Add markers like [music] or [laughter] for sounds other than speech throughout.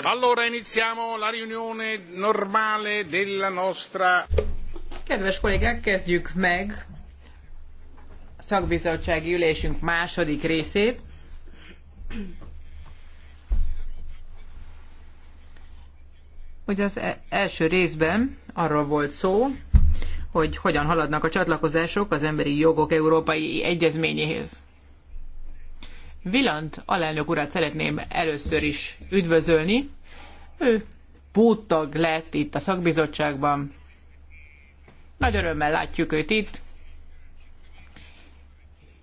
Allora iniziamo la riunione normale della nostra... Kedves kollégák, kezdjük meg a szakbizottsági ülésünk második részét. Ugye az e- első részben arról volt szó, hogy hogyan haladnak a csatlakozások az emberi jogok európai egyezményéhez. Vilant alelnök urat szeretném először is üdvözölni. Ő póttag lett itt a szakbizottságban. Nagy örömmel látjuk őt itt.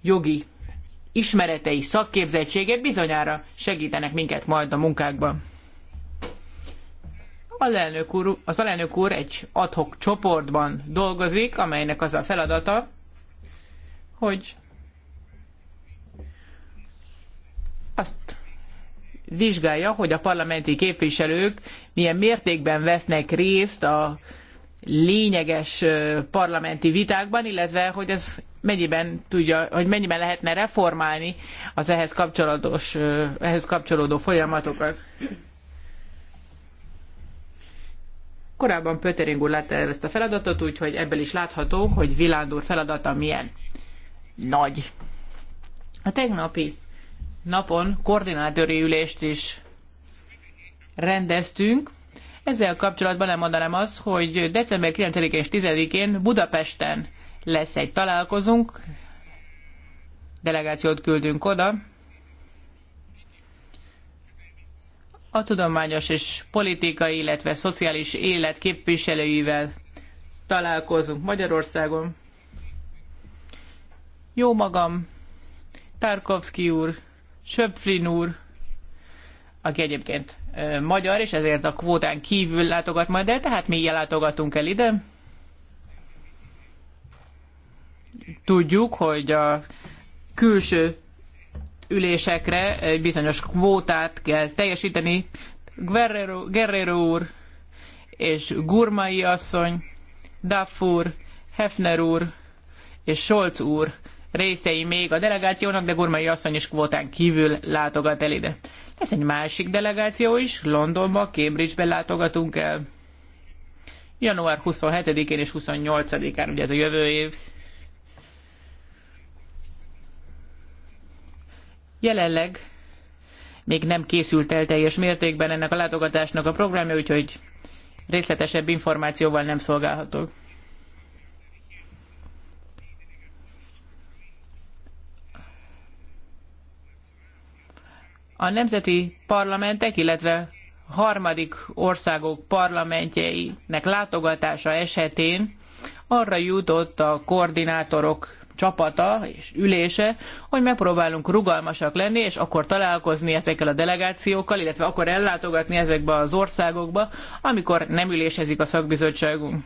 Jogi ismeretei, szakképzettsége bizonyára segítenek minket majd a munkákban. Alelnök úr, az alelnök úr egy adhok csoportban dolgozik, amelynek az a feladata, hogy azt vizsgálja, hogy a parlamenti képviselők milyen mértékben vesznek részt a lényeges parlamenti vitákban, illetve hogy ez mennyiben tudja, hogy mennyiben lehetne reformálni az ehhez, kapcsolatos, ehhez kapcsolódó folyamatokat. Korábban Pöttering úr látta ezt a feladatot, úgyhogy ebből is látható, hogy Vilándúr feladata milyen nagy. A tegnapi napon koordinátori ülést is rendeztünk. Ezzel kapcsolatban elmondanám azt, hogy december 9-én és 10-én Budapesten lesz egy találkozunk, delegációt küldünk oda. A tudományos és politikai, illetve szociális élet képviselőivel találkozunk Magyarországon. Jó magam, Tarkovsky úr, Söpflin úr, aki egyébként ö, magyar, és ezért a kvótán kívül látogat majd el, tehát mi ilyen látogatunk el ide. Tudjuk, hogy a külső ülésekre egy bizonyos kvótát kell teljesíteni. Guerrero, Guerrero úr és Gurmai asszony, Duff úr, Hefner úr és Scholz úr részei még a delegációnak, de Gurmai asszony is kvótán kívül látogat el ide. Lesz egy másik delegáció is, Londonba, Cambridgebe látogatunk el. Január 27-én és 28-án, ugye ez a jövő év. Jelenleg még nem készült el teljes mértékben ennek a látogatásnak a programja, úgyhogy részletesebb információval nem szolgálhatok. a nemzeti parlamentek, illetve harmadik országok parlamentjeinek látogatása esetén arra jutott a koordinátorok csapata és ülése, hogy megpróbálunk rugalmasak lenni, és akkor találkozni ezekkel a delegációkkal, illetve akkor ellátogatni ezekbe az országokba, amikor nem ülésezik a szakbizottságunk.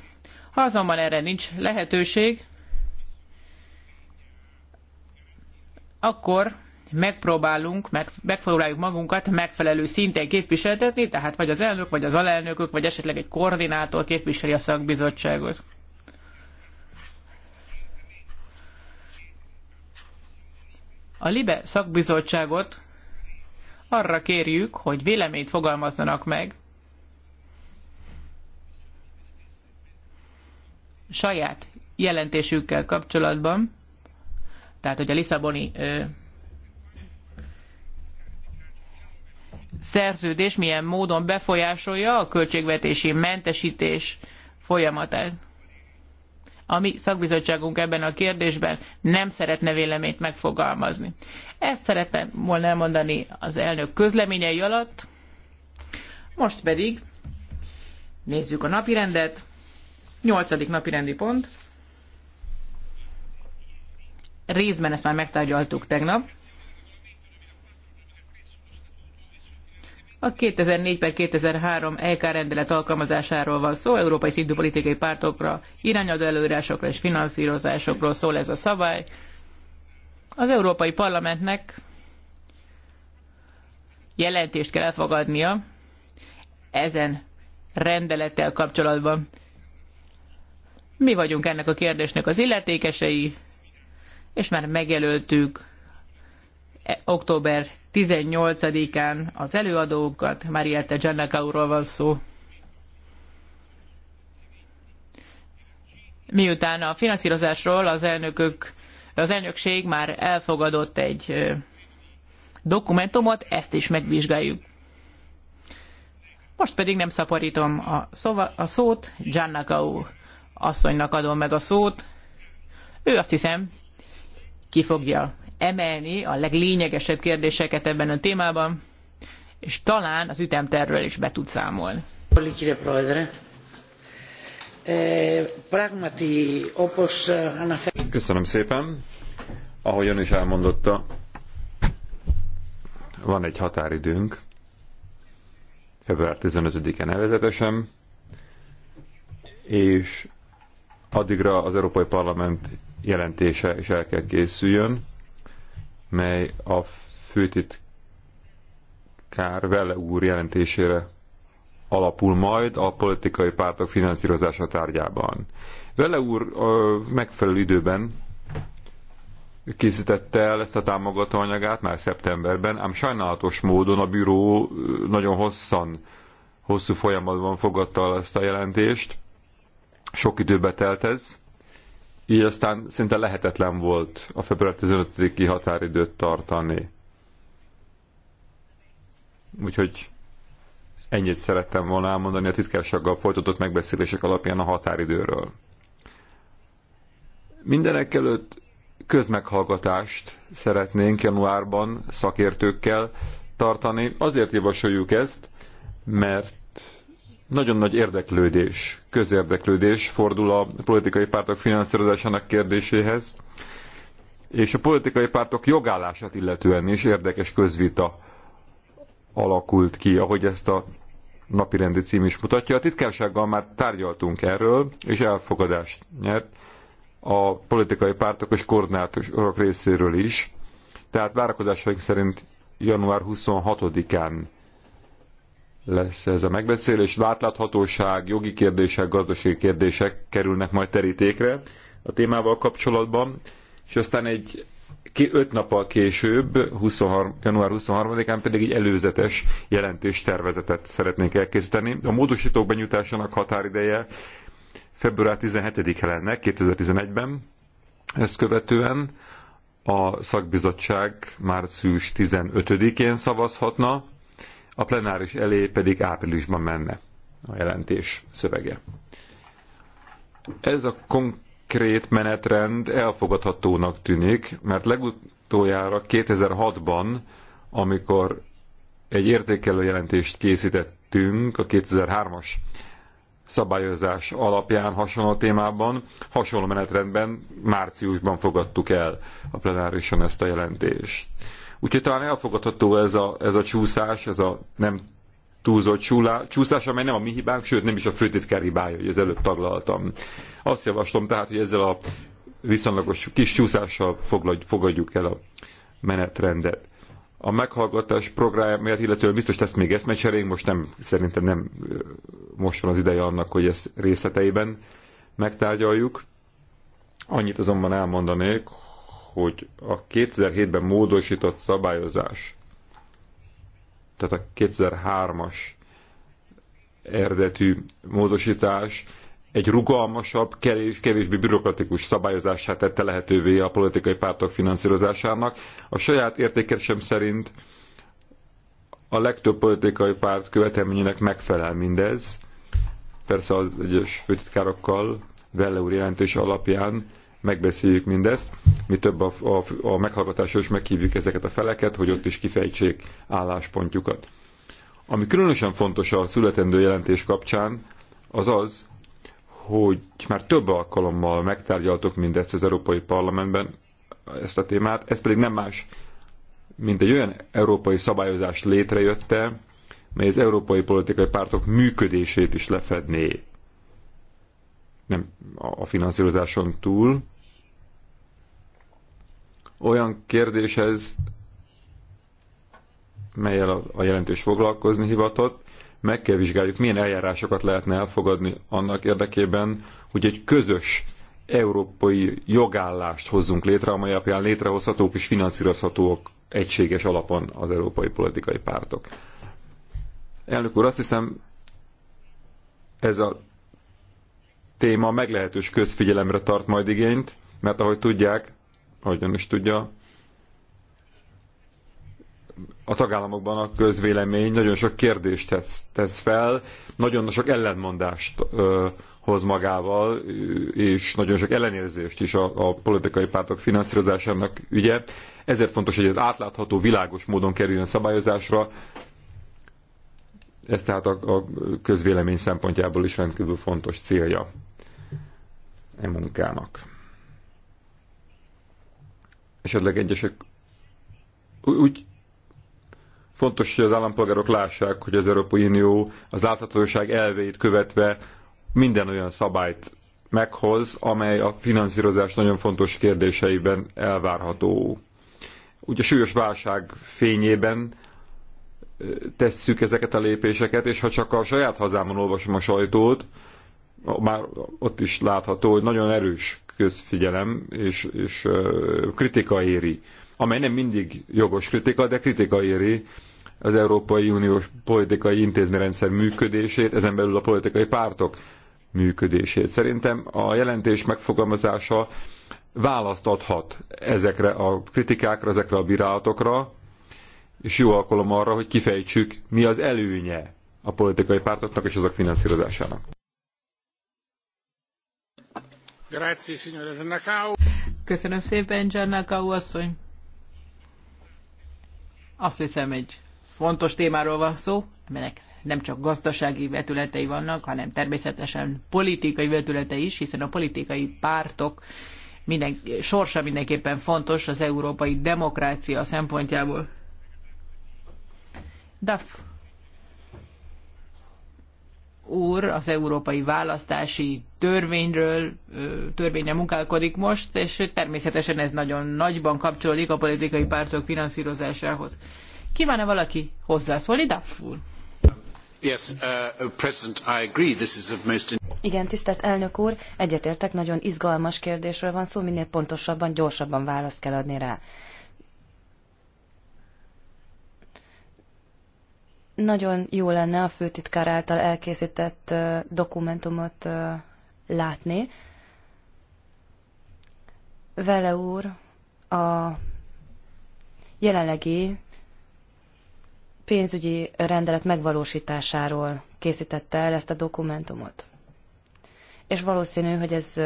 Ha azonban erre nincs lehetőség, akkor megpróbálunk, meg, megpróbáljuk magunkat megfelelő szinten képviseltetni, tehát vagy az elnök, vagy az alelnökök, vagy esetleg egy koordinátor képviseli a szakbizottságot. A LIBE szakbizottságot arra kérjük, hogy véleményt fogalmazzanak meg saját jelentésükkel kapcsolatban, tehát hogy a Lisszaboni szerződés milyen módon befolyásolja a költségvetési mentesítés folyamatát. A mi szakbizottságunk ebben a kérdésben nem szeretne véleményt megfogalmazni. Ezt szeretném volna elmondani az elnök közleményei alatt. Most pedig nézzük a napirendet. Nyolcadik napirendi pont. Részben ezt már megtárgyaltuk tegnap. A 2004 per 2003 EK rendelet alkalmazásáról van szó, európai szintű politikai pártokra, irányadó előírásokra és finanszírozásokról szól ez a szabály. Az Európai Parlamentnek jelentést kell elfogadnia ezen rendelettel kapcsolatban. Mi vagyunk ennek a kérdésnek az illetékesei, és már megjelöltük október 18-án az előadókat, Mariette Giannakaúról van szó. Miután a finanszírozásról az elnökök, az elnökség már elfogadott egy dokumentumot, ezt is megvizsgáljuk. Most pedig nem szaporítom a, szóva, a szót, Giannakau asszonynak adom meg a szót. Ő azt hiszem, ki fogja emelni a leglényegesebb kérdéseket ebben a témában, és talán az ütemtervről is be tud számolni. Köszönöm szépen. Ahogy ön is elmondotta, van egy határidőnk, február 15-e nevezetesen, és addigra az Európai Parlament jelentése is el kell készüljön mely a főtitkár Vele úr jelentésére alapul majd a politikai pártok finanszírozása tárgyában. Vele úr megfelelő időben készítette el ezt a támogatóanyagát már szeptemberben, ám sajnálatos módon a bíró nagyon hosszan, hosszú folyamatban fogadta el ezt a jelentést. Sok időbe telt ez, így aztán szinte lehetetlen volt a február 15-i határidőt tartani. Úgyhogy ennyit szerettem volna elmondani a titkársággal folytatott megbeszélések alapján a határidőről. Mindenek előtt közmeghallgatást szeretnénk januárban szakértőkkel tartani. Azért javasoljuk ezt, mert nagyon nagy érdeklődés, közérdeklődés fordul a politikai pártok finanszírozásának kérdéséhez, és a politikai pártok jogállását illetően is érdekes közvita alakult ki, ahogy ezt a napirendi cím is mutatja. A titkársággal már tárgyaltunk erről, és elfogadást nyert a politikai pártok és koordinátorok részéről is. Tehát várakozásaink szerint január 26-án lesz ez a megbeszélés. Látláthatóság, jogi kérdések, gazdasági kérdések kerülnek majd terítékre a témával kapcsolatban, és aztán egy ki öt nappal később, 23, január 23-án pedig egy előzetes jelentés tervezetet szeretnénk elkészíteni. A módosítók benyújtásának határideje február 17-e lenne 2011-ben. Ezt követően a szakbizottság március 15-én szavazhatna, a plenáris elé pedig áprilisban menne a jelentés szövege. Ez a konkrét menetrend elfogadhatónak tűnik, mert legutoljára 2006-ban, amikor egy értékelő jelentést készítettünk a 2003-as szabályozás alapján hasonló témában, hasonló menetrendben márciusban fogadtuk el a plenárison ezt a jelentést. Úgyhogy talán elfogadható ez a, ez a csúszás, ez a nem túlzott csúlá, csúszás, amely nem a mi hibánk, sőt nem is a főtitkár hibája, hogy az előbb taglaltam. Azt javaslom tehát, hogy ezzel a viszonylagos kis csúszással fogadjuk el a menetrendet. A meghallgatás programját, illetve biztos tesz még eszmecserénk, most nem, szerintem nem most van az ideje annak, hogy ezt részleteiben megtárgyaljuk. Annyit azonban elmondanék, hogy a 2007-ben módosított szabályozás, tehát a 2003-as eredetű módosítás egy rugalmasabb, kevés, kevésbé bürokratikus szabályozását tette lehetővé a politikai pártok finanszírozásának. A saját értékesem szerint a legtöbb politikai párt követelményének megfelel mindez, persze az egyes főtitkárokkal, Velle úr jelentés alapján, megbeszéljük mindezt. Mi több a, a, a meghallgatásra is meghívjuk ezeket a feleket, hogy ott is kifejtsék álláspontjukat. Ami különösen fontos a születendő jelentés kapcsán, az az, hogy már több alkalommal megtárgyaltok mindezt az Európai Parlamentben, ezt a témát, ez pedig nem más, mint egy olyan európai szabályozás létrejötte, mely az európai politikai pártok működését is lefedné. Nem a finanszírozáson túl, olyan kérdéshez, melyel a, jelentős foglalkozni hivatott, meg kell vizsgáljuk, milyen eljárásokat lehetne elfogadni annak érdekében, hogy egy közös európai jogállást hozzunk létre, amely alapján létrehozhatók és finanszírozhatók egységes alapon az európai politikai pártok. Elnök úr, azt hiszem, ez a téma meglehetős közfigyelemre tart majd igényt, mert ahogy tudják, ahogyan is tudja, a tagállamokban a közvélemény nagyon sok kérdést tesz, tesz fel, nagyon sok ellentmondást ö, hoz magával, és nagyon sok ellenérzést is a, a politikai pártok finanszírozásának ügye. Ezért fontos, hogy ez átlátható, világos módon kerüljön szabályozásra. Ez tehát a, a közvélemény szempontjából is rendkívül fontos célja e munkának esetleg egyesek úgy fontos, hogy az állampolgárok lássák, hogy az Európai Unió az láthatóság elveit követve minden olyan szabályt meghoz, amely a finanszírozás nagyon fontos kérdéseiben elvárható. Úgy a súlyos válság fényében tesszük ezeket a lépéseket, és ha csak a saját hazámon olvasom a sajtót, már ott is látható, hogy nagyon erős közfigyelem és, és kritika éri, amely nem mindig jogos kritika, de kritika éri az Európai Uniós politikai intézményrendszer működését, ezen belül a politikai pártok működését. Szerintem a jelentés megfogalmazása választ adhat ezekre a kritikákra, ezekre a bírálatokra, és jó alkalom arra, hogy kifejtsük, mi az előnye a politikai pártoknak és azok finanszírozásának. Köszönöm szépen, Giannacau asszony. Azt hiszem, egy fontos témáról van szó, aminek nem csak gazdasági vetületei vannak, hanem természetesen politikai vetülete is, hiszen a politikai pártok minden, sorsa mindenképpen fontos az európai demokrácia szempontjából. Duff úr az európai választási törvényről, törvényre munkálkodik most, és természetesen ez nagyon nagyban kapcsolódik a politikai pártok finanszírozásához. Kívánna valaki hozzászólni, Daffur? Yes, uh, uh, President, I agree. This is of most... Igen, tisztelt elnök úr, egyetértek, nagyon izgalmas kérdésről van szó, minél pontosabban, gyorsabban választ kell adni rá. nagyon jó lenne a főtitkár által elkészített dokumentumot látni. Vele úr a jelenlegi pénzügyi rendelet megvalósításáról készítette el ezt a dokumentumot. És valószínű, hogy ez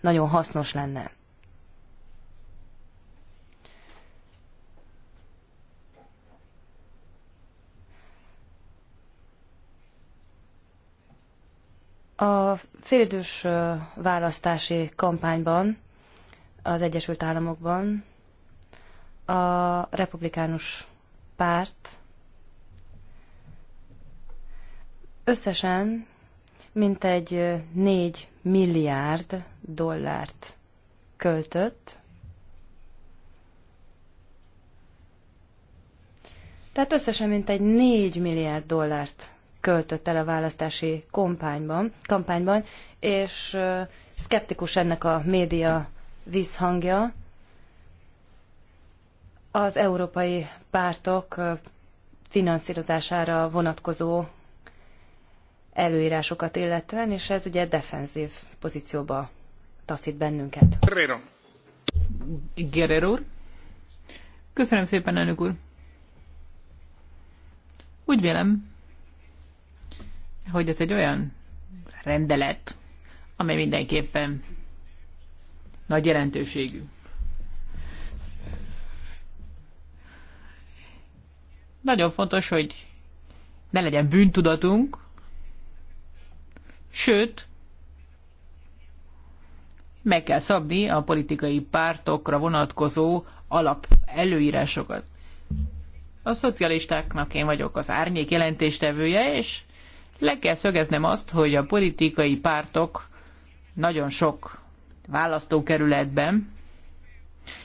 nagyon hasznos lenne. A félidős választási kampányban az Egyesült Államokban a republikánus párt összesen mintegy 4 milliárd dollárt költött. Tehát összesen mintegy 4 milliárd dollárt költött el a választási kampányban, kampányban és szkeptikus ennek a média visszhangja. Az európai pártok finanszírozására vonatkozó előírásokat illetően, és ez ugye defenzív pozícióba taszít bennünket. Guerrero. Guerrero úr. Köszönöm szépen, elnök úr. Úgy vélem, hogy ez egy olyan rendelet, amely mindenképpen nagy jelentőségű. Nagyon fontos, hogy ne legyen bűntudatunk, sőt, meg kell szabni a politikai pártokra vonatkozó alap előírásokat. A szocialistáknak én vagyok az árnyék jelentéstevője, és le kell szögeznem azt, hogy a politikai pártok nagyon sok választókerületben,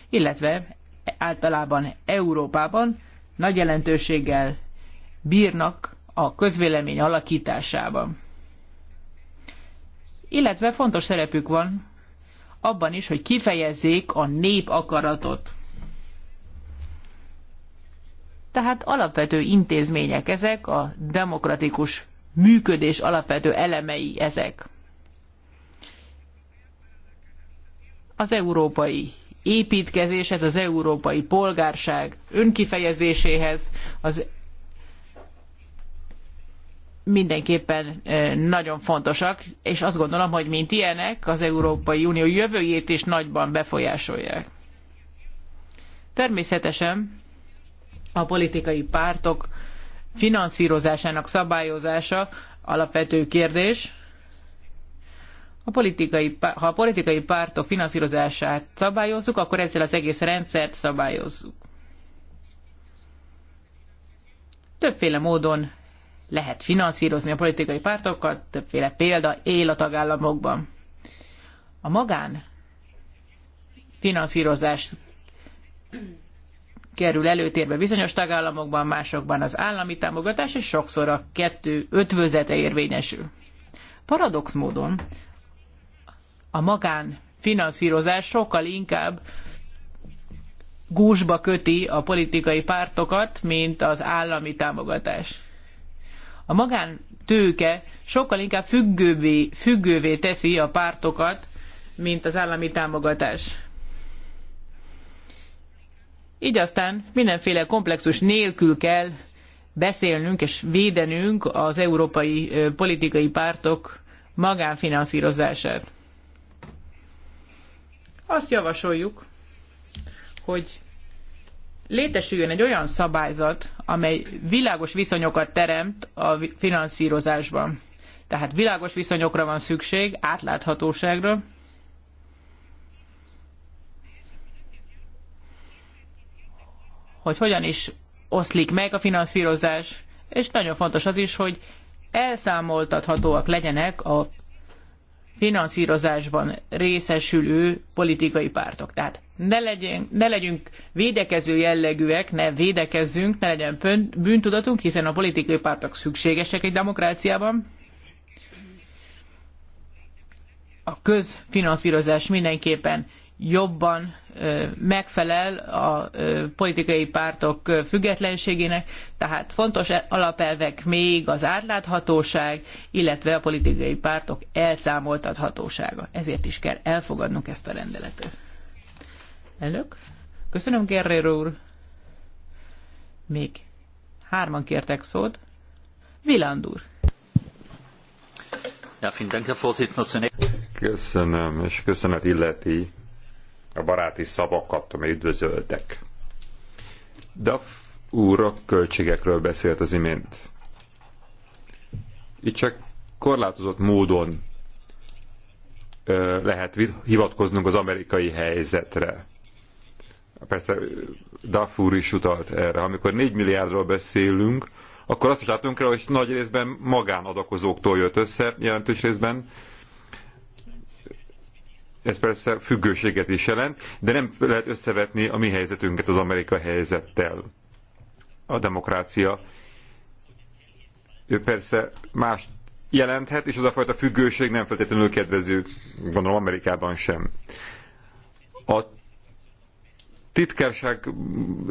illetve általában Európában nagy jelentőséggel bírnak a közvélemény alakításában. Illetve fontos szerepük van abban is, hogy kifejezzék a nép akaratot. Tehát alapvető intézmények ezek a demokratikus működés alapvető elemei ezek. Az európai építkezéshez, az európai polgárság önkifejezéséhez, az mindenképpen e, nagyon fontosak, és azt gondolom, hogy mint ilyenek az Európai Unió jövőjét is nagyban befolyásolják. Természetesen a politikai pártok finanszírozásának szabályozása alapvető kérdés. A politikai, ha a politikai pártok finanszírozását szabályozzuk, akkor ezzel az egész rendszert szabályozzuk. Többféle módon lehet finanszírozni a politikai pártokat, többféle példa él a tagállamokban. A magán finanszírozás kerül előtérbe bizonyos tagállamokban, másokban az állami támogatás, és sokszor a kettő ötvözete érvényesül. Paradox módon a magán finanszírozás sokkal inkább gúzsba köti a politikai pártokat, mint az állami támogatás. A magán tőke sokkal inkább függővé, függővé teszi a pártokat, mint az állami támogatás. Így aztán mindenféle komplexus nélkül kell beszélnünk és védenünk az európai politikai pártok magánfinanszírozását. Azt javasoljuk, hogy létesüljön egy olyan szabályzat, amely világos viszonyokat teremt a finanszírozásban. Tehát világos viszonyokra van szükség, átláthatóságra, hogy hogyan is oszlik meg a finanszírozás, és nagyon fontos az is, hogy elszámoltathatóak legyenek a finanszírozásban részesülő politikai pártok. Tehát ne, legyen, ne legyünk védekező jellegűek, ne védekezzünk, ne legyen bűntudatunk, hiszen a politikai pártok szükségesek egy demokráciában. A közfinanszírozás mindenképpen jobban megfelel a politikai pártok függetlenségének, tehát fontos e- alapelvek még az átláthatóság, illetve a politikai pártok elszámoltathatósága. Ezért is kell elfogadnunk ezt a rendeletet. Elnök, köszönöm Gerrér úr. Még hárman kértek szót. Viland úr. Köszönöm, és köszönet illeti a baráti szavakat, amely üdvözöltek. Duff úr a költségekről beszélt az imént. Itt csak korlátozott módon lehet hivatkoznunk az amerikai helyzetre. Persze Duff úr is utalt erre. Amikor 4 milliárdról beszélünk, akkor azt is látunk el, hogy nagy részben magánadakozóktól jött össze, jelentős részben, ez persze függőséget is jelent, de nem lehet összevetni a mi helyzetünket az Amerika helyzettel. A demokrácia ő persze más jelenthet, és az a fajta függőség nem feltétlenül kedvező, gondolom Amerikában sem. A titkárság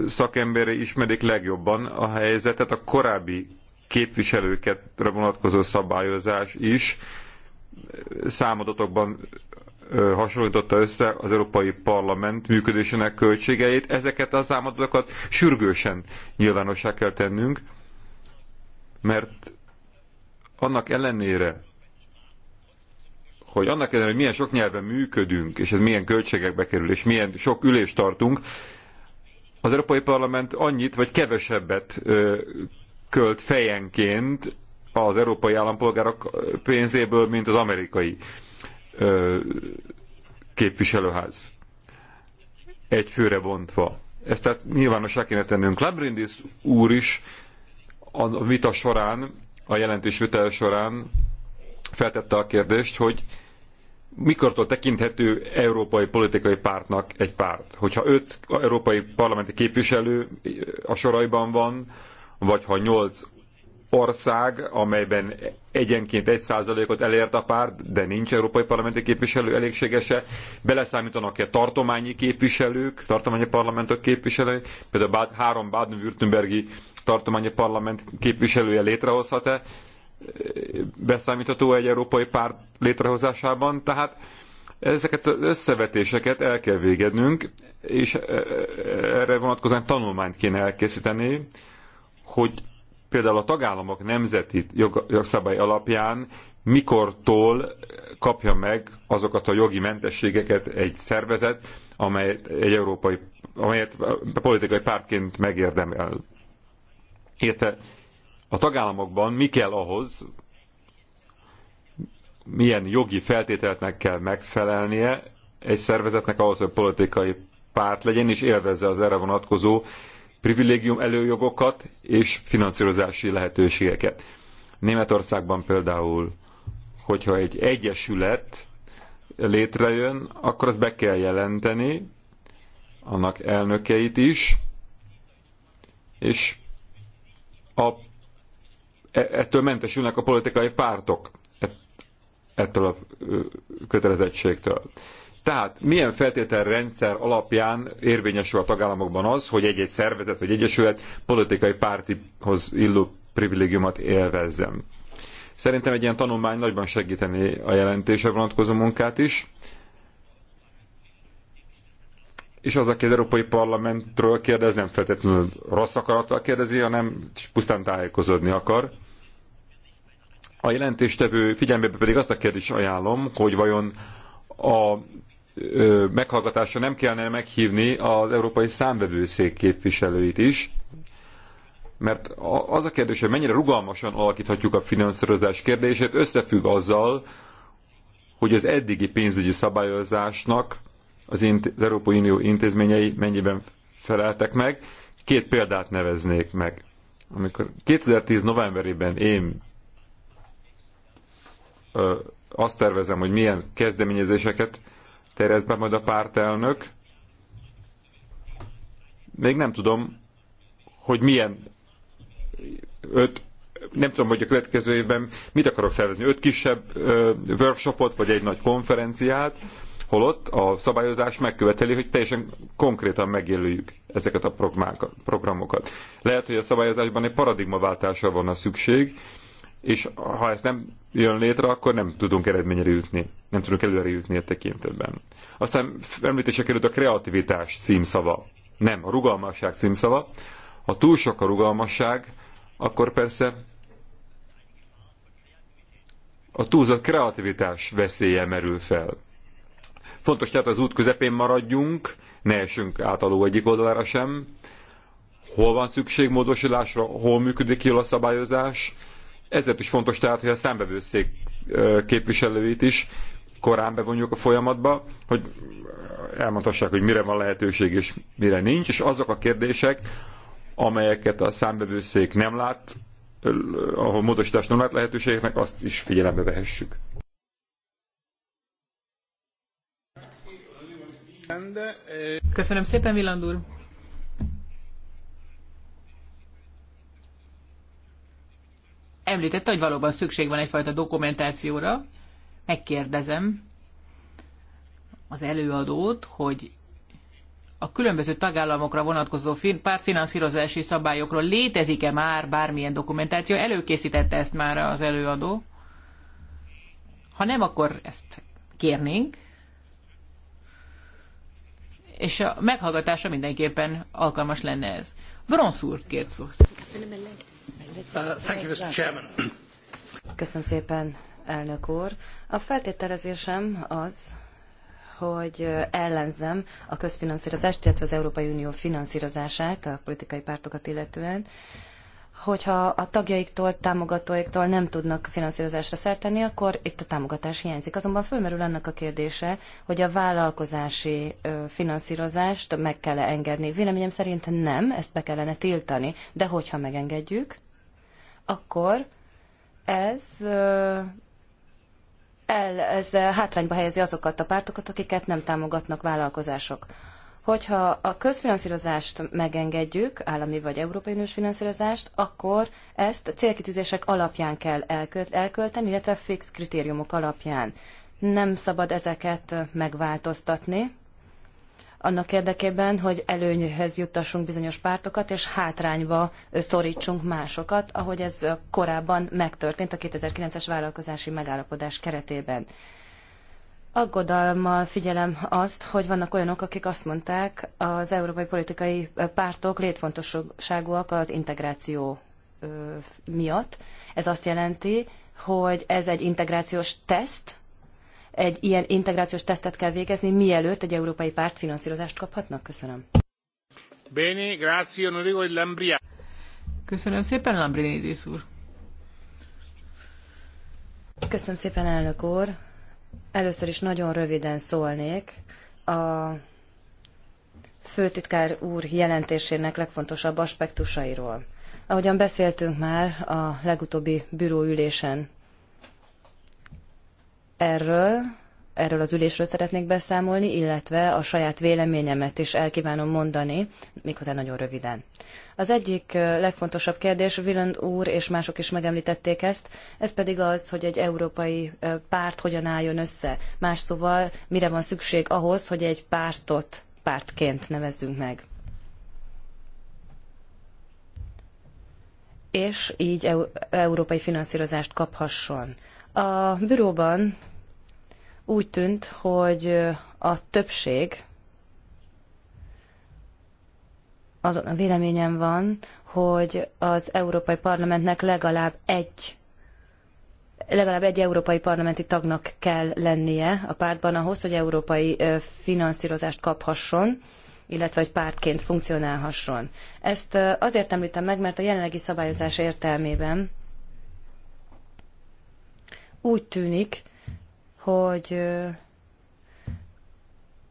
szakembere ismerik legjobban a helyzetet, a korábbi képviselőketre vonatkozó szabályozás is számadatokban hasonlította össze az Európai Parlament működésének költségeit. Ezeket a számadatokat sürgősen nyilvánossá kell tennünk, mert annak ellenére, hogy annak ellenére, hogy milyen sok nyelven működünk, és ez milyen költségekbe kerül, és milyen sok ülést tartunk, az Európai Parlament annyit vagy kevesebbet költ fejenként az európai állampolgárok pénzéből, mint az amerikai képviselőház. Egy főre bontva. Ezt tehát nyilvánosra kéne tennünk. Labrindis úr is a vita során, a jelentés vitel során feltette a kérdést, hogy mikortól tekinthető európai politikai pártnak egy párt? Hogyha öt európai parlamenti képviselő a soraiban van, vagy ha nyolc ország, amelyben egyenként egy százalékot elért a párt, de nincs európai parlamenti képviselő elégségese, beleszámítanak-e tartományi képviselők, tartományi parlamentok képviselői, például három Baden-Württembergi tartományi parlament képviselője létrehozhat-e, beszámítható egy európai párt létrehozásában, tehát ezeket az összevetéseket el kell végeznünk, és e, e, erre vonatkozóan tanulmányt kéne elkészíteni, hogy például a tagállamok nemzeti jog, jogszabály alapján mikortól kapja meg azokat a jogi mentességeket egy szervezet, amelyet egy európai, amelyet politikai pártként megérdemel. Érte, a tagállamokban mi kell ahhoz, milyen jogi feltételeknek kell megfelelnie egy szervezetnek ahhoz, hogy politikai párt legyen, és élvezze az erre vonatkozó privilégium előjogokat és finanszírozási lehetőségeket. Németországban például, hogyha egy egyesület létrejön, akkor azt be kell jelenteni, annak elnökeit is, és a, e, ettől mentesülnek a politikai pártok, ettől a kötelezettségtől. Tehát milyen feltételrendszer alapján érvényesül a tagállamokban az, hogy egy-egy szervezet vagy egyesület politikai pártihoz illő privilégiumot élvezzem? Szerintem egy ilyen tanulmány nagyban segíteni a jelentése vonatkozó munkát is. És az, aki az Európai Parlamentről kérdez, nem feltétlenül rossz akarattal kérdezi, hanem pusztán tájékozódni akar. A jelentéstevő figyelmébe pedig azt a kérdést ajánlom, hogy vajon a meghallgatásra nem kellene meghívni az Európai Számvevőszék képviselőit is, mert az a kérdés, hogy mennyire rugalmasan alakíthatjuk a finanszírozás kérdését, összefügg azzal, hogy az eddigi pénzügyi szabályozásnak az, az Európai Unió intézményei mennyiben feleltek meg. Két példát neveznék meg. Amikor 2010 novemberében én ö, azt tervezem, hogy milyen kezdeményezéseket terjesz be majd a pártelnök. Még nem tudom, hogy milyen öt, nem tudom, hogy a következő évben mit akarok szervezni. Öt kisebb ö, workshopot, vagy egy nagy konferenciát, holott a szabályozás megköveteli, hogy teljesen konkrétan megjelöljük ezeket a programokat. Lehet, hogy a szabályozásban egy paradigmaváltásra van a szükség, és ha ez nem jön létre, akkor nem tudunk eredményre jutni nem tudunk előre jutni a tekintetben. Aztán említése került a kreativitás címszava. Nem, a rugalmasság címszava. Ha túl sok a rugalmasság, akkor persze a túlzott kreativitás veszélye merül fel. Fontos tehát az út közepén maradjunk, ne esünk átaló egyik oldalára sem. Hol van szükség módosulásra, hol működik jól a szabályozás. Ezért is fontos tehát, hogy a számbevőszék képviselőit is korán bevonjuk a folyamatba, hogy elmondhassák, hogy mire van lehetőség és mire nincs, és azok a kérdések, amelyeket a számbevőszék nem lát, ahol módosítás nem lát lehetőségeknek, azt is figyelembe vehessük. Köszönöm szépen, Villand úr! Említette, hogy valóban szükség van egyfajta dokumentációra, megkérdezem az előadót, hogy a különböző tagállamokra vonatkozó pártfinanszírozási szabályokról létezik-e már bármilyen dokumentáció? Előkészítette ezt már az előadó? Ha nem, akkor ezt kérnénk. És a meghallgatása mindenképpen alkalmas lenne ez. Bronsz úr kérd szó. Uh, Köszönöm szépen, elnök úr. A feltételezésem az, hogy ellenzem a közfinanszírozást, illetve az Európai Unió finanszírozását a politikai pártokat illetően hogyha a tagjaiktól, támogatóiktól nem tudnak finanszírozásra szert tenni, akkor itt a támogatás hiányzik. Azonban fölmerül annak a kérdése, hogy a vállalkozási finanszírozást meg kell -e engedni. Véleményem szerint nem, ezt be kellene tiltani, de hogyha megengedjük, akkor ez el, ez eh, hátrányba helyezi azokat a pártokat, akiket nem támogatnak vállalkozások. Hogyha a közfinanszírozást megengedjük, állami vagy európai uniós finanszírozást, akkor ezt célkitűzések alapján kell elkölteni, illetve fix kritériumok alapján. Nem szabad ezeket eh, megváltoztatni, annak érdekében, hogy előnyhöz juttassunk bizonyos pártokat, és hátrányba szorítsunk másokat, ahogy ez korábban megtörtént a 2009-es vállalkozási megállapodás keretében. Aggodalmal figyelem azt, hogy vannak olyanok, akik azt mondták, az európai politikai pártok létfontosságúak az integráció miatt. Ez azt jelenti, hogy ez egy integrációs teszt, egy ilyen integrációs tesztet kell végezni, mielőtt egy európai párt finanszírozást kaphatnak? Köszönöm. Bene, grazie, onorevole Lambria. Köszönöm szépen, Lambrinidis úr. Köszönöm szépen, elnök úr. Először is nagyon röviden szólnék. A főtitkár úr jelentésének legfontosabb aspektusairól. Ahogyan beszéltünk már a legutóbbi büróülésen, erről, erről az ülésről szeretnék beszámolni, illetve a saját véleményemet is elkívánom mondani, méghozzá nagyon röviden. Az egyik legfontosabb kérdés, Willand úr és mások is megemlítették ezt, ez pedig az, hogy egy európai párt hogyan álljon össze. Más szóval, mire van szükség ahhoz, hogy egy pártot pártként nevezzünk meg. És így európai finanszírozást kaphasson. A büróban úgy tűnt, hogy a többség azon a véleményem van, hogy az Európai Parlamentnek legalább egy legalább egy európai parlamenti tagnak kell lennie a pártban ahhoz, hogy európai finanszírozást kaphasson, illetve hogy pártként funkcionálhasson. Ezt azért említem meg, mert a jelenlegi szabályozás értelmében úgy tűnik, hogy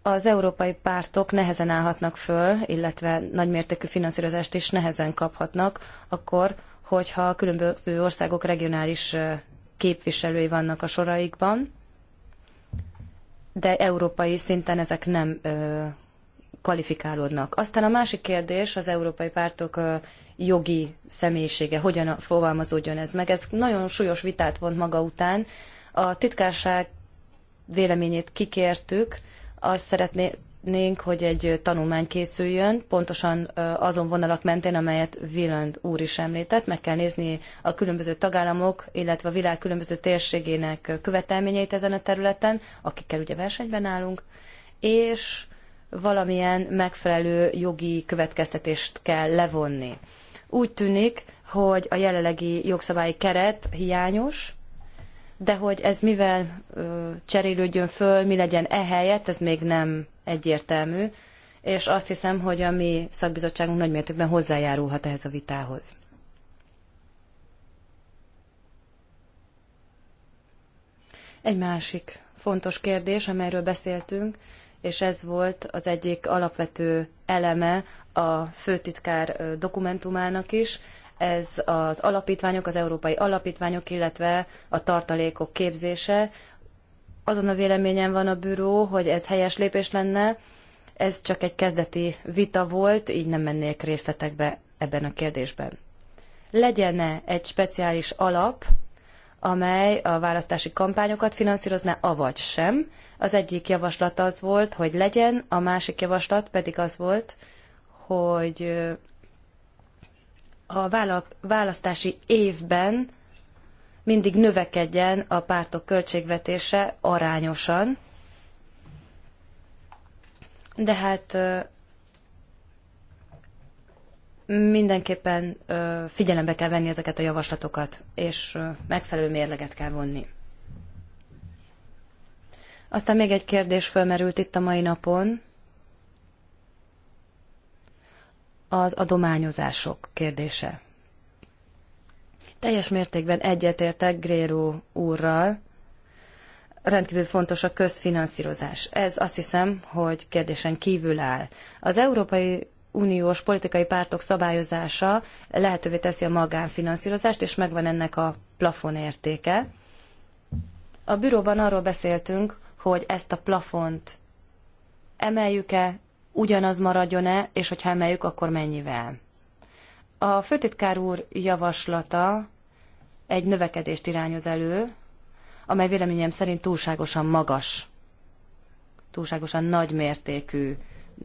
az európai pártok nehezen állhatnak föl, illetve nagymértékű finanszírozást is nehezen kaphatnak, akkor, hogyha a különböző országok regionális képviselői vannak a soraikban, de európai szinten ezek nem kvalifikálódnak. Aztán a másik kérdés az európai pártok jogi személyisége, hogyan fogalmazódjon ez meg. Ez nagyon súlyos vitát vont maga után. A titkárság véleményét kikértük, azt szeretnénk, hogy egy tanulmány készüljön, pontosan azon vonalak mentén, amelyet Villand úr is említett. Meg kell nézni a különböző tagállamok, illetve a világ különböző térségének követelményeit ezen a területen, akikkel ugye versenyben állunk, és valamilyen megfelelő jogi következtetést kell levonni. Úgy tűnik, hogy a jelenlegi jogszabályi keret hiányos, de hogy ez mivel ö, cserélődjön föl, mi legyen e helyett, ez még nem egyértelmű, és azt hiszem, hogy a mi szakbizottságunk nagymértékben hozzájárulhat ehhez a vitához. Egy másik fontos kérdés, amelyről beszéltünk, és ez volt az egyik alapvető eleme a főtitkár dokumentumának is. Ez az alapítványok, az európai alapítványok, illetve a tartalékok képzése. Azon a véleményen van a bűró, hogy ez helyes lépés lenne, ez csak egy kezdeti vita volt, így nem mennék részletekbe ebben a kérdésben. Legyen-e egy speciális alap, amely a választási kampányokat finanszírozná, avagy sem. Az egyik javaslat az volt, hogy legyen, a másik javaslat pedig az volt, hogy a választási évben mindig növekedjen a pártok költségvetése arányosan. De hát mindenképpen figyelembe kell venni ezeket a javaslatokat, és megfelelő mérleget kell vonni. Aztán még egy kérdés felmerült itt a mai napon. Az adományozások kérdése. Teljes mértékben egyetértek Gréró úrral, rendkívül fontos a közfinanszírozás. Ez azt hiszem, hogy kérdésen kívül áll. Az Európai uniós politikai pártok szabályozása lehetővé teszi a magánfinanszírozást, és megvan ennek a plafonértéke. A büróban arról beszéltünk, hogy ezt a plafont emeljük-e, ugyanaz maradjon-e, és hogyha emeljük, akkor mennyivel. A főtitkár úr javaslata egy növekedést irányoz elő, amely véleményem szerint túlságosan magas, túlságosan nagymértékű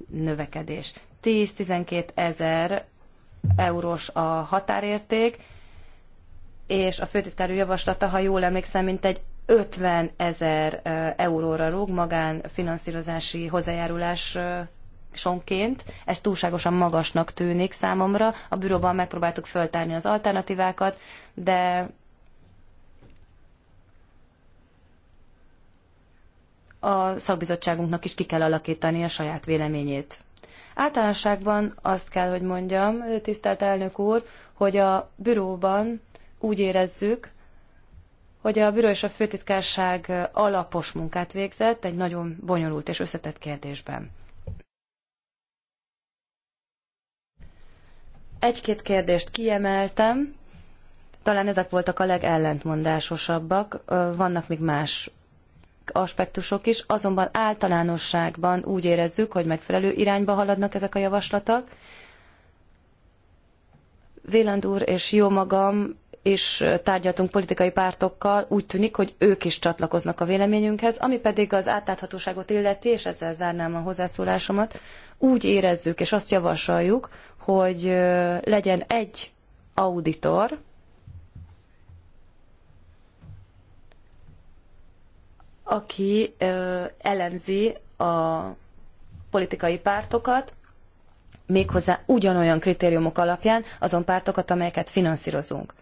növekedés. 10-12 ezer eurós a határérték, és a főtitkár javaslata, ha jól emlékszem, mint egy 50 ezer euróra rúg magánfinanszírozási hozzájárulás sonként. Ez túlságosan magasnak tűnik számomra. A büróban megpróbáltuk föltárni az alternatívákat, de a szakbizottságunknak is ki kell alakítani a saját véleményét. Általánosságban azt kell, hogy mondjam, tisztelt elnök úr, hogy a büróban úgy érezzük, hogy a büró és a főtitkárság alapos munkát végzett egy nagyon bonyolult és összetett kérdésben. Egy-két kérdést kiemeltem, talán ezek voltak a legellentmondásosabbak, vannak még más aspektusok is, azonban általánosságban úgy érezzük, hogy megfelelő irányba haladnak ezek a javaslatok. Véland úr és jó magam és tárgyaltunk politikai pártokkal, úgy tűnik, hogy ők is csatlakoznak a véleményünkhez, ami pedig az átláthatóságot illeti, és ezzel zárnám a hozzászólásomat, úgy érezzük és azt javasoljuk, hogy legyen egy auditor, aki elemzi a politikai pártokat, méghozzá ugyanolyan kritériumok alapján azon pártokat, amelyeket finanszírozunk.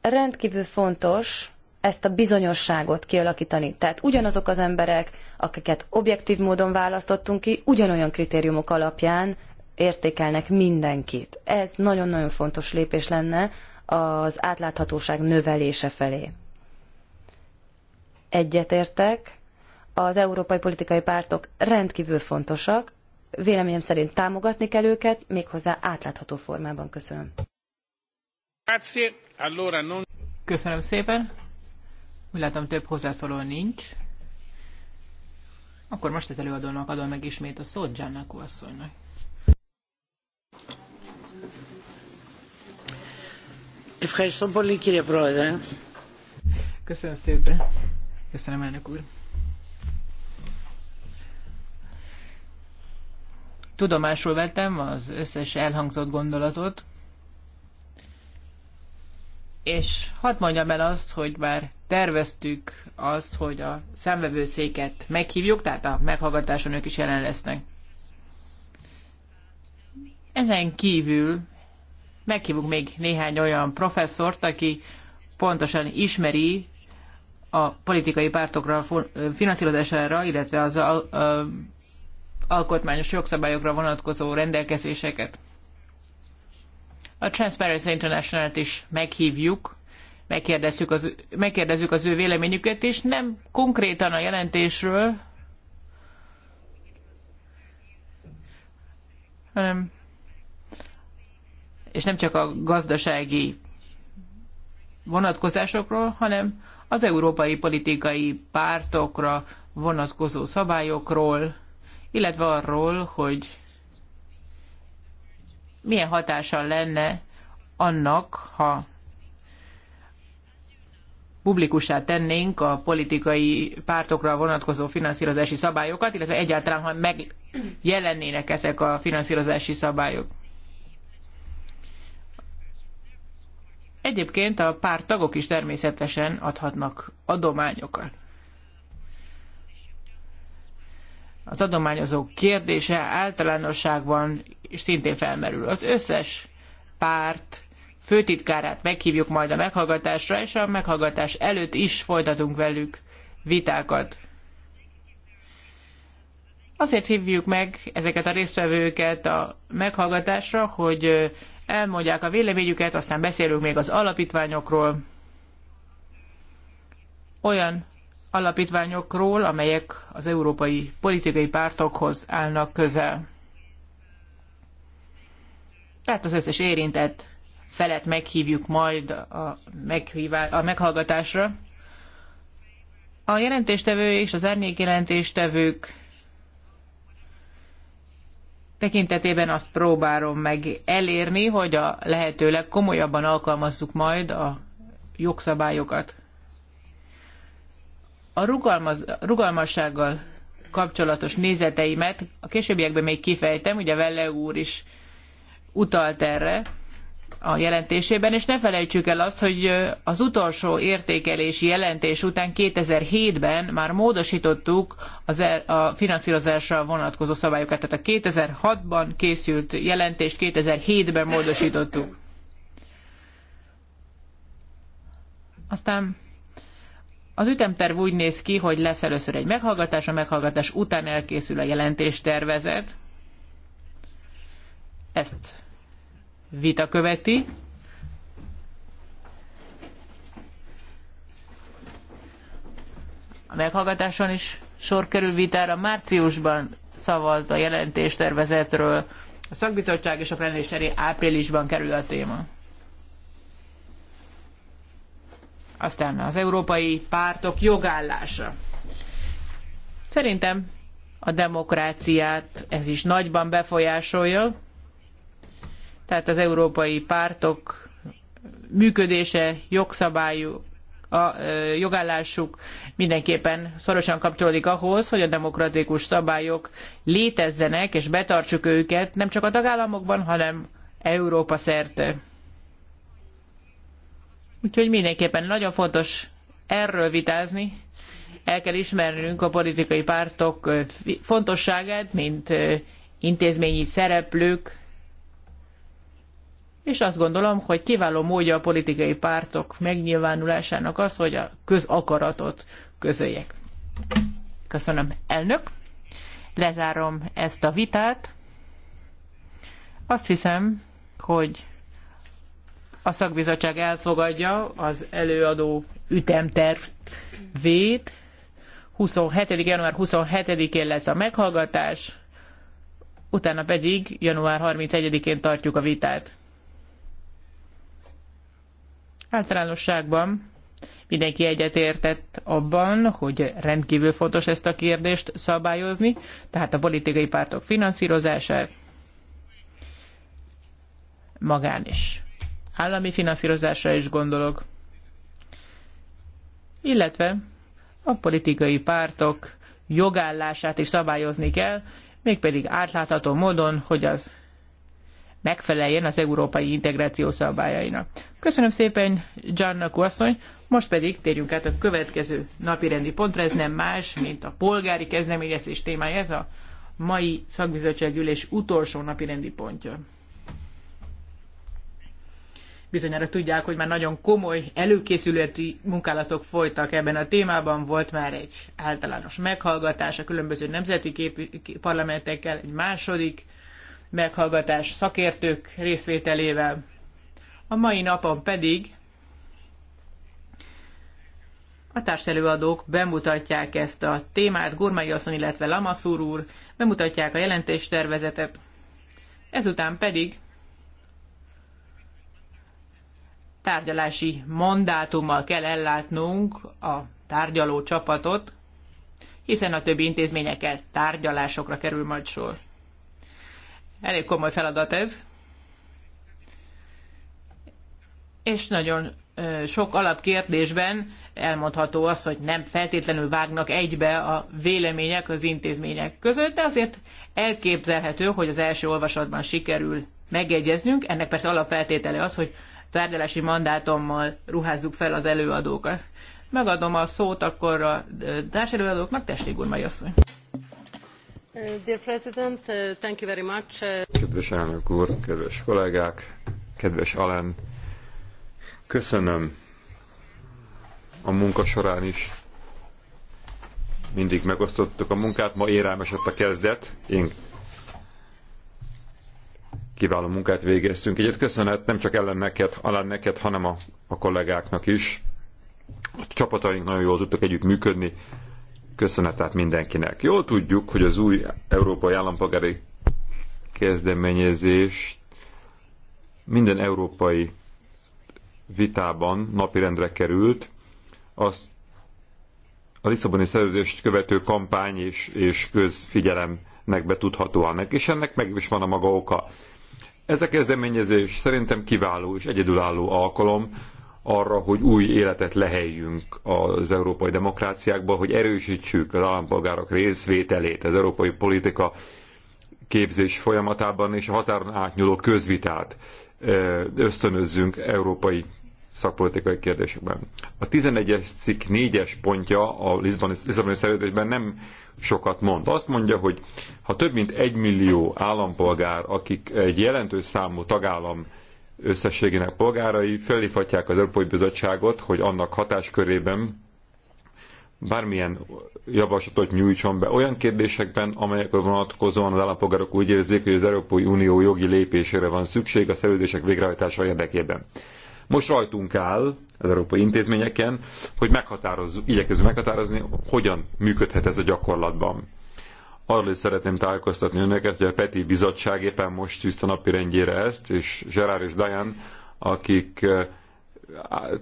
Rendkívül fontos ezt a bizonyosságot kialakítani. Tehát ugyanazok az emberek, akiket objektív módon választottunk ki, ugyanolyan kritériumok alapján értékelnek mindenkit. Ez nagyon-nagyon fontos lépés lenne az átláthatóság növelése felé egyetértek, az európai politikai pártok rendkívül fontosak, véleményem szerint támogatni kell őket, méghozzá átlátható formában. Köszönöm. Köszönöm szépen. Úgy látom, több hozzászóló nincs. Akkor most az előadónak adom meg ismét a szót Giannaku asszonynak. Köszönöm szépen. Köszönöm, elnök úr. Tudomásul vettem az összes elhangzott gondolatot, és hadd mondjam el azt, hogy már terveztük azt, hogy a szemvevőszéket meghívjuk, tehát a meghallgatáson ők is jelen lesznek. Ezen kívül meghívunk még néhány olyan professzort, aki pontosan ismeri a politikai pártokra, finanszírozására, illetve az alkotmányos jogszabályokra vonatkozó rendelkezéseket. A Transparency International-t is meghívjuk, megkérdezzük az, megkérdezzük az ő véleményüket, és nem konkrétan a jelentésről, hanem és nem csak a gazdasági vonatkozásokról, hanem az európai politikai pártokra vonatkozó szabályokról, illetve arról, hogy milyen hatása lenne annak, ha publikussá tennénk a politikai pártokra vonatkozó finanszírozási szabályokat, illetve egyáltalán, ha megjelennének ezek a finanszírozási szabályok. Egyébként a pár tagok is természetesen adhatnak adományokat. Az adományozók kérdése általánosságban és szintén felmerül. Az összes párt főtitkárát meghívjuk majd a meghallgatásra, és a meghallgatás előtt is folytatunk velük vitákat. Azért hívjuk meg ezeket a résztvevőket a meghallgatásra, hogy elmondják a véleményüket, aztán beszélünk még az alapítványokról, olyan alapítványokról, amelyek az európai politikai pártokhoz állnak közel. Tehát az összes érintett felet meghívjuk majd a, meghívá- a meghallgatásra. A jelentéstevő és az árnyék jelentéstevők tekintetében azt próbálom meg elérni, hogy a lehetőleg komolyabban alkalmazzuk majd a jogszabályokat. A rugalmassággal kapcsolatos nézeteimet a későbbiekben még kifejtem, ugye Velle úr is utalt erre, a jelentésében, és ne felejtsük el azt, hogy az utolsó értékelési jelentés után 2007-ben már módosítottuk az el, a finanszírozásra vonatkozó szabályokat. Tehát a 2006-ban készült jelentést 2007-ben módosítottuk. Aztán az ütemterv úgy néz ki, hogy lesz először egy meghallgatás, a meghallgatás után elkészül a jelentéstervezet. Ezt vita követi. A meghallgatáson is sor kerül vitára. Márciusban szavaz a jelentéstervezetről. A szakbizottság és a plenéseré áprilisban kerül a téma. Aztán az európai pártok jogállása. Szerintem a demokráciát ez is nagyban befolyásolja tehát az európai pártok működése, jogszabályú, a jogállásuk mindenképpen szorosan kapcsolódik ahhoz, hogy a demokratikus szabályok létezzenek, és betartsuk őket nem csak a tagállamokban, hanem Európa szerte. Úgyhogy mindenképpen nagyon fontos erről vitázni, el kell ismernünk a politikai pártok fontosságát, mint intézményi szereplők és azt gondolom, hogy kiváló módja a politikai pártok megnyilvánulásának az, hogy a közakaratot közöljek. Köszönöm, elnök. Lezárom ezt a vitát. Azt hiszem, hogy a szakbizottság elfogadja az előadó ütemtervét. 27. január 27-én lesz a meghallgatás, utána pedig január 31-én tartjuk a vitát. Általánosságban mindenki egyetértett abban, hogy rendkívül fontos ezt a kérdést szabályozni, tehát a politikai pártok finanszírozását, magán is. Állami finanszírozásra is gondolok. Illetve a politikai pártok jogállását is szabályozni kell, mégpedig átlátható módon, hogy az megfeleljen az európai integráció szabályainak. Köszönöm szépen, Giannaku asszony, most pedig térjünk át a következő napirendi pontra, ez nem más, mint a polgári kezdeményezés témája, ez a mai szakbizottságülés utolsó napirendi pontja. Bizonyára tudják, hogy már nagyon komoly előkészületi munkálatok folytak ebben a témában. Volt már egy általános meghallgatás a különböző nemzeti kép- parlamentekkel, egy második meghallgatás szakértők részvételével. A mai napon pedig a társelőadók bemutatják ezt a témát, Gormai asszony, illetve Lamaszúr úr, bemutatják a jelentéstervezetet, ezután pedig tárgyalási mandátummal kell ellátnunk a tárgyaló csapatot, hiszen a többi intézményekkel tárgyalásokra kerül majd sor. Elég komoly feladat ez. És nagyon sok alapkérdésben elmondható az, hogy nem feltétlenül vágnak egybe a vélemények az intézmények között, de azért elképzelhető, hogy az első olvasatban sikerül megegyeznünk. Ennek persze alapfeltétele az, hogy tárgyalási mandátommal ruházzuk fel az előadókat. Megadom a szót akkor a társelőadóknak, testi úr, majd Uh, uh, uh, kedves elnök úr, kedves kollégák, kedves Alem, köszönöm a munka során is. Mindig megosztottuk a munkát, ma érám a kezdet. Én kiváló munkát végeztünk. Egyet köszönet nem csak ellen neked, alán neked, hanem a, a kollégáknak is. A csapataink nagyon jól tudtak együtt működni köszönetet mindenkinek. Jól tudjuk, hogy az új európai állampolgári kezdeményezés minden európai vitában napirendre került, az a Lisszaboni szerződést követő kampány és, és közfigyelemnek betudhatóan. És ennek meg is van a maga oka. Ez a kezdeményezés szerintem kiváló és egyedülálló alkalom, arra, hogy új életet leheljünk az európai demokráciákba, hogy erősítsük az állampolgárok részvételét az európai politika képzés folyamatában és a határon átnyúló közvitát ösztönözzünk európai szakpolitikai kérdésekben. A 11 cikk 4-es pontja a Lisszaboni szerződésben nem sokat mond. Azt mondja, hogy ha több mint egy millió állampolgár, akik egy jelentős számú tagállam összességének polgárai felhívhatják az Európai Bizottságot, hogy annak hatáskörében bármilyen javaslatot nyújtson be olyan kérdésekben, amelyekre vonatkozóan az állampolgárok úgy érzik, hogy az Európai Unió jogi lépésére van szükség a szerződések végrehajtása érdekében. Most rajtunk áll az európai intézményeken, hogy meghatározzuk, igyekezzük meghatározni, hogyan működhet ez a gyakorlatban. Arról is szeretném tájékoztatni önöket, hogy a PETI bizottság éppen most tűzte rendjére ezt, és Gerard és Diane, akik eh,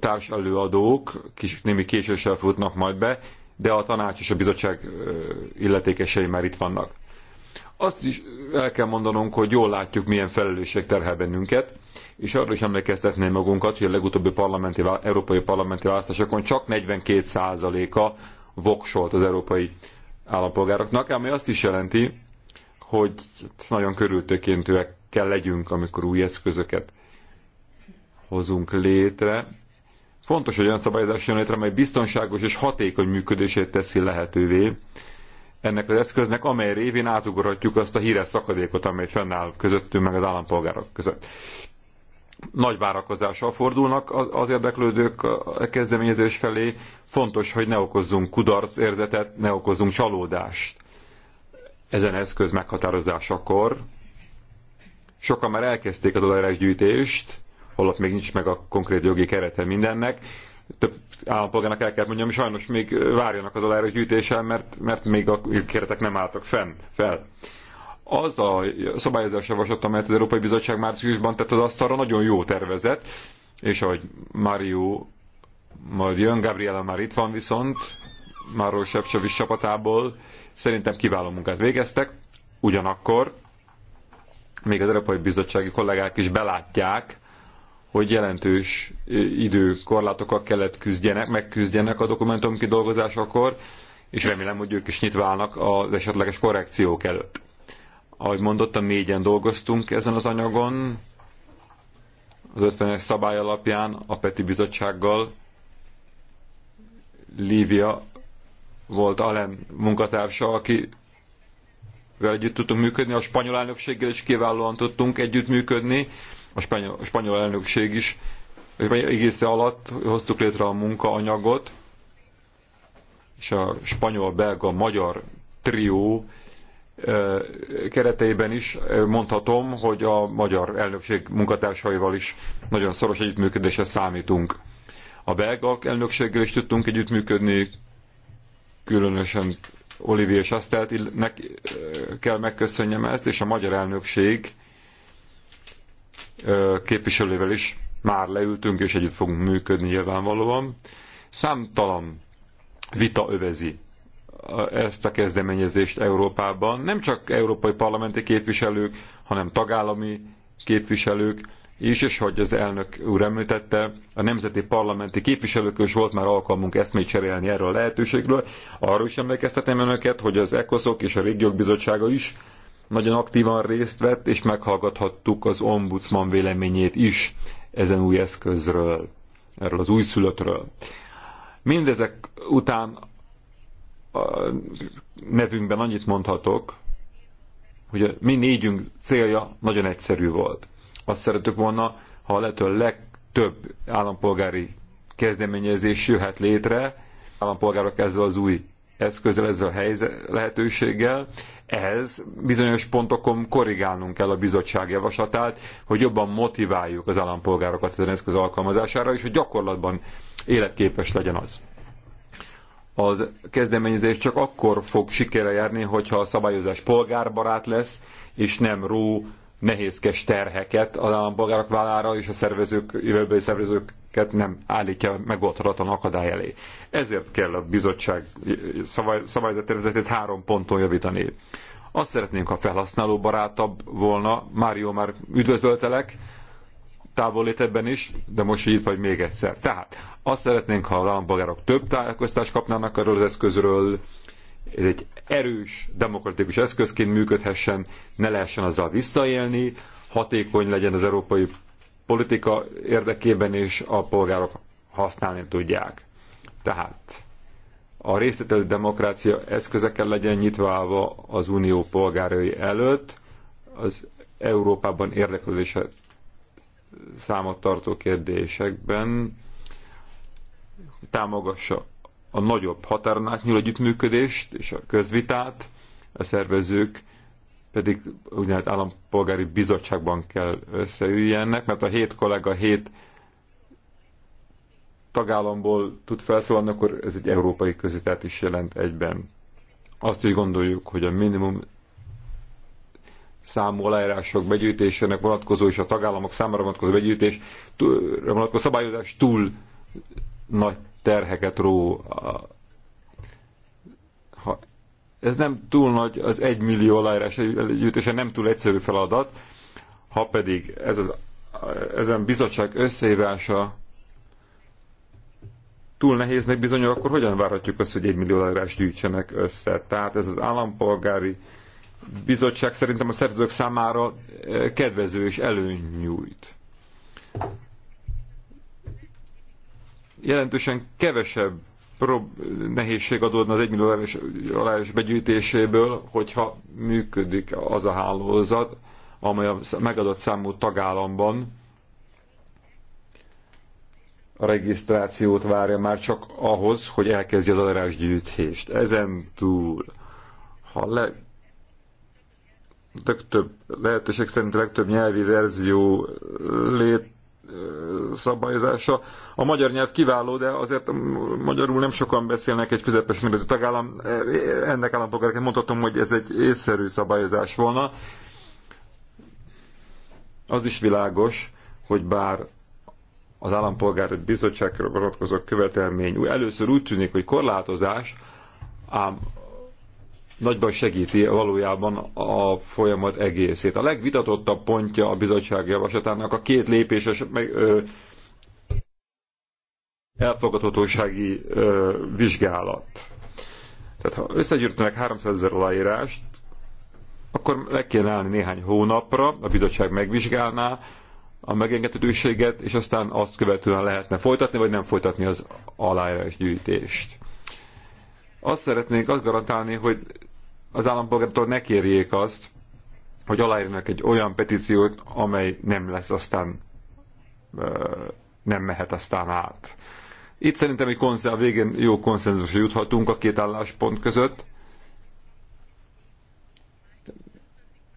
társ előadók, kis, némi késéssel futnak majd be, de a tanács és a bizottság eh, illetékesei már itt vannak. Azt is el kell mondanunk, hogy jól látjuk, milyen felelősség terhel bennünket, és arra is emlékeztetném magunkat, hogy a legutóbbi parlamenti, európai parlamenti választásokon csak 42%-a voksolt az európai állampolgároknak, ami azt is jelenti, hogy nagyon körültökéntőek kell legyünk, amikor új eszközöket hozunk létre. Fontos, hogy olyan szabályozás jön létre, amely biztonságos és hatékony működését teszi lehetővé ennek az eszköznek, amely révén átugorhatjuk azt a híres szakadékot, amely fennáll közöttünk meg az állampolgárok között nagy várakozással fordulnak az érdeklődők a kezdeményezés felé. Fontos, hogy ne okozzunk kudarc érzetet, ne okozzunk csalódást ezen eszköz meghatározásakor. Sokan már elkezdték az gyűjtést, holott még nincs meg a konkrét jogi kerete mindennek. Több állampolgának el kell mondjam, sajnos még várjanak az gyűjtéssel, mert, mert még a keretek nem álltak fenn, fel az a szabályozás javaslat, amelyet az Európai Bizottság márciusban tett az asztalra, nagyon jó tervezet, és ahogy Mário majd jön, Gabriela már itt van viszont, Máról Sefcsovics csapatából, szerintem kiváló munkát végeztek, ugyanakkor még az Európai Bizottsági kollégák is belátják, hogy jelentős időkorlátokkal kellett küzdjenek, megküzdjenek a dokumentum kidolgozásakor, és remélem, hogy ők is nyitválnak az esetleges korrekciók előtt. Ahogy mondottam, négyen dolgoztunk ezen az anyagon, az 50-es szabály alapján a Peti Bizottsággal Lívia volt Alem munkatársa, aki vel együtt tudtunk működni, a spanyol elnökséggel is kiválóan tudtunk együttműködni, a spanyol, a spanyol elnökség is egész alatt hoztuk létre a munkaanyagot, és a spanyol, belga, magyar trió kereteiben is mondhatom, hogy a magyar elnökség munkatársaival is nagyon szoros együttműködésre számítunk. A belga elnökséggel is tudtunk együttműködni, különösen Olivier Sasteltnek kell megköszönjem ezt, és a magyar elnökség képviselővel is már leültünk, és együtt fogunk működni nyilvánvalóan. Számtalan vita övezi ezt a kezdeményezést Európában. Nem csak európai parlamenti képviselők, hanem tagállami képviselők is, és hogy az elnök úr említette, a nemzeti parlamenti képviselők is volt már alkalmunk eszmét cserélni erről a lehetőségről. Arról is emlékeztetem önöket, hogy az ECOSZok és a Régiók Bizottsága is nagyon aktívan részt vett, és meghallgathattuk az ombudsman véleményét is ezen új eszközről, erről az újszülöttről. Mindezek után nevünkben annyit mondhatok, hogy a mi négyünk célja nagyon egyszerű volt. Azt szeretük volna, ha a lehető legtöbb állampolgári kezdeményezés jöhet létre, állampolgárok ezzel az új eszközzel, ezzel a helyzet lehetőséggel. Ehhez bizonyos pontokon korrigálnunk kell a bizottság javaslatát, hogy jobban motiváljuk az állampolgárokat ezen eszköz alkalmazására, és hogy gyakorlatban életképes legyen az az kezdeményezés csak akkor fog sikere járni, hogyha a szabályozás polgárbarát lesz, és nem ró nehézkes terheket az állampolgárok vállára, és a szervezők, jövőbeli szervezőket nem állítja megoldhatatlan akadály elé. Ezért kell a bizottság szabály, szabályzattervezetét három ponton javítani. Azt szeretnénk, ha felhasználó barátabb volna, Mário már üdvözöltelek, távolét ebben is, de most így vagy még egyszer. Tehát azt szeretnénk, ha a állampolgárok több tájékoztást kapnának erről az eszközről, ez egy erős, demokratikus eszközként működhessen, ne lehessen azzal visszaélni, hatékony legyen az európai politika érdekében, és a polgárok használni tudják. Tehát a részleteli demokrácia eszközekkel legyen nyitva az unió polgárai előtt, az Európában érdeklődése számot tartó kérdésekben támogassa a nagyobb határon átnyúló együttműködést és a közvitát, a szervezők pedig úgynevezett állampolgári bizottságban kell összeüljenek, mert a hét kollega hét tagállamból tud felszólalni, akkor ez egy európai közvitát is jelent egyben. Azt is gondoljuk, hogy a minimum számú aláírások begyűjtésének vonatkozó és a tagállamok számára vonatkozó begyűjtés túl, vonatkozó szabályozás túl nagy terheket ró. Ha ez nem túl nagy, az egymillió aláírás gyűjtése nem túl egyszerű feladat, ha pedig ez az, ezen bizottság összehívása túl nehéznek bizonyul, akkor hogyan várhatjuk azt, hogy egymillió aláírás gyűjtsenek össze? Tehát ez az állampolgári bizottság szerintem a szerzők számára eh, kedvező és előny nyújt. Jelentősen kevesebb nehézség adódna az 1 millió aláírás begyűjtéséből, hogyha működik az a hálózat, amely a megadott számú tagállamban a regisztrációt várja már csak ahhoz, hogy elkezdje az gyűjtést. Ezen túl, ha le, tök több lehetőség szerint a legtöbb nyelvi verzió lét szabályozása. A magyar nyelv kiváló, de azért magyarul nem sokan beszélnek egy közepes méretű tagállam. E, ennek állampolgárként mondhatom, hogy ez egy észszerű szabályozás volna. Az is világos, hogy bár az állampolgári bizottságra vonatkozó követelmény először úgy tűnik, hogy korlátozás, ám nagyban segíti valójában a folyamat egészét. A legvitatottabb pontja a bizottság javaslatának a két lépéses meg, ö, elfogadhatósági ö, vizsgálat. Tehát ha összegyűjtenek 300 ezer aláírást, akkor le kéne állni néhány hónapra, a bizottság megvizsgálná a megengedhetőséget, és aztán azt követően lehetne folytatni, vagy nem folytatni az aláírás gyűjtést. azt szeretnénk azt garantálni, hogy az állampolgártól ne kérjék azt, hogy aláírnak egy olyan petíciót, amely nem lesz aztán, nem mehet aztán át. Itt szerintem egy konszen, a végén jó konszenzusra juthatunk a két álláspont között.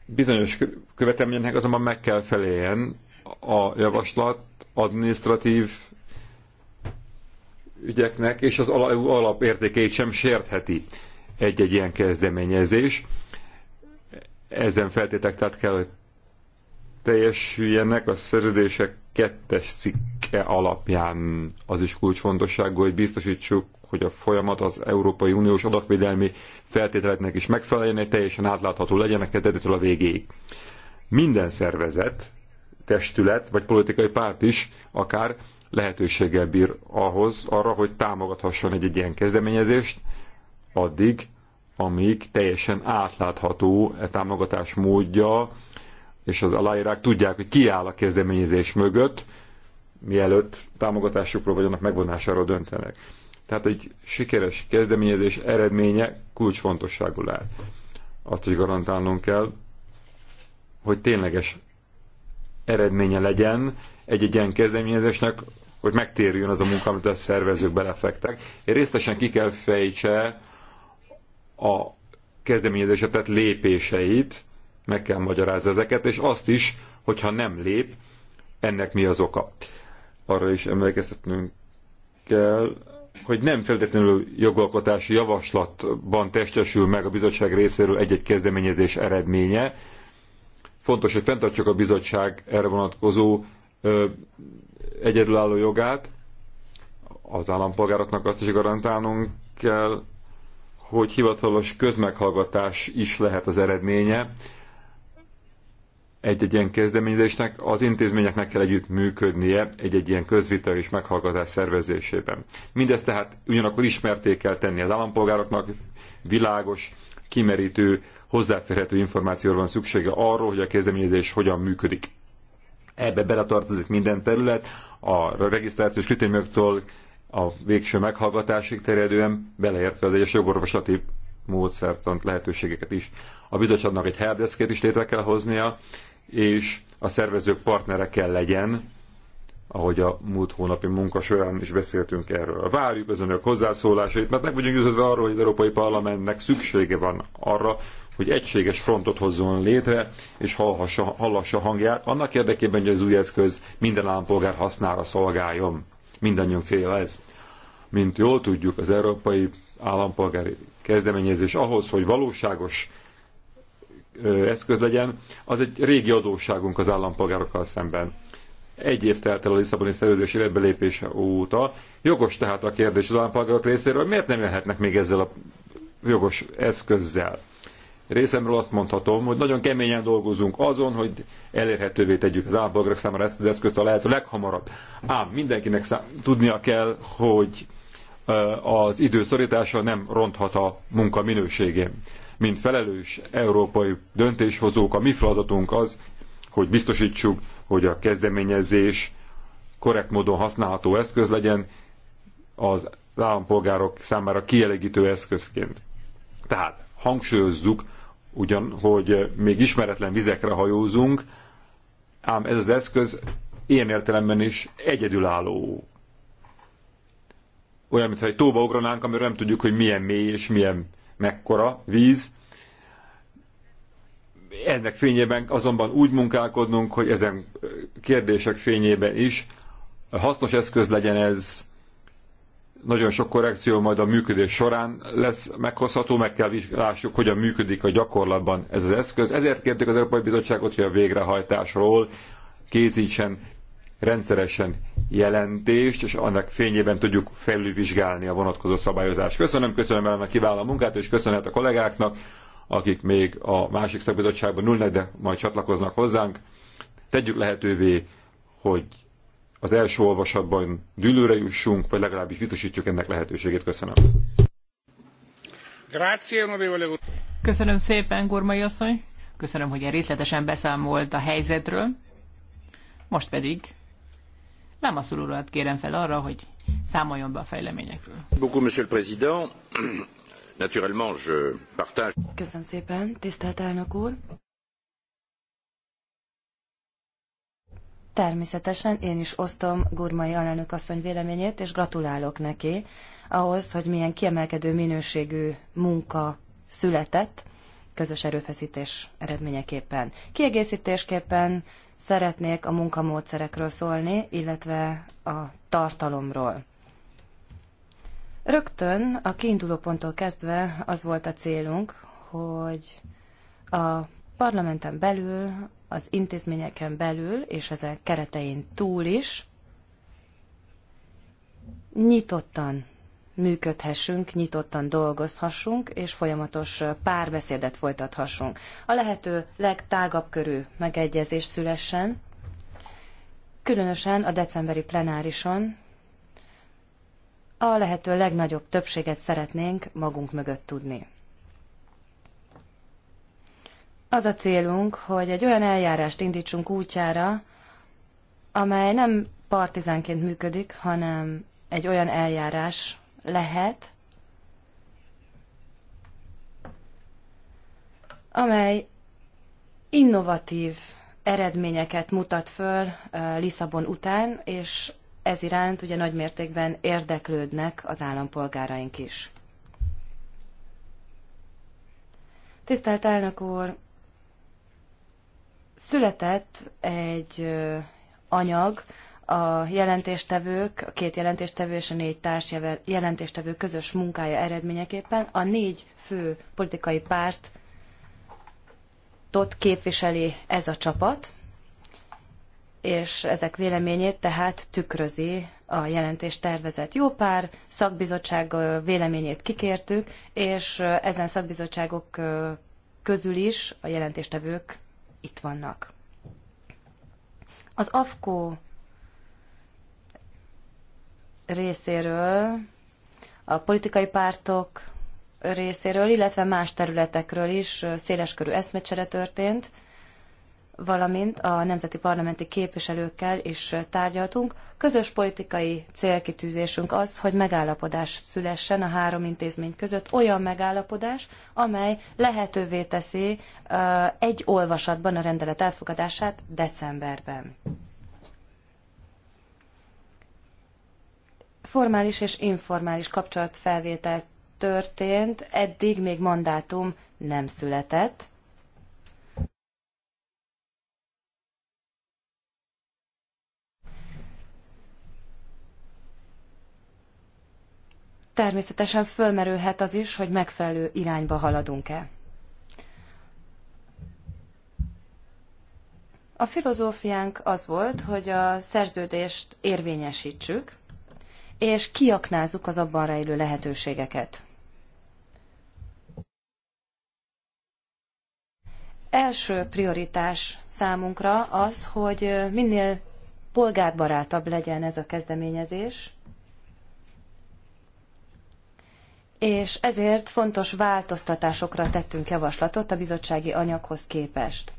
Bizonyos követelményeknek azonban meg kell feléljen a javaslat adminisztratív ügyeknek, és az alapértékeit sem sértheti egy-egy ilyen kezdeményezés. Ezen feltétek tehát kell, hogy teljesüljenek a szerződések kettes cikke alapján. Az is kulcsfontosságú, hogy biztosítsuk, hogy a folyamat az Európai Uniós adatvédelmi feltételeknek is megfeleljen, teljesen átlátható legyenek kezdetétől a végéig. Minden szervezet, testület vagy politikai párt is akár lehetőséggel bír ahhoz, arra, hogy támogathasson egy, egy ilyen kezdeményezést, addig, amíg teljesen átlátható e támogatás módja, és az aláírák tudják, hogy ki áll a kezdeményezés mögött, mielőtt támogatásukról vagy annak megvonásáról döntenek. Tehát egy sikeres kezdeményezés eredménye kulcsfontosságú lehet. Azt is garantálnunk kell, hogy tényleges eredménye legyen egy-egy ilyen kezdeményezésnek, hogy megtérjön az a munka, amit a szervezők belefektek. Én részletesen ki kell fejtse, a kezdeményezésre tett lépéseit, meg kell magyarázni ezeket, és azt is, hogyha nem lép, ennek mi az oka. Arra is emlékeztetnünk kell, hogy nem feltétlenül jogalkotási javaslatban testesül meg a bizottság részéről egy-egy kezdeményezés eredménye. Fontos, hogy fenntartsuk a bizottság erre vonatkozó ö, egyedülálló jogát, az állampolgároknak azt is garantálnunk kell, hogy hivatalos közmeghallgatás is lehet az eredménye egy-egy ilyen kezdeményezésnek, az intézményeknek kell együtt működnie egy-egy ilyen közvita és meghallgatás szervezésében. Mindezt tehát ugyanakkor ismerté kell tenni az állampolgároknak, világos, kimerítő, hozzáférhető információra van szüksége arról, hogy a kezdeményezés hogyan működik. Ebbe beletartozik minden terület, a regisztrációs kritériumoktól a végső meghallgatásig terjedően, beleértve az egyes jogorvoslati módszertant, lehetőségeket is. A bizottságnak egy helpdeskét is létre kell hoznia, és a szervezők partnere kell legyen, ahogy a múlt hónapi munka során is beszéltünk erről. Várjuk az önök hozzászólásait, mert meg vagyunk győződve arról, hogy az Európai Parlamentnek szüksége van arra, hogy egységes frontot hozzon létre, és hallhassa, hallassa hangját, annak érdekében, hogy az új eszköz minden állampolgár hasznára szolgáljon mindannyian célja ez. Mint jól tudjuk, az európai állampolgári kezdeményezés ahhoz, hogy valóságos eszköz legyen, az egy régi adósságunk az állampolgárokkal szemben. Egy év telt el a Lisszaboni szerződés életbe lépése óta. Jogos tehát a kérdés az állampolgárok részéről, miért nem jöhetnek még ezzel a jogos eszközzel? részemről azt mondhatom, hogy nagyon keményen dolgozunk azon, hogy elérhetővé tegyük az állampolgárok számára ezt az eszközt a lehető leghamarabb. Ám mindenkinek szám, tudnia kell, hogy az időszorítása nem ronthat a munka minőségén. Mint felelős európai döntéshozók, a mi feladatunk az, hogy biztosítsuk, hogy a kezdeményezés korrekt módon használható eszköz legyen az állampolgárok számára kielégítő eszközként. Tehát hangsúlyozzuk ugyan, hogy még ismeretlen vizekre hajózunk, ám ez az eszköz ilyen értelemben is egyedülálló. Olyan, mintha egy tóba ugranánk, amiről nem tudjuk, hogy milyen mély és milyen mekkora víz. Ennek fényében azonban úgy munkálkodnunk, hogy ezen kérdések fényében is hasznos eszköz legyen ez, nagyon sok korrekció majd a működés során lesz meghozható, meg kell lássuk, hogyan működik a gyakorlatban ez az eszköz. Ezért kértük az Európai Bizottságot, hogy a végrehajtásról készítsen rendszeresen jelentést, és annak fényében tudjuk felülvizsgálni a vonatkozó szabályozást. Köszönöm, köszönöm el a kiváló munkát, és köszönhet a kollégáknak, akik még a másik szakbizottságban ülnek, de majd csatlakoznak hozzánk. Tegyük lehetővé, hogy az első olvasatban dűlőre jussunk, vagy legalábbis biztosítsuk ennek lehetőségét. Köszönöm. Köszönöm szépen, Gormai asszony. Köszönöm, hogy részletesen beszámolt a helyzetről. Most pedig Lámaszul urat kérem fel arra, hogy számoljon be a fejleményekről. Köszönöm szépen, tisztelt elnök úr. Természetesen én is osztom Gurmai alelnök asszony véleményét, és gratulálok neki ahhoz, hogy milyen kiemelkedő minőségű munka született közös erőfeszítés eredményeképpen. Kiegészítésképpen szeretnék a munkamódszerekről szólni, illetve a tartalomról. Rögtön a kiinduló ponttól kezdve az volt a célunk, hogy a parlamenten belül az intézményeken belül és ezek keretein túl is nyitottan működhessünk, nyitottan dolgozhassunk, és folyamatos párbeszédet folytathassunk. A lehető legtágabb körű megegyezés szülessen, különösen a decemberi plenárison a lehető legnagyobb többséget szeretnénk magunk mögött tudni. Az a célunk, hogy egy olyan eljárást indítsunk útjára, amely nem partizánként működik, hanem egy olyan eljárás lehet, amely innovatív eredményeket mutat föl Lisszabon után, és ez iránt ugye nagy mértékben érdeklődnek az állampolgáraink is. Tisztelt elnök úr, Született egy anyag, a jelentéstevők, a két jelentéstevő és a négy társ jelentéstevő közös munkája eredményeképpen a négy fő politikai párt tot képviseli ez a csapat, és ezek véleményét tehát tükrözi a jelentés tervezett Jó pár szakbizottság véleményét kikértük, és ezen szakbizottságok közül is a jelentéstevők itt vannak. Az AFKO részéről, a politikai pártok részéről, illetve más területekről is széleskörű eszmecsere történt, valamint a nemzeti parlamenti képviselőkkel is tárgyaltunk. Közös politikai célkitűzésünk az, hogy megállapodás szülessen a három intézmény között, olyan megállapodás, amely lehetővé teszi egy olvasatban a rendelet elfogadását decemberben. Formális és informális kapcsolatfelvétel történt, eddig még mandátum nem született természetesen fölmerülhet az is, hogy megfelelő irányba haladunk-e. A filozófiánk az volt, hogy a szerződést érvényesítsük, és kiaknázzuk az abban rejlő lehetőségeket. Első prioritás számunkra az, hogy minél polgárbarátabb legyen ez a kezdeményezés, és ezért fontos változtatásokra tettünk javaslatot a bizottsági anyaghoz képest.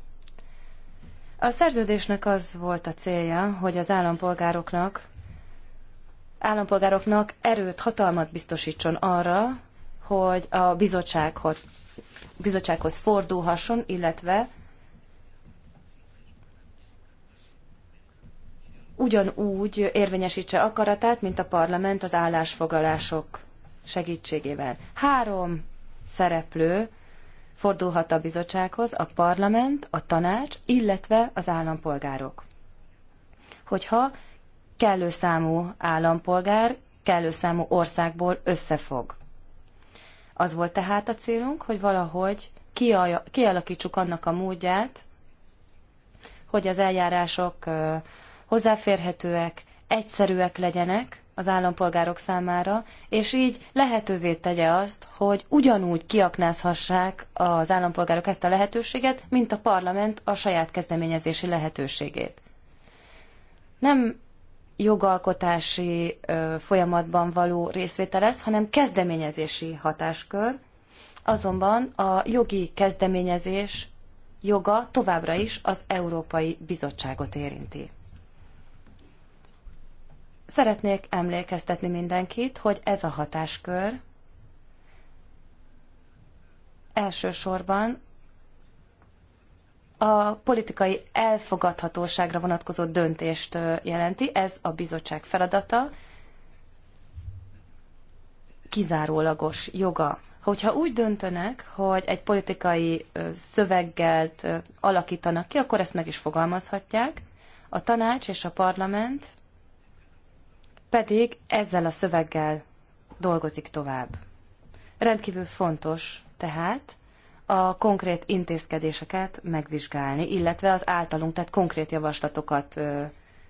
A szerződésnek az volt a célja, hogy az állampolgároknak állampolgároknak erőt, hatalmat biztosítson arra, hogy a bizottsághoz, bizottsághoz fordulhasson, illetve ugyanúgy érvényesítse akaratát, mint a parlament az állásfoglalások segítségével. Három szereplő fordulhat a bizottsághoz, a parlament, a tanács, illetve az állampolgárok. Hogyha kellő számú állampolgár kellő számú országból összefog. Az volt tehát a célunk, hogy valahogy kialakítsuk annak a módját, hogy az eljárások hozzáférhetőek, egyszerűek legyenek, az állampolgárok számára, és így lehetővé tegye azt, hogy ugyanúgy kiaknázhassák az állampolgárok ezt a lehetőséget, mint a parlament a saját kezdeményezési lehetőségét. Nem jogalkotási folyamatban való részvétel ez, hanem kezdeményezési hatáskör, azonban a jogi kezdeményezés joga továbbra is az Európai Bizottságot érinti. Szeretnék emlékeztetni mindenkit, hogy ez a hatáskör elsősorban a politikai elfogadhatóságra vonatkozó döntést jelenti. Ez a bizottság feladata, kizárólagos joga. Hogyha úgy döntenek, hogy egy politikai szöveggel alakítanak ki, akkor ezt meg is fogalmazhatják. A tanács és a parlament pedig ezzel a szöveggel dolgozik tovább. Rendkívül fontos tehát a konkrét intézkedéseket megvizsgálni, illetve az általunk tehát konkrét javaslatokat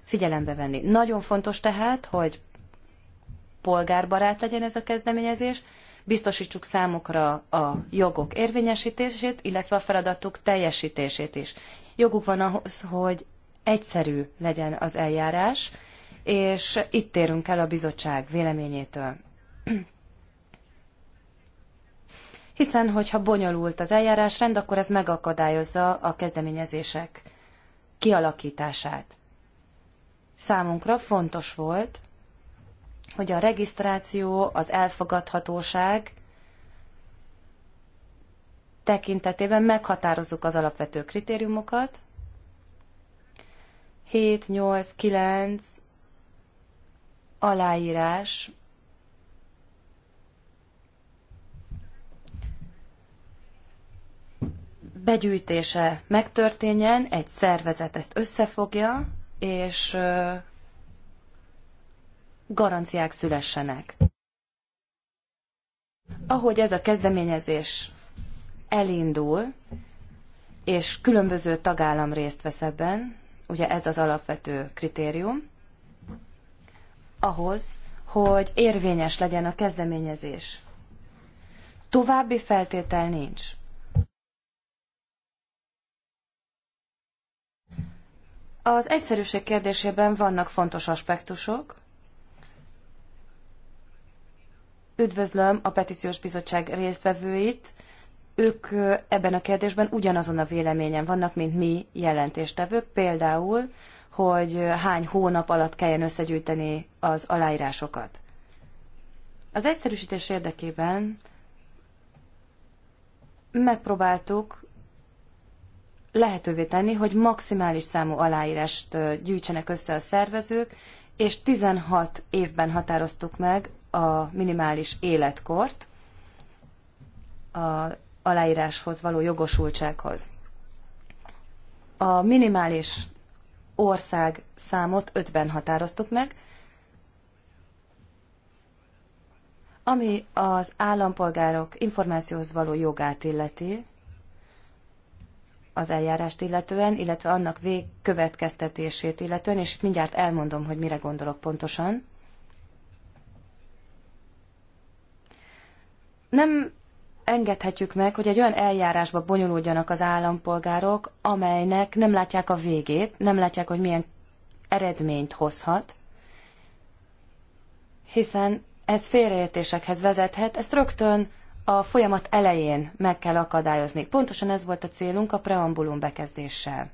figyelembe venni. Nagyon fontos tehát, hogy polgárbarát legyen ez a kezdeményezés, biztosítsuk számukra a jogok érvényesítését, illetve a feladatuk teljesítését is. Joguk van ahhoz, hogy egyszerű legyen az eljárás, és itt térünk el a bizottság véleményétől. Hiszen, hogyha bonyolult az eljárásrend, akkor ez megakadályozza a kezdeményezések kialakítását. Számunkra fontos volt, hogy a regisztráció, az elfogadhatóság tekintetében meghatározzuk az alapvető kritériumokat. 7, 8, 9, aláírás begyűjtése megtörténjen, egy szervezet ezt összefogja, és garanciák szülessenek. Ahogy ez a kezdeményezés elindul, és különböző tagállam részt vesz ebben, ugye ez az alapvető kritérium, ahhoz, hogy érvényes legyen a kezdeményezés. További feltétel nincs. Az egyszerűség kérdésében vannak fontos aspektusok. Üdvözlöm a petíciós bizottság résztvevőit. Ők ebben a kérdésben ugyanazon a véleményen vannak, mint mi jelentéstevők. Például hogy hány hónap alatt kelljen összegyűjteni az aláírásokat. Az egyszerűsítés érdekében megpróbáltuk lehetővé tenni, hogy maximális számú aláírást gyűjtsenek össze a szervezők, és 16 évben határoztuk meg a minimális életkort a aláíráshoz való jogosultsághoz. A minimális ország számot ötben határoztuk meg, ami az állampolgárok információhoz való jogát illeti, az eljárást illetően, illetve annak végkövetkeztetését illetően, és itt mindjárt elmondom, hogy mire gondolok pontosan. Nem engedhetjük meg, hogy egy olyan eljárásba bonyolódjanak az állampolgárok, amelynek nem látják a végét, nem látják, hogy milyen eredményt hozhat, hiszen ez félreértésekhez vezethet, ezt rögtön a folyamat elején meg kell akadályozni. Pontosan ez volt a célunk a preambulum bekezdéssel.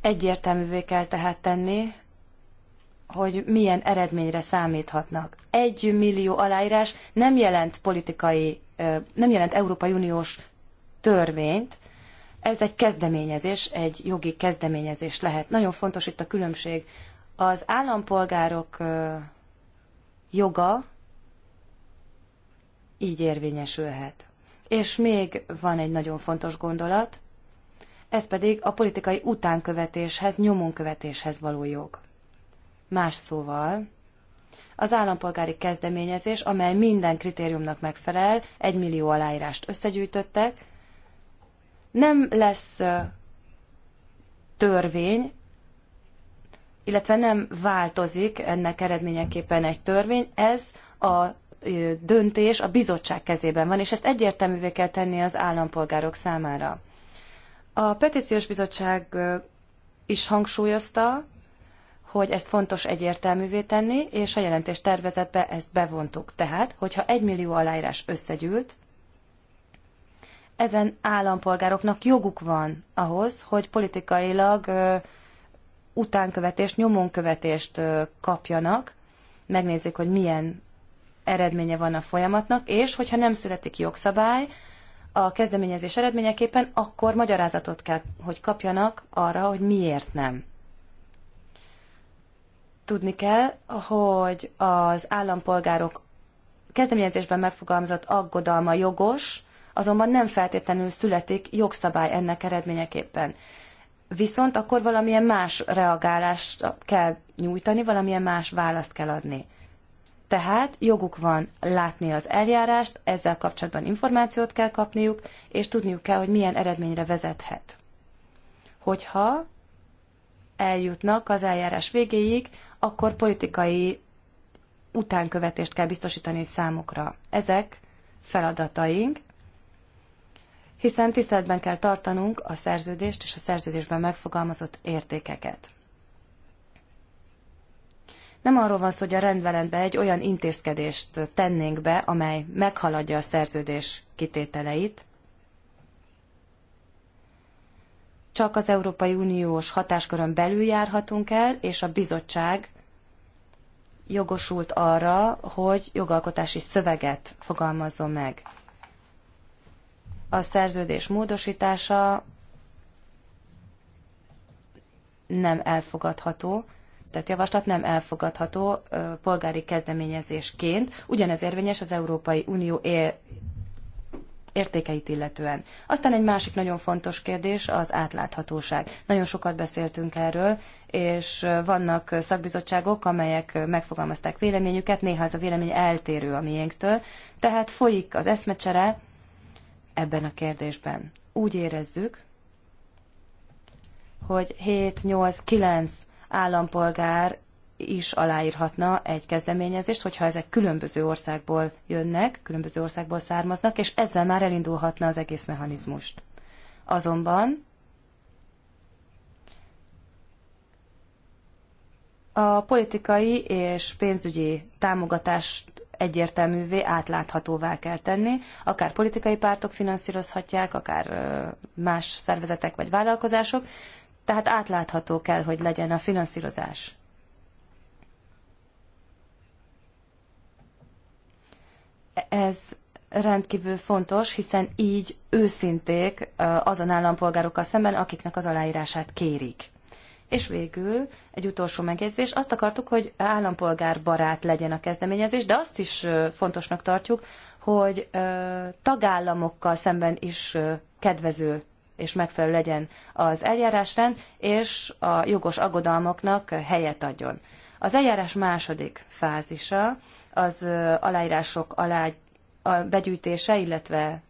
Egyértelművé kell tehát tenni, hogy milyen eredményre számíthatnak. Egy millió aláírás nem jelent politikai, nem jelent Európai Uniós törvényt, ez egy kezdeményezés, egy jogi kezdeményezés lehet. Nagyon fontos itt a különbség. Az állampolgárok joga így érvényesülhet. És még van egy nagyon fontos gondolat, ez pedig a politikai utánkövetéshez, nyomonkövetéshez való jog. Más szóval, az állampolgári kezdeményezés, amely minden kritériumnak megfelel, egy millió aláírást összegyűjtöttek, nem lesz törvény, illetve nem változik ennek eredményeképpen egy törvény, ez a döntés a bizottság kezében van, és ezt egyértelművé kell tenni az állampolgárok számára. A petíciós bizottság is hangsúlyozta, hogy ezt fontos egyértelművé tenni, és a jelentés tervezetbe ezt bevontuk. Tehát, hogyha egy millió aláírás összegyűlt, ezen állampolgároknak joguk van ahhoz, hogy politikailag ö, utánkövetést, nyomonkövetést ö, kapjanak, megnézzék, hogy milyen eredménye van a folyamatnak, és hogyha nem születik jogszabály a kezdeményezés eredményeképpen, akkor magyarázatot kell, hogy kapjanak arra, hogy miért nem. Tudni kell, hogy az állampolgárok kezdeményezésben megfogalmazott aggodalma jogos, azonban nem feltétlenül születik jogszabály ennek eredményeképpen. Viszont akkor valamilyen más reagálást kell nyújtani, valamilyen más választ kell adni. Tehát joguk van látni az eljárást, ezzel kapcsolatban információt kell kapniuk, és tudniuk kell, hogy milyen eredményre vezethet. Hogyha eljutnak az eljárás végéig, akkor politikai utánkövetést kell biztosítani számukra. Ezek feladataink, hiszen tiszteletben kell tartanunk a szerződést és a szerződésben megfogalmazott értékeket. Nem arról van szó, hogy a rendeletbe egy olyan intézkedést tennénk be, amely meghaladja a szerződés kitételeit, csak az Európai Uniós hatáskörön belül járhatunk el, és a bizottság jogosult arra, hogy jogalkotási szöveget fogalmazzon meg. A szerződés módosítása nem elfogadható, tehát javaslat nem elfogadható polgári kezdeményezésként. Ugyanez érvényes az Európai Unió értékeit illetően. Aztán egy másik nagyon fontos kérdés az átláthatóság. Nagyon sokat beszéltünk erről, és vannak szakbizottságok, amelyek megfogalmazták véleményüket, néha ez a vélemény eltérő a miénktől, tehát folyik az eszmecsere ebben a kérdésben. Úgy érezzük, hogy 7, 8, 9 állampolgár is aláírhatna egy kezdeményezést, hogyha ezek különböző országból jönnek, különböző országból származnak, és ezzel már elindulhatna az egész mechanizmust. Azonban a politikai és pénzügyi támogatást egyértelművé, átláthatóvá kell tenni. Akár politikai pártok finanszírozhatják, akár más szervezetek vagy vállalkozások, tehát átlátható kell, hogy legyen a finanszírozás. Ez rendkívül fontos, hiszen így őszinték azon állampolgárokkal szemben, akiknek az aláírását kérik. És végül egy utolsó megjegyzés. Azt akartuk, hogy állampolgárbarát legyen a kezdeményezés, de azt is fontosnak tartjuk, hogy tagállamokkal szemben is kedvező és megfelelő legyen az eljárásrend, és a jogos aggodalmaknak helyet adjon. Az eljárás második fázisa az aláírások alá a begyűjtése, illetve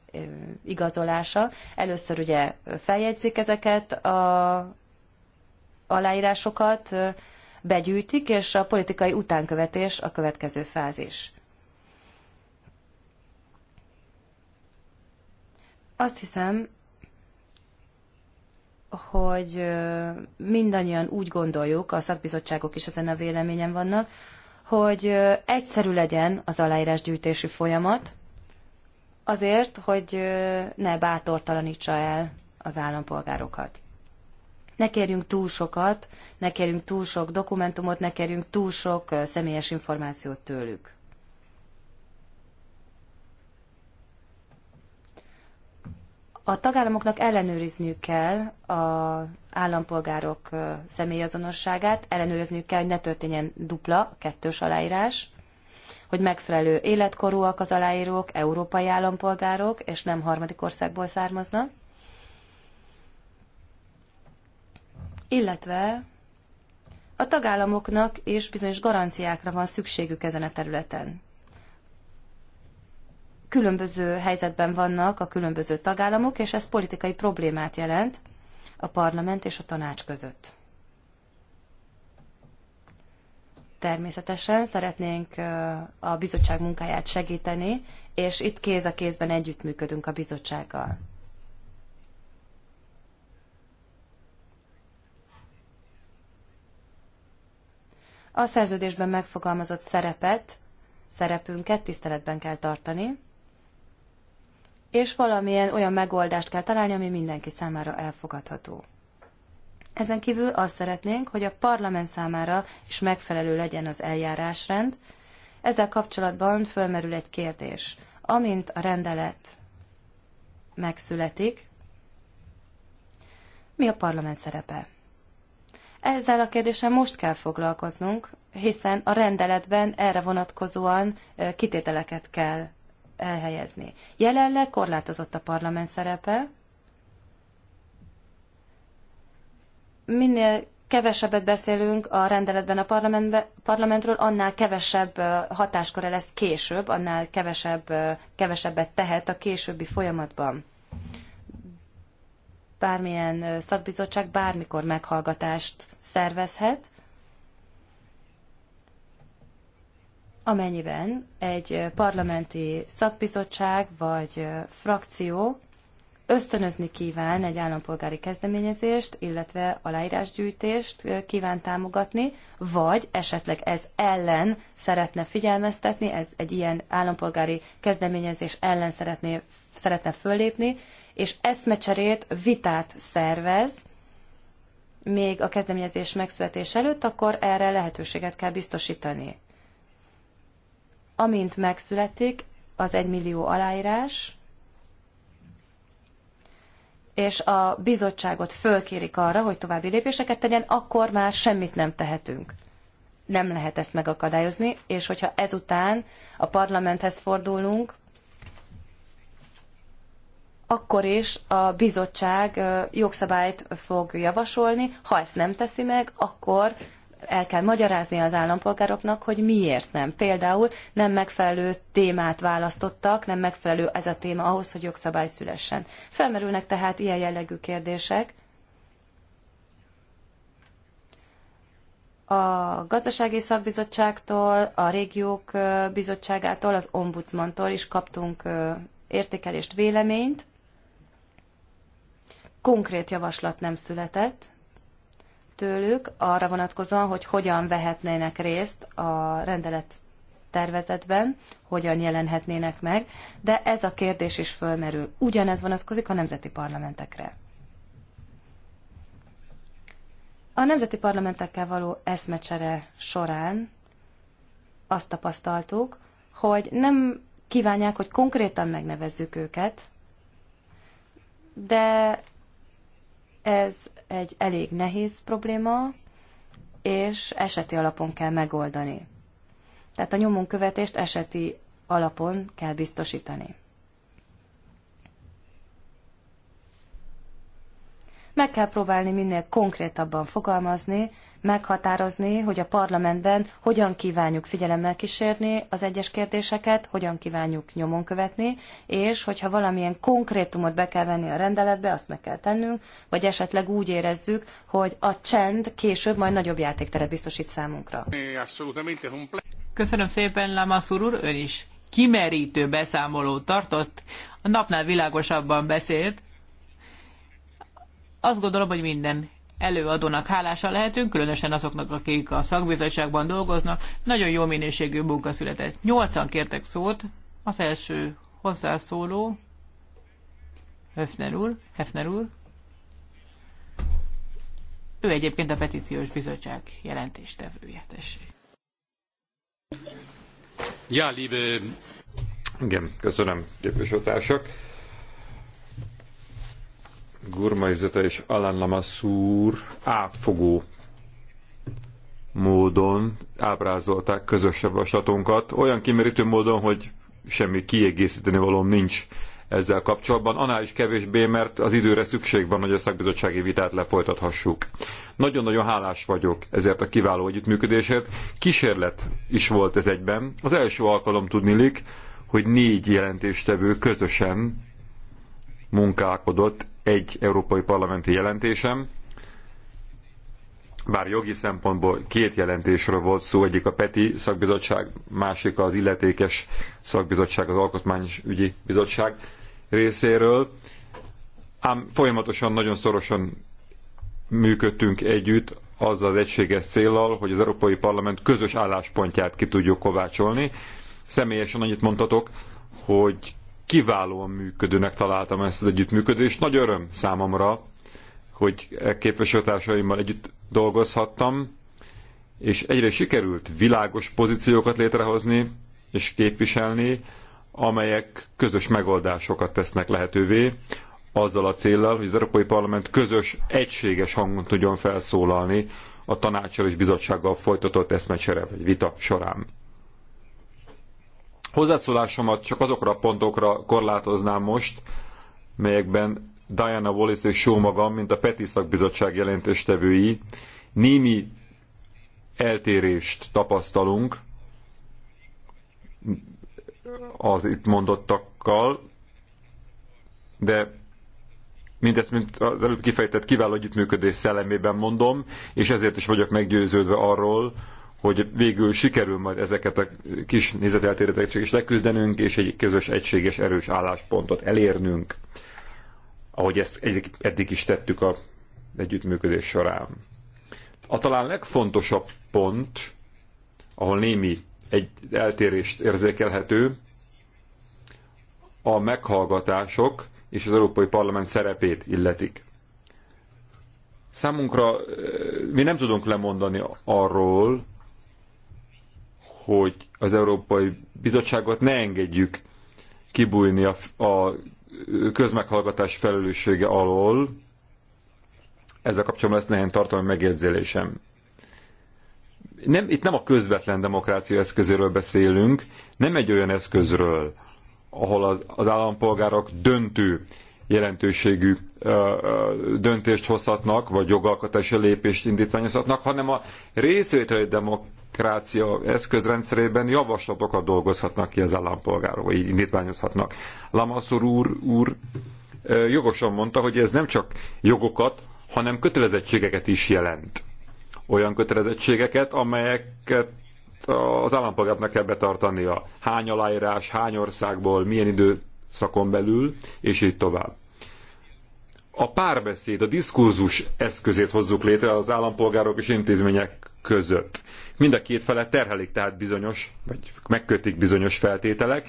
igazolása. Először ugye feljegyzik ezeket a aláírásokat, begyűjtik, és a politikai utánkövetés a következő fázis. Azt hiszem, hogy mindannyian úgy gondoljuk, a szakbizottságok is ezen a véleményen vannak, hogy egyszerű legyen az aláírásgyűjtési folyamat, azért, hogy ne bátortalanítsa el az állampolgárokat. Ne kérjünk túl sokat, ne kérjünk túl sok dokumentumot, ne kérjünk túl sok személyes információt tőlük. A tagállamoknak ellenőrizniük kell az állampolgárok személyazonosságát, ellenőrizniük kell, hogy ne történjen dupla, kettős aláírás, hogy megfelelő életkorúak az aláírók, európai állampolgárok, és nem harmadik országból származnak. Illetve a tagállamoknak és bizonyos garanciákra van szükségük ezen a területen különböző helyzetben vannak a különböző tagállamok, és ez politikai problémát jelent a parlament és a tanács között. Természetesen szeretnénk a bizottság munkáját segíteni, és itt kéz a kézben együttműködünk a bizottsággal. A szerződésben megfogalmazott szerepet, szerepünket tiszteletben kell tartani, és valamilyen olyan megoldást kell találni, ami mindenki számára elfogadható. Ezen kívül azt szeretnénk, hogy a parlament számára is megfelelő legyen az eljárásrend. Ezzel kapcsolatban fölmerül egy kérdés. Amint a rendelet megszületik, mi a parlament szerepe? Ezzel a kérdéssel most kell foglalkoznunk, hiszen a rendeletben erre vonatkozóan kitételeket kell elhelyezni. Jelenleg korlátozott a parlament szerepe. Minél kevesebbet beszélünk a rendeletben a parlamentről, annál kevesebb hatáskora lesz később, annál kevesebb, kevesebbet tehet a későbbi folyamatban. Bármilyen szakbizottság bármikor meghallgatást szervezhet, amennyiben egy parlamenti szakbizottság vagy frakció ösztönözni kíván egy állampolgári kezdeményezést, illetve aláírásgyűjtést kíván támogatni, vagy esetleg ez ellen szeretne figyelmeztetni, ez egy ilyen állampolgári kezdeményezés ellen szeretné, szeretne föllépni, és eszmecserét, vitát szervez, még a kezdeményezés megszületés előtt, akkor erre lehetőséget kell biztosítani amint megszületik az egymillió aláírás, és a bizottságot fölkérik arra, hogy további lépéseket tegyen, akkor már semmit nem tehetünk. Nem lehet ezt megakadályozni, és hogyha ezután a parlamenthez fordulunk, akkor is a bizottság jogszabályt fog javasolni, ha ezt nem teszi meg, akkor el kell magyarázni az állampolgároknak, hogy miért nem. Például nem megfelelő témát választottak, nem megfelelő ez a téma ahhoz, hogy jogszabály szülessen. Felmerülnek tehát ilyen jellegű kérdések. a gazdasági szakbizottságtól, a régiók bizottságától, az ombudsmantól is kaptunk értékelést, véleményt. Konkrét javaslat nem született tőlük arra vonatkozóan, hogy hogyan vehetnének részt a rendelet tervezetben, hogyan jelenhetnének meg, de ez a kérdés is fölmerül. Ugyanez vonatkozik a nemzeti parlamentekre. A nemzeti parlamentekkel való eszmecsere során azt tapasztaltuk, hogy nem kívánják, hogy konkrétan megnevezzük őket, de ez egy elég nehéz probléma, és eseti alapon kell megoldani. Tehát a nyomon követést eseti alapon kell biztosítani. Meg kell próbálni minél konkrétabban fogalmazni, meghatározni, hogy a parlamentben hogyan kívánjuk figyelemmel kísérni az egyes kérdéseket, hogyan kívánjuk nyomon követni, és hogyha valamilyen konkrétumot be kell venni a rendeletbe, azt meg kell tennünk, vagy esetleg úgy érezzük, hogy a csend később majd nagyobb játékteret biztosít számunkra. Köszönöm szépen, Lamassur úr, ön is kimerítő beszámolót tartott, a napnál világosabban beszélt, azt gondolom, hogy minden előadónak hálása lehetünk, különösen azoknak, akik a szakbizottságban dolgoznak. Nagyon jó minőségű munka született. Nyolcan kértek szót, az első hozzászóló, Höfner úr, Hefner úr. Ő egyébként a petíciós bizottság jelentéstevője, tessék. Ja, liebe... Igen, köszönöm, képviselőtársak Gurmai és Alan Lamassur átfogó módon ábrázolták közös javaslatunkat, olyan kimerítő módon, hogy semmi kiegészíteni való nincs ezzel kapcsolatban, annál is kevésbé, mert az időre szükség van, hogy a szakbizottsági vitát lefolytathassuk. Nagyon-nagyon hálás vagyok ezért a kiváló együttműködésért. Kísérlet is volt ez egyben. Az első alkalom tudnilik, hogy négy jelentéstevő közösen munkálkodott egy európai parlamenti jelentésem, bár jogi szempontból két jelentésről volt szó, egyik a PETI szakbizottság, másik az illetékes szakbizottság, az Alkotmányügyi Bizottság részéről. Ám folyamatosan, nagyon szorosan működtünk együtt azzal az egységes célral, hogy az Európai Parlament közös álláspontját ki tudjuk kovácsolni. Személyesen annyit mondhatok, hogy kiválóan működőnek találtam ezt az együttműködést. Nagy öröm számomra, hogy e képviselőtársaimmal együtt dolgozhattam, és egyre sikerült világos pozíciókat létrehozni és képviselni, amelyek közös megoldásokat tesznek lehetővé, azzal a céllal, hogy az Európai Parlament közös, egységes hangon tudjon felszólalni a tanácsal és bizottsággal folytatott eszmecsere vagy vita során. Hozzászólásomat csak azokra a pontokra korlátoznám most, melyekben Diana Wallace és jó magam, mint a Peti szakbizottság jelentéstevői, némi eltérést tapasztalunk az itt mondottakkal, de mindezt, mint az előbb kifejtett kiváló együttműködés szellemében mondom, és ezért is vagyok meggyőződve arról, hogy végül sikerül majd ezeket a kis nézeteltéreteket is leküzdenünk, és egy közös, egységes, erős álláspontot elérnünk, ahogy ezt eddig is tettük a együttműködés során. A talán legfontosabb pont, ahol némi egy eltérést érzékelhető, a meghallgatások és az Európai Parlament szerepét illetik. Számunkra mi nem tudunk lemondani arról, hogy az Európai Bizottságot ne engedjük kibújni a, a közmeghallgatás felelőssége alól. Ezzel kapcsolatban lesz nehéz tartalmi megjegyzélésem. Nem, itt nem a közvetlen demokrácia eszközéről beszélünk, nem egy olyan eszközről, ahol az, az állampolgárok döntő jelentőségű döntést hozhatnak, vagy jogalkotási lépést indítványozhatnak, hanem a részvételi demokrácia eszközrendszerében javaslatokat dolgozhatnak ki az állampolgárok, vagy indítványozhatnak. Lamaszur úr, úr jogosan mondta, hogy ez nem csak jogokat, hanem kötelezettségeket is jelent. Olyan kötelezettségeket, amelyeket az állampolgárnak kell betartania. Hány aláírás, hány országból, milyen idő szakon belül, és így tovább. A párbeszéd, a diskurzus eszközét hozzuk létre az állampolgárok és intézmények között. Mind a két felet terhelik tehát bizonyos, vagy megkötik bizonyos feltételek.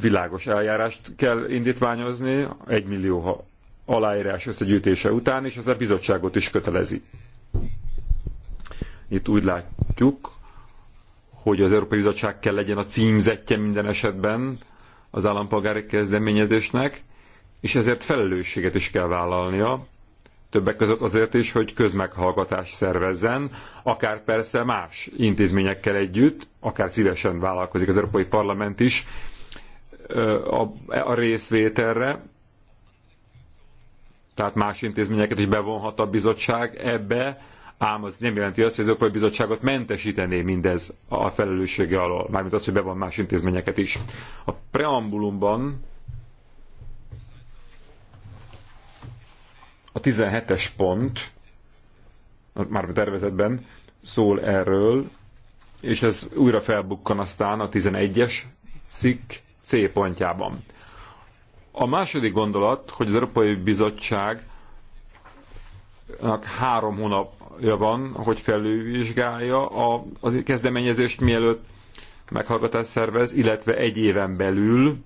Világos eljárást kell indítványozni, egy millió aláírás összegyűjtése után, és ez a bizottságot is kötelezi. Itt úgy látjuk, hogy az Európai Bizottság kell legyen a címzetje minden esetben az állampolgári kezdeményezésnek, és ezért felelősséget is kell vállalnia, többek között azért is, hogy közmeghallgatás szervezzen, akár persze más intézményekkel együtt, akár szívesen vállalkozik az Európai Parlament is a, a részvételre, tehát más intézményeket is bevonhat a bizottság ebbe, ám az nem jelenti azt, hogy az Európai Bizottságot mentesítené mindez a felelőssége alól, mármint az, hogy be van más intézményeket is. A preambulumban a 17-es pont, már a tervezetben szól erről, és ez újra felbukkan aztán a 11-es cikk C pontjában. A második gondolat, hogy az Európai Bizottság három hónap ja van, hogy felülvizsgálja a, az kezdeményezést, mielőtt meghallgatást szervez, illetve egy éven belül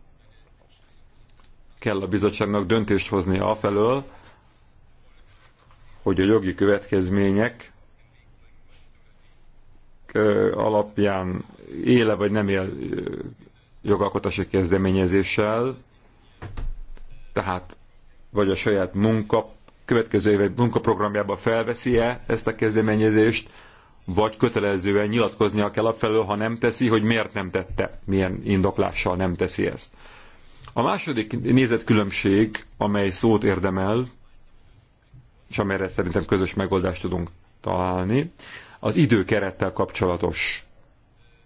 kell a bizottságnak döntést hozni afelől, hogy a jogi következmények alapján éle vagy nem él jogalkotási kezdeményezéssel, tehát vagy a saját munka következő évek munkaprogramjába felveszi-e ezt a kezdeményezést, vagy kötelezően nyilatkoznia kell felől, ha nem teszi, hogy miért nem tette, milyen indoklással nem teszi ezt. A második nézetkülönbség, amely szót érdemel, és amelyre szerintem közös megoldást tudunk találni, az időkerettel kapcsolatos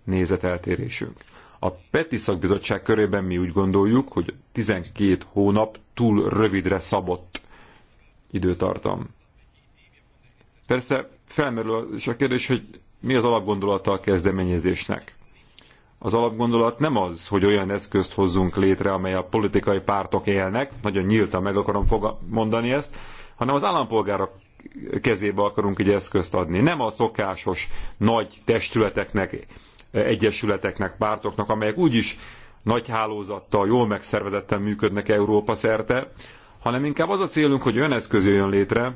nézeteltérésünk. A PETI szakbizottság körében mi úgy gondoljuk, hogy 12 hónap túl rövidre szabott időtartam. Persze felmerül is a kérdés, hogy mi az alapgondolata a kezdeményezésnek. Az alapgondolat nem az, hogy olyan eszközt hozzunk létre, amely a politikai pártok élnek, nagyon nyíltan meg akarom mondani ezt, hanem az állampolgárok kezébe akarunk egy eszközt adni. Nem a szokásos nagy testületeknek, egyesületeknek, pártoknak, amelyek úgyis nagy hálózattal, jól megszervezetten működnek Európa szerte, hanem inkább az a célunk, hogy olyan eszköz jön létre,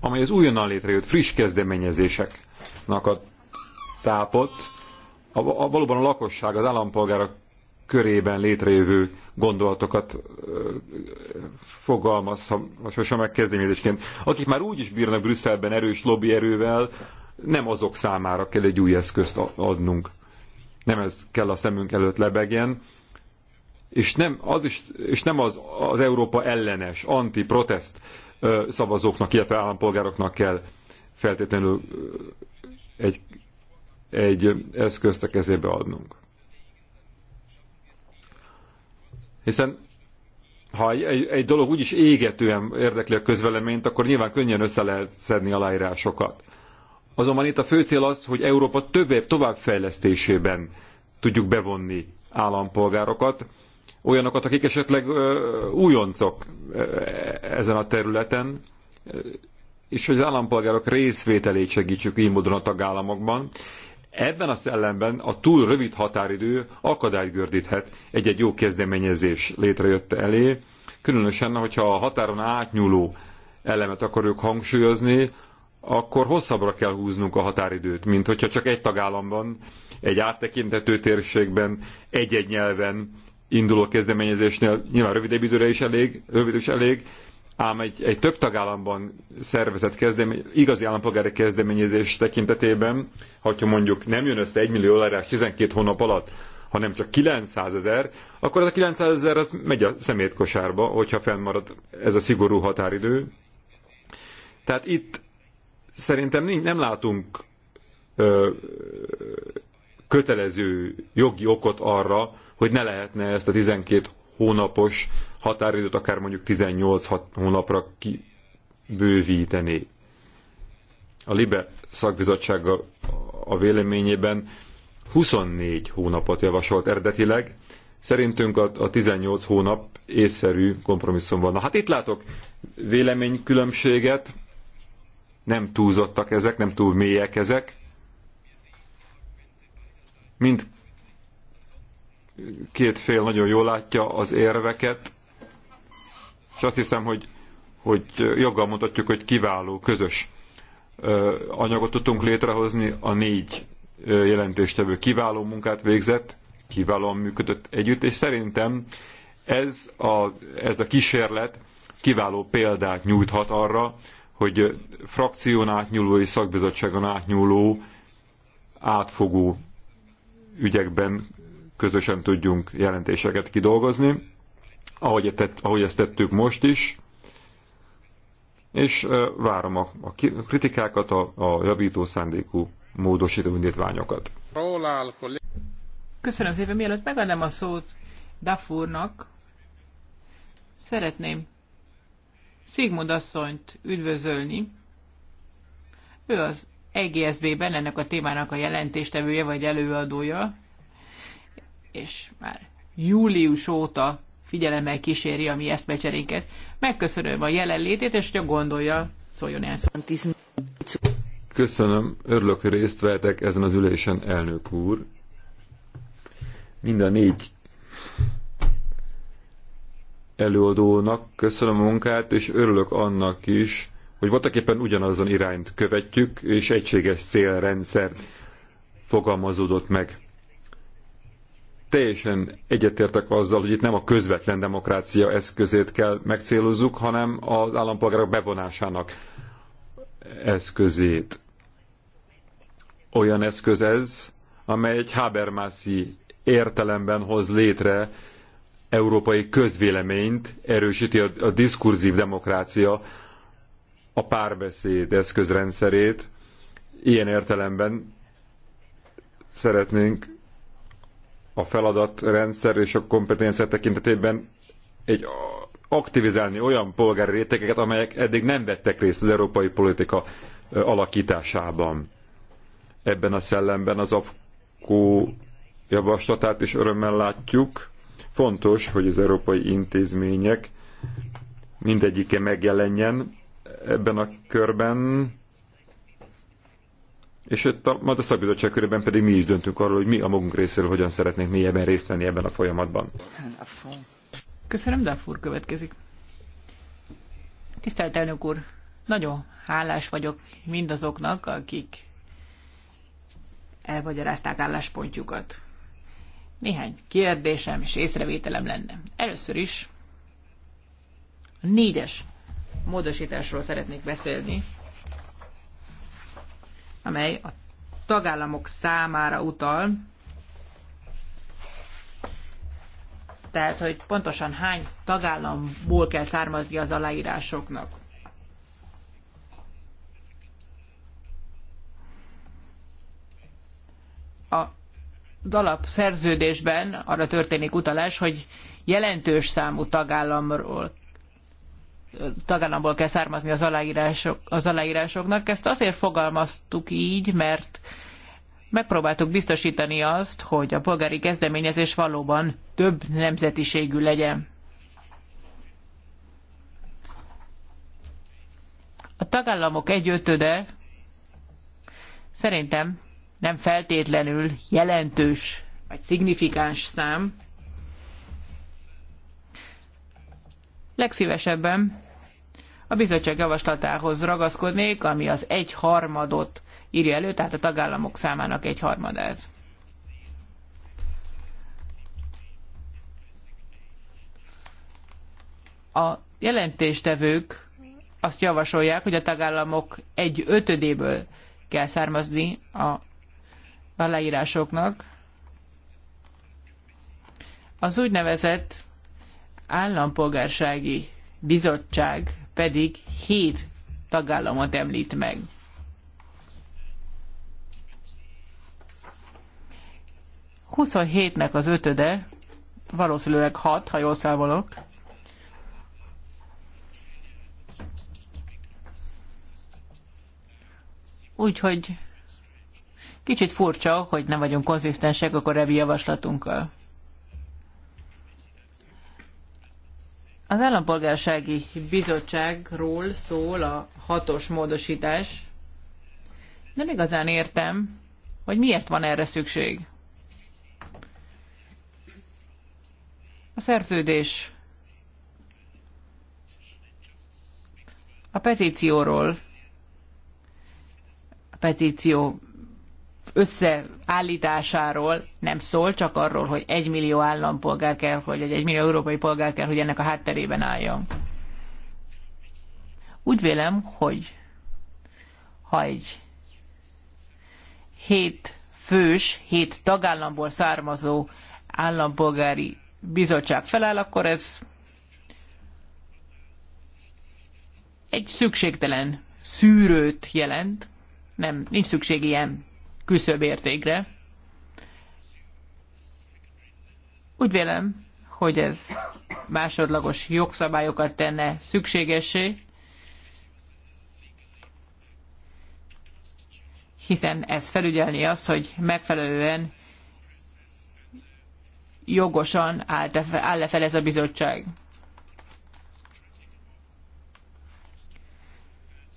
amely az újonnan létrejött friss kezdeményezéseknek a tápot, a, a, valóban a lakosság, az állampolgárok körében létrejövő gondolatokat ö, fogalmazhassa meg kezdeményezésként. Akik már úgy is bírnak Brüsszelben erős lobby erővel, nem azok számára kell egy új eszközt adnunk. Nem ez kell a szemünk előtt lebegjen, és nem az, is, és nem az, az Európa ellenes, anti-protest szavazóknak, illetve állampolgároknak kell feltétlenül egy, egy eszközt a kezébe adnunk. Hiszen ha egy, egy, dolog úgyis égetően érdekli a közveleményt, akkor nyilván könnyen össze lehet szedni aláírásokat. Azonban itt a fő cél az, hogy Európa tovább továbbfejlesztésében tudjuk bevonni állampolgárokat, olyanokat, akik esetleg újoncok ezen a területen, és hogy az állampolgárok részvételét segítsük így módon a tagállamokban. Ebben a szellemben a túl rövid határidő akadályt gördíthet egy-egy jó kezdeményezés létrejött elé, különösen, hogyha a határon átnyúló elemet akarjuk hangsúlyozni, akkor hosszabbra kell húznunk a határidőt, mint hogyha csak egy tagállamban, egy áttekintető térségben, egy-egy nyelven induló kezdeményezésnél nyilván rövidebb időre is elég, rövid is elég, ám egy, egy több tagállamban szervezett kezdemény, igazi állampolgári kezdeményezés tekintetében, hogyha mondjuk nem jön össze 1 millió dollárás 12 hónap alatt, hanem csak 900 ezer, akkor az a 900 ezer az megy a szemétkosárba, hogyha fennmarad ez a szigorú határidő. Tehát itt szerintem nem látunk ö, kötelező jogi okot arra, hogy ne lehetne ezt a 12 hónapos határidőt akár mondjuk 18 hónapra kibővíteni. A LIBE szakbizottsággal a véleményében 24 hónapot javasolt eredetileg, szerintünk a, a 18 hónap észszerű kompromisszum van. Na, hát itt látok véleménykülönbséget, nem túlzottak ezek, nem túl mélyek ezek. Mind két fél nagyon jól látja az érveket, és azt hiszem, hogy, hogy joggal mondhatjuk, hogy kiváló, közös anyagot tudtunk létrehozni, a négy jelentéstevő kiváló munkát végzett, kiválóan működött együtt, és szerintem ez a, ez a kísérlet kiváló példát nyújthat arra, hogy frakción átnyúló és szakbizottságon átnyúló átfogó ügyekben közösen tudjunk jelentéseket kidolgozni, ahogy, e tett, ahogy ezt tettük most is, és várom a, a kritikákat, a, a javító szándékú módosító indítványokat. Köszönöm szépen, mielőtt megadnám a szót Dafurnak, szeretném Szigmund asszonyt üdvözölni. Ő az EGSB-ben ennek a témának a jelentéstevője vagy előadója és már július óta figyelemmel kíséri a mi eszmecserénket. Megköszönöm a jelenlétét, és csak gondolja, szóljon el. Köszönöm, örülök, hogy részt vehetek ezen az ülésen, elnök úr. Mind a négy előadónak köszönöm a munkát, és örülök annak is, hogy voltak éppen ugyanazon irányt követjük, és egységes célrendszer fogalmazódott meg teljesen egyetértek azzal, hogy itt nem a közvetlen demokrácia eszközét kell megcélozzuk, hanem az állampolgárok bevonásának eszközét. Olyan eszköz ez, amely egy Habermaszi értelemben hoz létre európai közvéleményt, erősíti a, a diskurzív demokrácia, a párbeszéd eszközrendszerét. Ilyen értelemben szeretnénk a feladatrendszer és a kompetencia tekintetében egy aktivizálni olyan polgári rétegeket, amelyek eddig nem vettek részt az európai politika alakításában. Ebben a szellemben az AFKO javaslatát is örömmel látjuk. Fontos, hogy az európai intézmények mindegyike megjelenjen ebben a körben, és ott a, majd a szakbizottság körében pedig mi is döntünk arról, hogy mi a magunk részéről hogyan szeretnénk mélyebben részt venni ebben a folyamatban. Köszönöm, Dáfúr következik. Tisztelt elnök úr, nagyon hálás vagyok mindazoknak, akik elmagyarázták álláspontjukat. Néhány kérdésem és észrevételem lenne. Először is a négyes módosításról szeretnék beszélni, amely a tagállamok számára utal, tehát hogy pontosan hány tagállamból kell származni az aláírásoknak. A dalap szerződésben arra történik utalás, hogy jelentős számú tagállamról tagállamból kell származni az, aláírások, az aláírásoknak. Ezt azért fogalmaztuk így, mert megpróbáltuk biztosítani azt, hogy a polgári kezdeményezés valóban több nemzetiségű legyen. A tagállamok egyötöde szerintem nem feltétlenül jelentős vagy szignifikáns szám, legszívesebben a bizottság javaslatához ragaszkodnék, ami az egyharmadot írja elő, tehát a tagállamok számának egyharmadát. A jelentéstevők azt javasolják, hogy a tagállamok egy ötödéből kell származni a aláírásoknak. Az úgynevezett állampolgársági bizottság pedig hét tagállamot említ meg. Huszonhétnek az ötöde, valószínűleg hat, ha jól számolok, Úgyhogy kicsit furcsa, hogy nem vagyunk konzisztensek a korábbi javaslatunkkal. Az Állampolgársági Bizottságról szól a hatos módosítás. Nem igazán értem, hogy miért van erre szükség. A szerződés a petícióról, a petíció összeállításáról nem szól, csak arról, hogy egy millió állampolgár kell, hogy egy millió európai polgár kell, hogy ennek a hátterében álljon. Úgy vélem, hogy ha egy hét fős, hét tagállamból származó állampolgári bizottság feláll, akkor ez egy szükségtelen szűrőt jelent. Nem, nincs szükség ilyen küszöbértékre. Úgy vélem, hogy ez másodlagos jogszabályokat tenne szükségessé, hiszen ez felügyelni azt, hogy megfelelően jogosan e áll e fel ez a bizottság.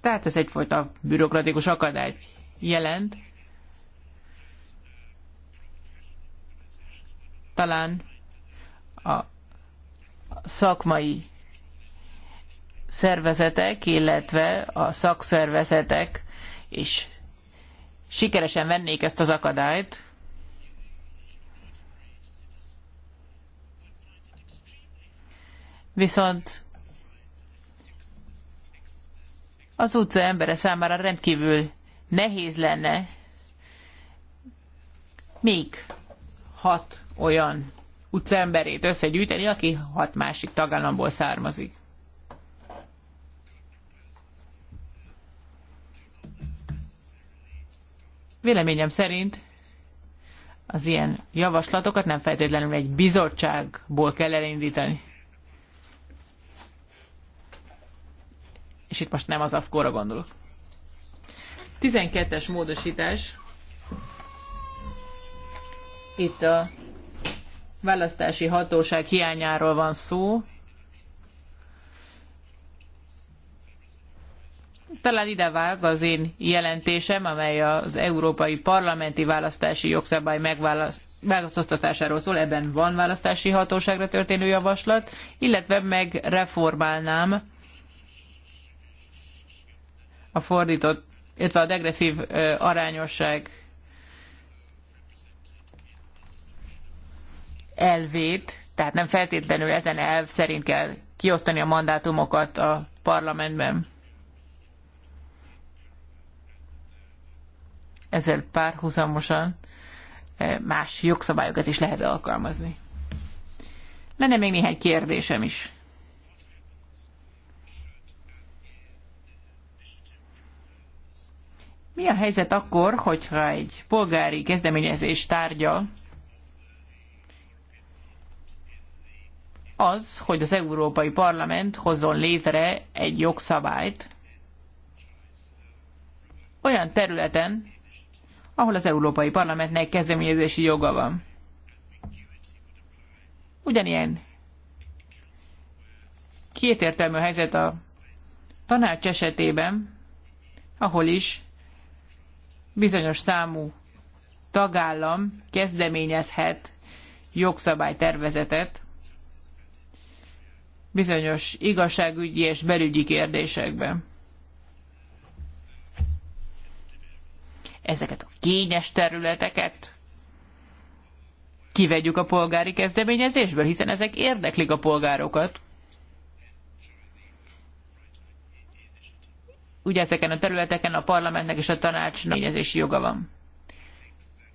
Tehát ez egyfajta bürokratikus akadályt jelent, talán a szakmai szervezetek, illetve a szakszervezetek is sikeresen vennék ezt az akadályt, viszont az utca embere számára rendkívül nehéz lenne még hat olyan utcemberét összegyűjteni, aki hat másik tagállamból származik. Véleményem szerint az ilyen javaslatokat nem feltétlenül egy bizottságból kell elindítani. És itt most nem az afkóra gondolok. 12-es módosítás itt a választási hatóság hiányáról van szó. Talán vág az én jelentésem, amely az európai parlamenti választási jogszabály megválasztatásáról szól, ebben van választási hatóságra történő javaslat, illetve megreformálnám a fordított, illetve a degresszív arányosság elvét, tehát nem feltétlenül ezen elv szerint kell kiosztani a mandátumokat a parlamentben. Ezzel párhuzamosan e, más jogszabályokat is lehet alkalmazni. Lenne még néhány kérdésem is. Mi a helyzet akkor, hogyha egy polgári kezdeményezés tárgya az, hogy az Európai Parlament hozzon létre egy jogszabályt olyan területen, ahol az Európai Parlamentnek kezdeményezési joga van. Ugyanilyen kétértelmű helyzet a tanács esetében, ahol is bizonyos számú tagállam kezdeményezhet jogszabálytervezetet, bizonyos igazságügyi és belügyi kérdésekben. Ezeket a kényes területeket kivegyük a polgári kezdeményezésből, hiszen ezek érdeklik a polgárokat. Ugye ezeken a területeken a parlamentnek és a tanácsnak kényezési joga van.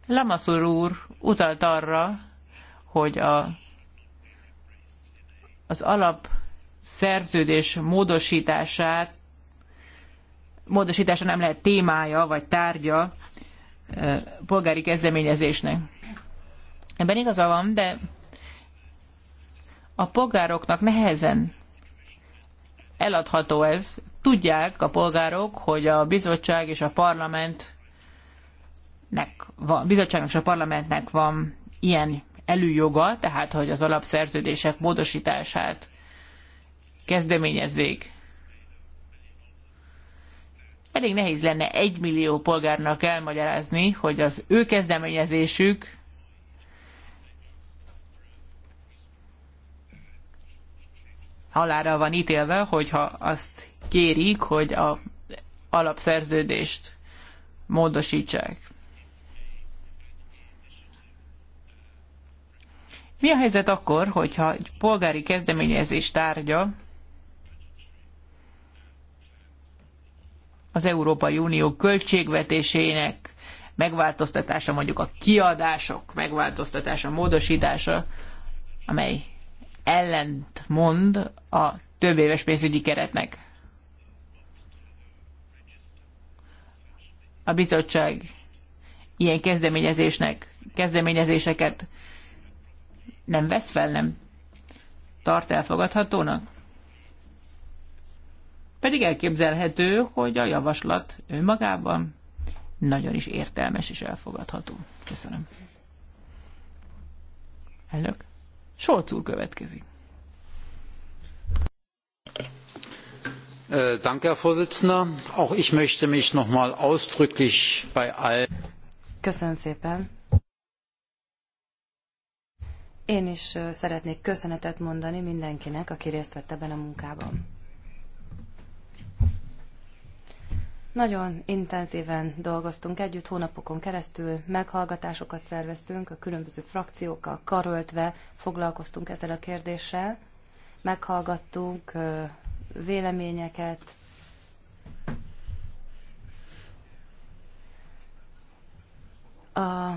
Lamaszur úr utalt arra, hogy a az alap szerződés módosítását, módosítása nem lehet témája vagy tárgya polgári kezdeményezésnek. Ebben igaza van, de a polgároknak nehezen eladható ez. Tudják a polgárok, hogy a bizottság és a parlamentnek van, bizottságnak és a parlamentnek van ilyen előjoga, tehát hogy az alapszerződések módosítását kezdeményezzék. Elég nehéz lenne egy millió polgárnak elmagyarázni, hogy az ő kezdeményezésük halára van ítélve, hogyha azt kérik, hogy a alapszerződést módosítsák. Mi a helyzet akkor, hogyha egy polgári kezdeményezés tárgya az Európai Unió költségvetésének megváltoztatása, mondjuk a kiadások megváltoztatása, módosítása, amely ellent mond a több éves pénzügyi keretnek. A bizottság ilyen kezdeményezésnek, kezdeményezéseket nem vesz fel, nem tart elfogadhatónak? Pedig elképzelhető, hogy a javaslat önmagában nagyon is értelmes és elfogadható. Köszönöm. Elnök, Solc úr következik. Äh, danke, Herr Vorsitzender. Auch ich möchte mich nochmal ausdrücklich bei allen. Köszönöm szépen. Én is szeretnék köszönetet mondani mindenkinek, aki részt vett ebben a munkában. Nagyon intenzíven dolgoztunk együtt, hónapokon keresztül meghallgatásokat szerveztünk, a különböző frakciókkal karöltve foglalkoztunk ezzel a kérdéssel, meghallgattunk véleményeket, a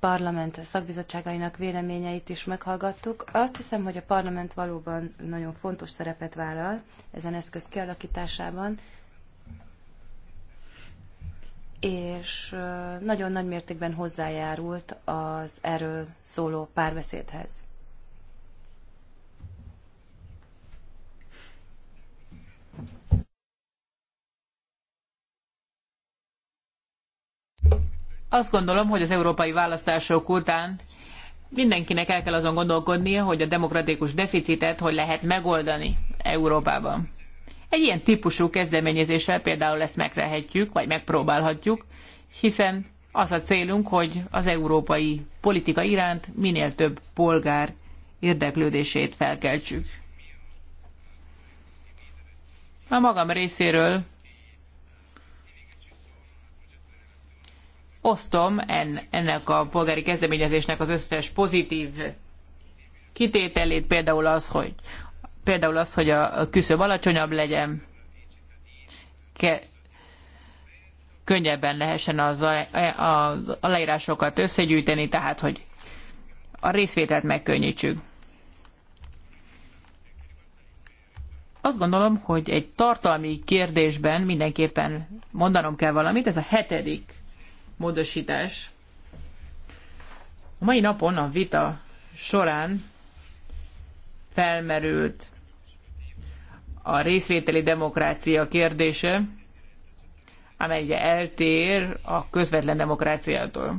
parlament szakbizottságainak véleményeit is meghallgattuk. Azt hiszem, hogy a parlament valóban nagyon fontos szerepet vállal ezen eszköz kialakításában, és nagyon nagy mértékben hozzájárult az erről szóló párbeszédhez. Azt gondolom, hogy az európai választások után mindenkinek el kell azon gondolkodnia, hogy a demokratikus deficitet hogy lehet megoldani Európában. Egy ilyen típusú kezdeményezéssel például ezt megtehetjük, vagy megpróbálhatjuk, hiszen az a célunk, hogy az európai politika iránt minél több polgár érdeklődését felkeltsük. A magam részéről osztom en, ennek a polgári kezdeményezésnek az összes pozitív kitételét, például az, hogy, például az, hogy a küszöb alacsonyabb legyen, ke, könnyebben lehessen az, a, az aláírásokat összegyűjteni, tehát hogy a részvételt megkönnyítsük. Azt gondolom, hogy egy tartalmi kérdésben mindenképpen mondanom kell valamit, ez a hetedik módosítás. A mai napon a vita során felmerült a részvételi demokrácia kérdése, amely eltér a közvetlen demokráciától.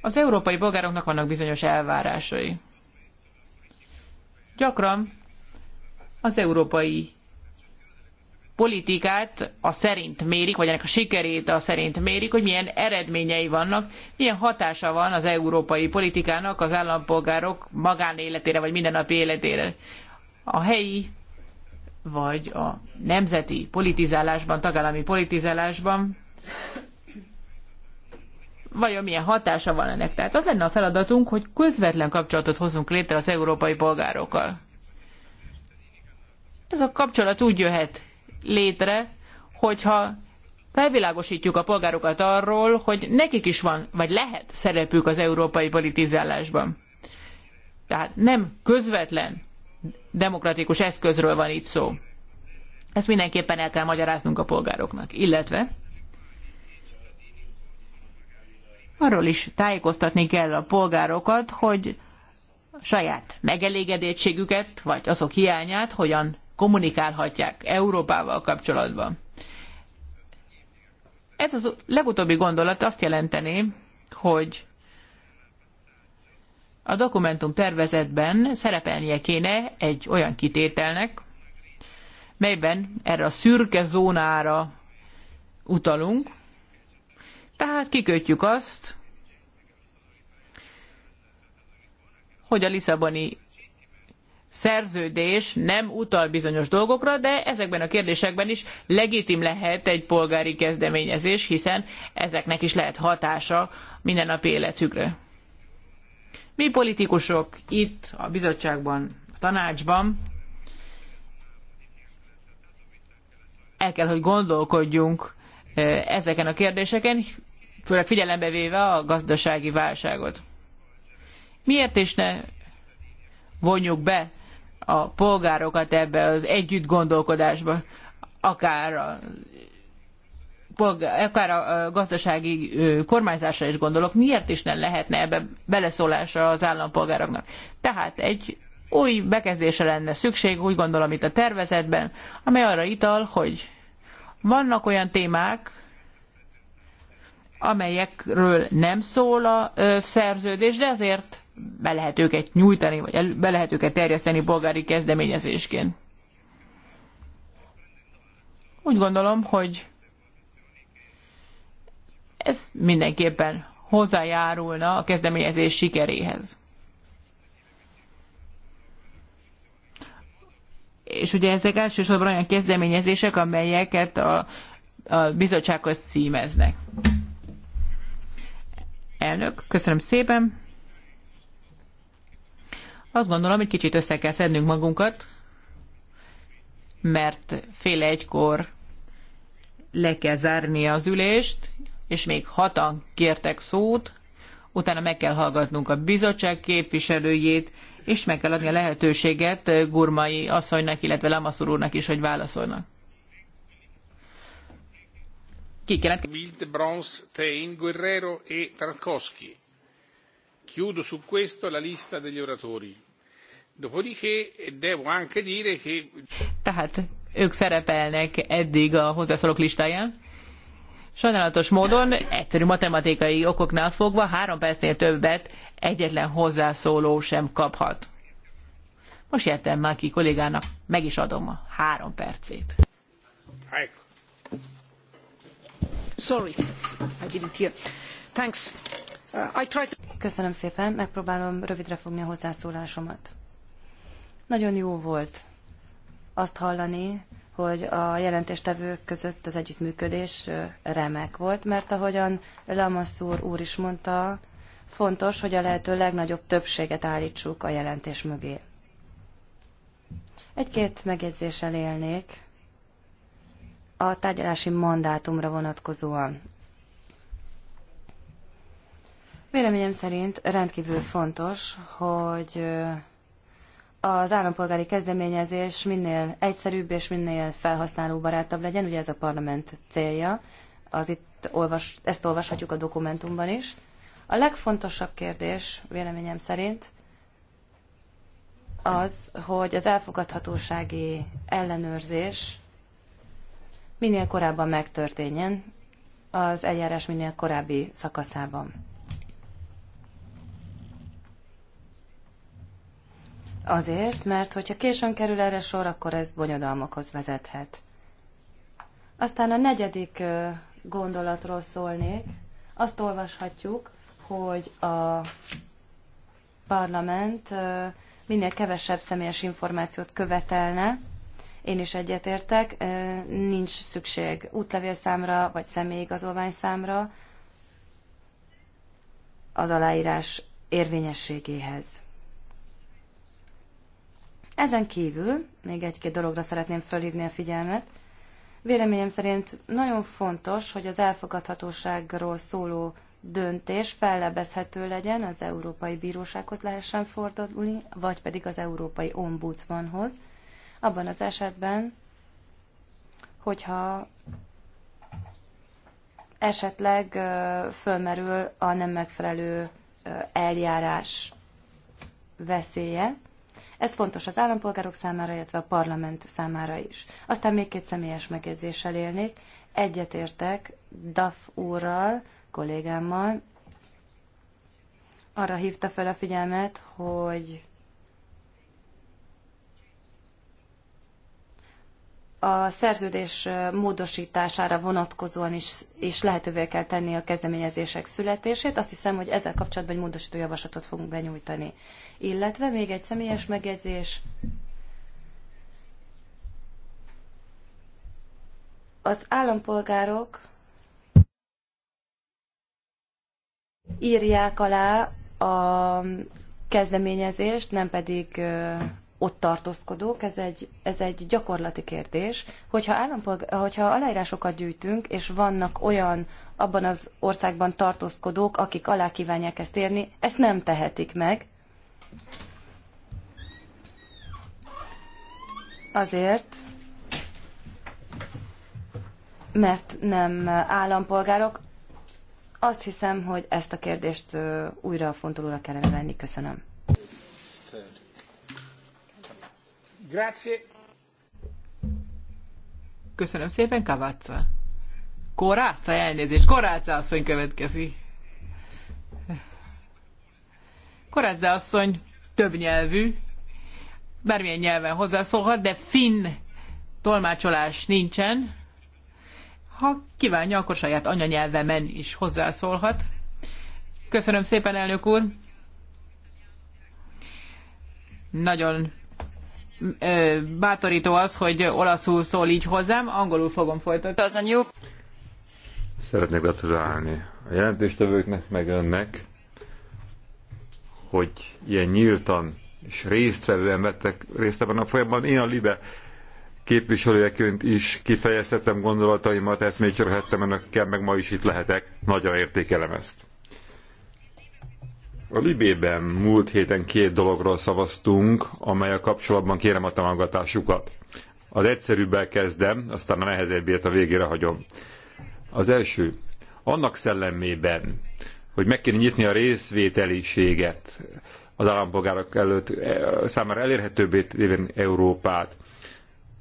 Az európai polgároknak vannak bizonyos elvárásai. Gyakran az európai politikát a szerint mérik, vagy ennek a sikerét a szerint mérik, hogy milyen eredményei vannak, milyen hatása van az európai politikának az állampolgárok magánéletére, vagy mindennapi életére. A helyi vagy a nemzeti politizálásban, tagállami politizálásban vajon milyen hatása van ennek. Tehát az lenne a feladatunk, hogy közvetlen kapcsolatot hozunk létre az európai polgárokkal. Ez a kapcsolat úgy jöhet létre, hogyha felvilágosítjuk a polgárokat arról, hogy nekik is van, vagy lehet szerepük az európai politizálásban. Tehát nem közvetlen demokratikus eszközről van itt szó. Ezt mindenképpen el kell magyaráznunk a polgároknak. Illetve arról is tájékoztatni kell a polgárokat, hogy saját megelégedettségüket, vagy azok hiányát hogyan kommunikálhatják Európával kapcsolatban. Ez az legutóbbi gondolat azt jelenteni, hogy a dokumentum tervezetben szerepelnie kéne egy olyan kitételnek, melyben erre a szürke zónára utalunk, tehát kikötjük azt, hogy a Lisszaboni szerződés nem utal bizonyos dolgokra, de ezekben a kérdésekben is legitim lehet egy polgári kezdeményezés, hiszen ezeknek is lehet hatása mindennapi életükre. Mi politikusok itt a bizottságban, a tanácsban el kell, hogy gondolkodjunk ezeken a kérdéseken, főleg figyelembe véve a gazdasági válságot. Miért is ne vonjuk be a polgárokat ebbe az együtt gondolkodásba, akár a, polgár, akár a gazdasági kormányzásra is gondolok, miért is nem lehetne ebbe beleszólása az állampolgároknak. Tehát egy új bekezdése lenne szükség, úgy gondolom itt a tervezetben, amely arra ital, hogy vannak olyan témák, amelyekről nem szól a szerződés, de azért be lehet őket nyújtani, vagy el, be lehet őket terjeszteni polgári kezdeményezésként. Úgy gondolom, hogy ez mindenképpen hozzájárulna a kezdeményezés sikeréhez. És ugye ezek elsősorban olyan kezdeményezések, amelyeket a, a bizottsághoz címeznek. Elnök, köszönöm szépen! Azt gondolom, hogy kicsit össze kell szednünk magunkat, mert fél egykor le kell zárni az ülést, és még hatan kértek szót, utána meg kell hallgatnunk a bizottság képviselőjét, és meg kell adni a lehetőséget Gurmai asszonynak, illetve Lamaszur úrnak is, hogy válaszolnak. Ki kellett? Milt, Bronz, Tein, Guerrero e Tarkovsky. Chiudo su questo la lista degli oratori. Tehát ők szerepelnek eddig a hozzászólók listáján. Sajnálatos módon, egyszerű matematikai okoknál fogva, három percnél többet egyetlen hozzászóló sem kaphat. Most jöttem már ki kollégának, meg is adom a három percét. Sorry, I didn't hear. Thanks. Uh, I tried to... Köszönöm szépen, megpróbálom rövidre fogni a hozzászólásomat. Nagyon jó volt azt hallani, hogy a jelentéstevők között az együttműködés remek volt, mert ahogyan Lamassur úr is mondta, fontos, hogy a lehető legnagyobb többséget állítsuk a jelentés mögé. Egy-két megjegyzéssel élnék a tárgyalási mandátumra vonatkozóan. Véleményem szerint rendkívül fontos, hogy az állampolgári kezdeményezés minél egyszerűbb és minél felhasználóbarátabb legyen, ugye ez a parlament célja, az itt olvas, ezt olvashatjuk a dokumentumban is. A legfontosabb kérdés véleményem szerint az, hogy az elfogadhatósági ellenőrzés minél korábban megtörténjen, az eljárás minél korábbi szakaszában. Azért, mert hogyha későn kerül erre sor, akkor ez bonyodalmakhoz vezethet. Aztán a negyedik gondolatról szólnék. Azt olvashatjuk, hogy a parlament minél kevesebb személyes információt követelne. Én is egyetértek, nincs szükség útlevélszámra vagy személyigazolványszámra az aláírás érvényességéhez. Ezen kívül még egy-két dologra szeretném fölhívni a figyelmet. Véleményem szerint nagyon fontos, hogy az elfogadhatóságról szóló döntés fellebezhető legyen, az Európai Bírósághoz lehessen fordulni, vagy pedig az Európai Ombudsmanhoz. Abban az esetben, hogyha esetleg fölmerül a nem megfelelő eljárás veszélye, ez fontos az állampolgárok számára, illetve a parlament számára is. Aztán még két személyes megjegyzéssel élnék. Egyetértek Daf úrral, kollégámmal, arra hívta fel a figyelmet, hogy a szerződés módosítására vonatkozóan is, is lehetővé kell tenni a kezdeményezések születését. Azt hiszem, hogy ezzel kapcsolatban egy módosító javaslatot fogunk benyújtani. Illetve még egy személyes megjegyzés. Az állampolgárok írják alá a kezdeményezést, nem pedig ott tartózkodók, ez egy, ez egy gyakorlati kérdés, hogyha, állampolg- hogyha aláírásokat gyűjtünk, és vannak olyan abban az országban tartózkodók, akik alá kívánják ezt érni, ezt nem tehetik meg. Azért, mert nem állampolgárok. Azt hiszem, hogy ezt a kérdést újra fontolóra kellene venni. Köszönöm. Grazie. Köszönöm szépen, Kavacza. Koráca, elnézést, Koráca asszony következik. Koráca asszony többnyelvű, bármilyen nyelven hozzászólhat, de finn tolmácsolás nincsen. Ha kívánja, akkor saját anyanyelvemen is hozzászólhat. Köszönöm szépen, elnök úr! Nagyon bátorító az, hogy olaszul szól így hozzám, angolul fogom folytatni. Az a nyú. Szeretnék gratulálni a jelentéstevőknek, meg önnek, hogy ilyen nyíltan és résztvevően vettek részt ebben a folyamban. Én a Libe képviselőjeként is kifejezhetem gondolataimat, ezt még hettem önökkel, meg ma is itt lehetek. Nagyon értékelem ezt. A Libében múlt héten két dologról szavaztunk, amely a kapcsolatban kérem a támogatásukat. Az egyszerűbbel kezdem, aztán a nehezebbért a végére hagyom. Az első, annak szellemében, hogy meg kéne nyitni a részvételiséget az állampolgárok előtt, e, számára elérhetőbbé téven Európát,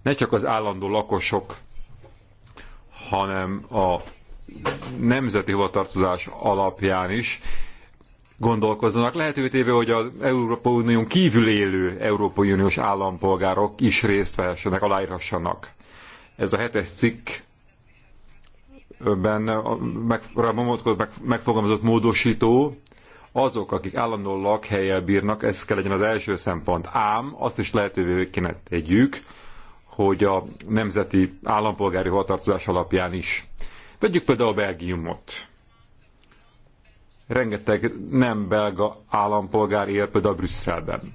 ne csak az állandó lakosok, hanem a nemzeti hovatartozás alapján is gondolkozzanak, lehetővé téve, hogy az Európai Unión kívül élő Európai Uniós állampolgárok is részt vehessenek, aláírhassanak. Ez a hetes cikk ben meg, megfogalmazott módosító, azok, akik állandó lakhelyel bírnak, ez kell legyen az első szempont. Ám azt is lehetővé kéne tegyük, hogy a nemzeti állampolgári hovatartozás alapján is. Vegyük például a Belgiumot rengeteg nem belga állampolgár él például Brüsszelben.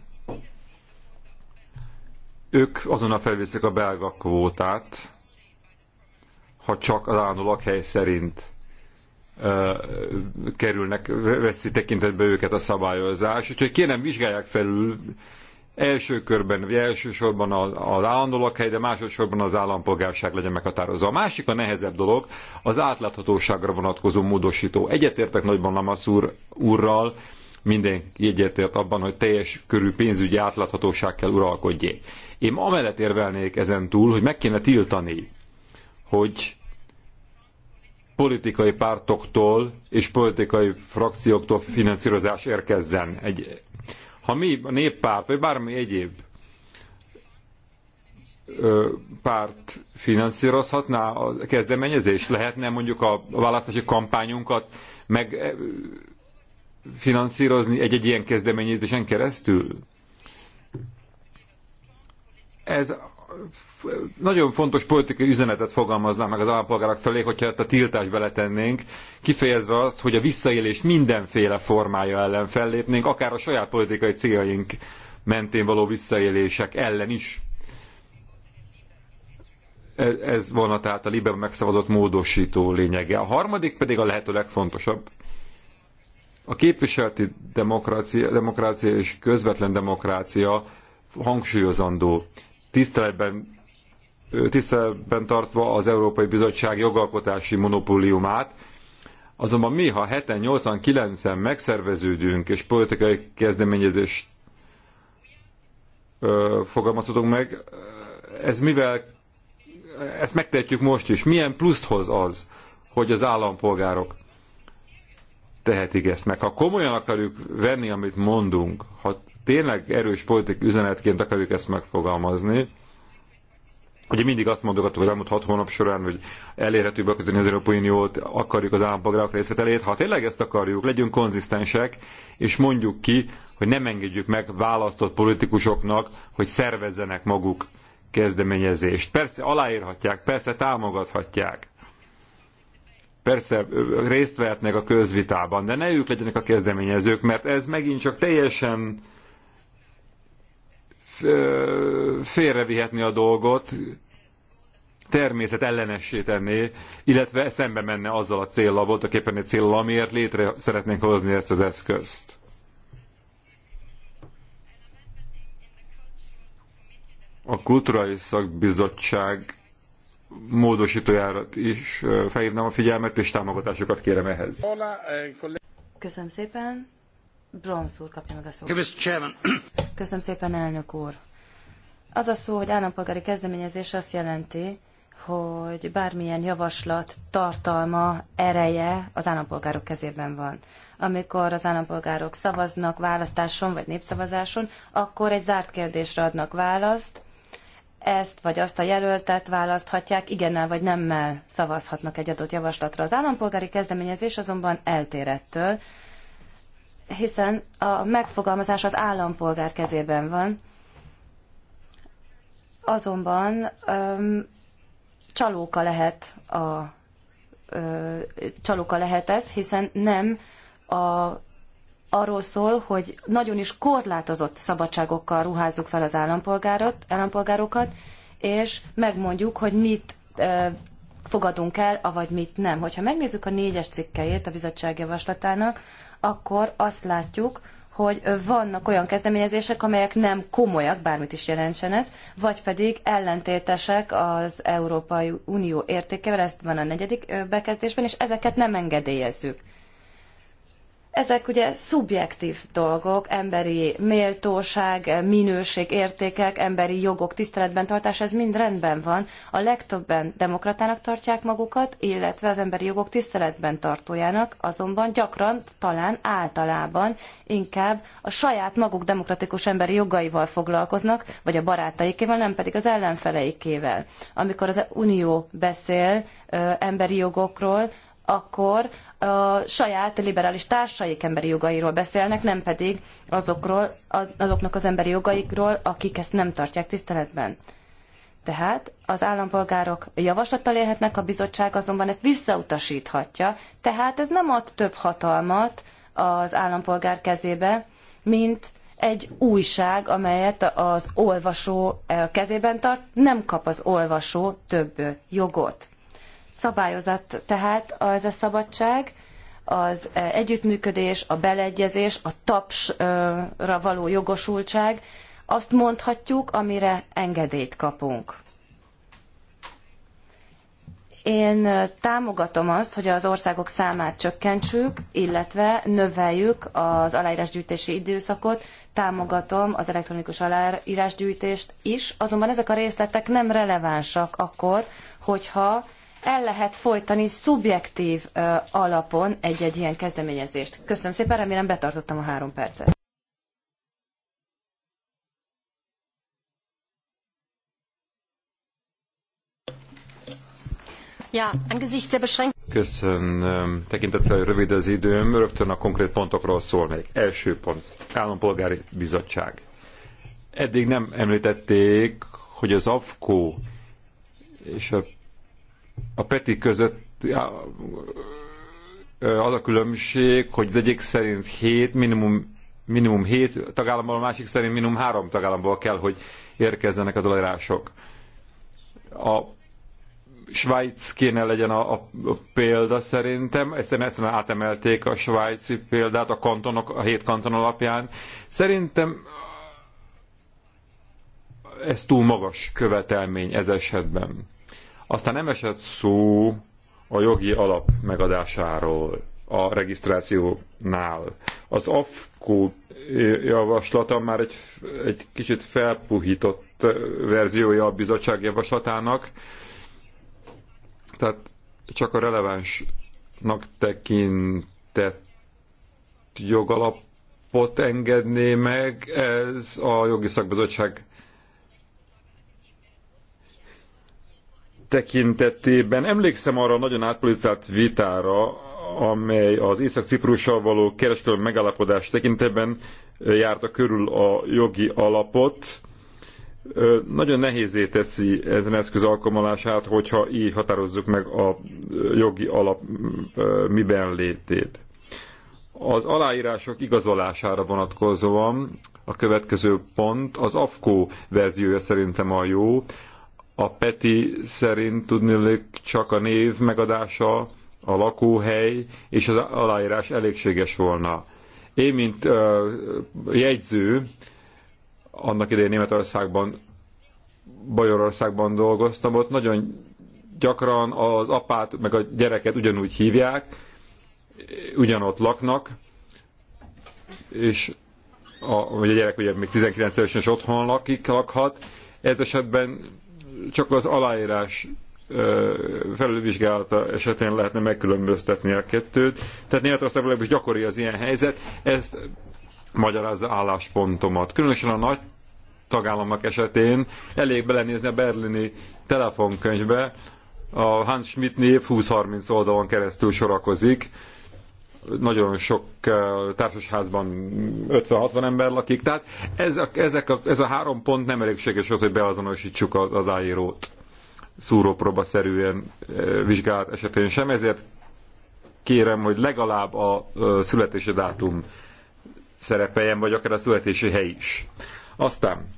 Ők azonnal felvészek a belga kvótát, ha csak az állandó lakhely szerint ö, kerülnek, veszi tekintetbe őket a szabályozás. Úgyhogy kérem, vizsgálják felül, első körben, vagy elsősorban a az állandó lakhely, de másodszorban az állampolgárság legyen meghatározva. A másik, a nehezebb dolog, az átláthatóságra vonatkozó módosító. Egyetértek nagyban Lamasz úr, úrral, mindenki egyetért abban, hogy teljes körű pénzügyi átláthatóság kell uralkodjék. Én amellett érvelnék ezen túl, hogy meg kéne tiltani, hogy politikai pártoktól és politikai frakcióktól finanszírozás érkezzen egy ha mi, a néppárt, vagy bármi egyéb párt finanszírozhatná a kezdeményezés? Lehetne mondjuk a választási kampányunkat meg finanszírozni egy-egy ilyen kezdeményezésen keresztül? Ez nagyon fontos politikai üzenetet fogalmaznánk meg az állampolgárok felé, hogyha ezt a tiltást beletennénk, kifejezve azt, hogy a visszaélés mindenféle formája ellen fellépnénk, akár a saját politikai céljaink mentén való visszaélések ellen is. E, ez volna tehát a Libeben megszavazott módosító lényege. A harmadik pedig a lehető legfontosabb. A képviseleti demokrácia, demokrácia és közvetlen demokrácia hangsúlyozandó tiszteletben, tiszteletben tartva az Európai Bizottság jogalkotási monopóliumát, azonban mi, ha 7-en, 8 en megszerveződünk és politikai kezdeményezést ö, fogalmazhatunk meg, ez mivel ezt megtehetjük most is. Milyen pluszt hoz az, hogy az állampolgárok tehetik ezt meg. Ha komolyan akarjuk venni, amit mondunk, ha tényleg erős politik üzenetként akarjuk ezt megfogalmazni, Ugye mindig azt mondogatok az elmúlt hat hónap során, hogy elérhetőbb kötni az Európai Uniót, akarjuk az állampolgárok részvételét. Ha tényleg ezt akarjuk, legyünk konzisztensek, és mondjuk ki, hogy nem engedjük meg választott politikusoknak, hogy szervezzenek maguk kezdeményezést. Persze aláírhatják, persze támogathatják, persze részt vehetnek a közvitában, de ne ők legyenek a kezdeményezők, mert ez megint csak teljesen félrevihetni a dolgot, természet ellenessé tenné, illetve szembe menne azzal a volt a képen egy céllal, amiért létre szeretnénk hozni ezt az eszközt. A Kulturális Szakbizottság módosítójárat is felhívnám a figyelmet, és támogatásokat kérem ehhez. Köszönöm szépen. Bronz úr kapja meg a szót. [clears throat] Köszönöm szépen, elnök úr. Az a szó, hogy állampolgári kezdeményezés azt jelenti, hogy bármilyen javaslat tartalma, ereje az állampolgárok kezében van. Amikor az állampolgárok szavaznak választáson vagy népszavazáson, akkor egy zárt kérdésre adnak választ, ezt vagy azt a jelöltet választhatják, igennel vagy nemmel szavazhatnak egy adott javaslatra. Az állampolgári kezdeményezés azonban eltér ettől hiszen a megfogalmazás az állampolgár kezében van. Azonban öm, csalóka lehet a ö, csalóka lehet ez, hiszen nem a, arról szól, hogy nagyon is korlátozott szabadságokkal ruházzuk fel az állampolgárokat, és megmondjuk, hogy mit ö, fogadunk el, avagy mit nem. Hogyha megnézzük a négyes cikkejét a bizottság javaslatának, akkor azt látjuk, hogy vannak olyan kezdeményezések, amelyek nem komolyak, bármit is jelentsen ez, vagy pedig ellentétesek az Európai Unió értékevel, ezt van a negyedik bekezdésben, és ezeket nem engedélyezzük ezek ugye szubjektív dolgok, emberi méltóság, minőség, értékek, emberi jogok tiszteletben tartása, ez mind rendben van. A legtöbben demokratának tartják magukat, illetve az emberi jogok tiszteletben tartójának, azonban gyakran, talán általában inkább a saját maguk demokratikus emberi jogaival foglalkoznak, vagy a barátaikével, nem pedig az ellenfeleikével. Amikor az Unió beszél ö, emberi jogokról, akkor a saját liberális társaik emberi jogairól beszélnek, nem pedig azokról, azoknak az emberi jogaikról, akik ezt nem tartják tiszteletben. Tehát az állampolgárok javaslattal élhetnek, a bizottság azonban ezt visszautasíthatja, tehát ez nem ad több hatalmat az állampolgár kezébe, mint egy újság, amelyet az olvasó eh, kezében tart, nem kap az olvasó több jogot szabályozat. tehát ez a szabadság, az e, együttműködés, a beleegyezés, a tapsra való jogosultság, azt mondhatjuk, amire engedélyt kapunk. Én e, támogatom azt, hogy az országok számát csökkentsük, illetve növeljük az aláírásgyűjtési időszakot, támogatom az elektronikus aláírásgyűjtést is, azonban ezek a részletek nem relevánsak akkor, hogyha el lehet folytani szubjektív alapon egy-egy ilyen kezdeményezést. Köszönöm szépen, remélem betartottam a három percet. Köszönöm. Tekintettel rövid az időm, rögtön a konkrét pontokról szólnék. Első pont, állampolgári bizottság. Eddig nem említették, hogy az AFKO és a a Peti között az a különbség, hogy az egyik szerint 7, minimum, minimum 7 tagállamból, a másik szerint minimum 3 tagállamból kell, hogy érkezzenek az aláírások. A Svájc kéne legyen a, a példa szerintem, ezen, ezt átemelték a svájci példát a kantonok, a hét kanton alapján. Szerintem ez túl magas követelmény ez esetben. Aztán nem esett szó a jogi alap megadásáról a regisztrációnál. Az AFKO javaslata már egy, egy kicsit felpuhított verziója a bizottság javaslatának, tehát csak a relevánsnak tekintett jogalapot engedné meg, ez a jogi szakbizottság tekintetében emlékszem arra a nagyon átpolitizált vitára, amely az Észak-Ciprussal való kereskedelmi megállapodás tekintetében járta körül a jogi alapot. Nagyon nehézé teszi ezen eszköz alkalmazását, hogyha így határozzuk meg a jogi alap miben létét. Az aláírások igazolására vonatkozóan a következő pont az AFKO verziója szerintem a jó, a Peti szerint tudni csak a név megadása, a lakóhely és az aláírás elégséges volna. Én, mint uh, jegyző, annak idején Németországban, Bajorországban dolgoztam, ott nagyon gyakran az apát meg a gyereket ugyanúgy hívják, ugyanott laknak, és a, vagy a gyerek ugye még 19 évesen is otthon lakik, lakhat. Ez esetben csak az aláírás felülvizsgálata esetén lehetne megkülönböztetni a kettőt. Tehát Németországban is gyakori az ilyen helyzet. Ez magyarázza álláspontomat. Különösen a nagy tagállamok esetén elég belenézni a berlini telefonkönyvbe, a Hans Schmidt név 20-30 oldalon keresztül sorakozik, nagyon sok eh, társasházban 50-60 ember lakik, tehát ez a, ezek a, ez a három pont nem elégséges az, hogy beazonosítsuk az, az áírót szúrópróba szerűen eh, vizsgált esetén sem, ezért kérem, hogy legalább a eh, születési dátum szerepeljen, vagy akár a születési hely is. Aztán,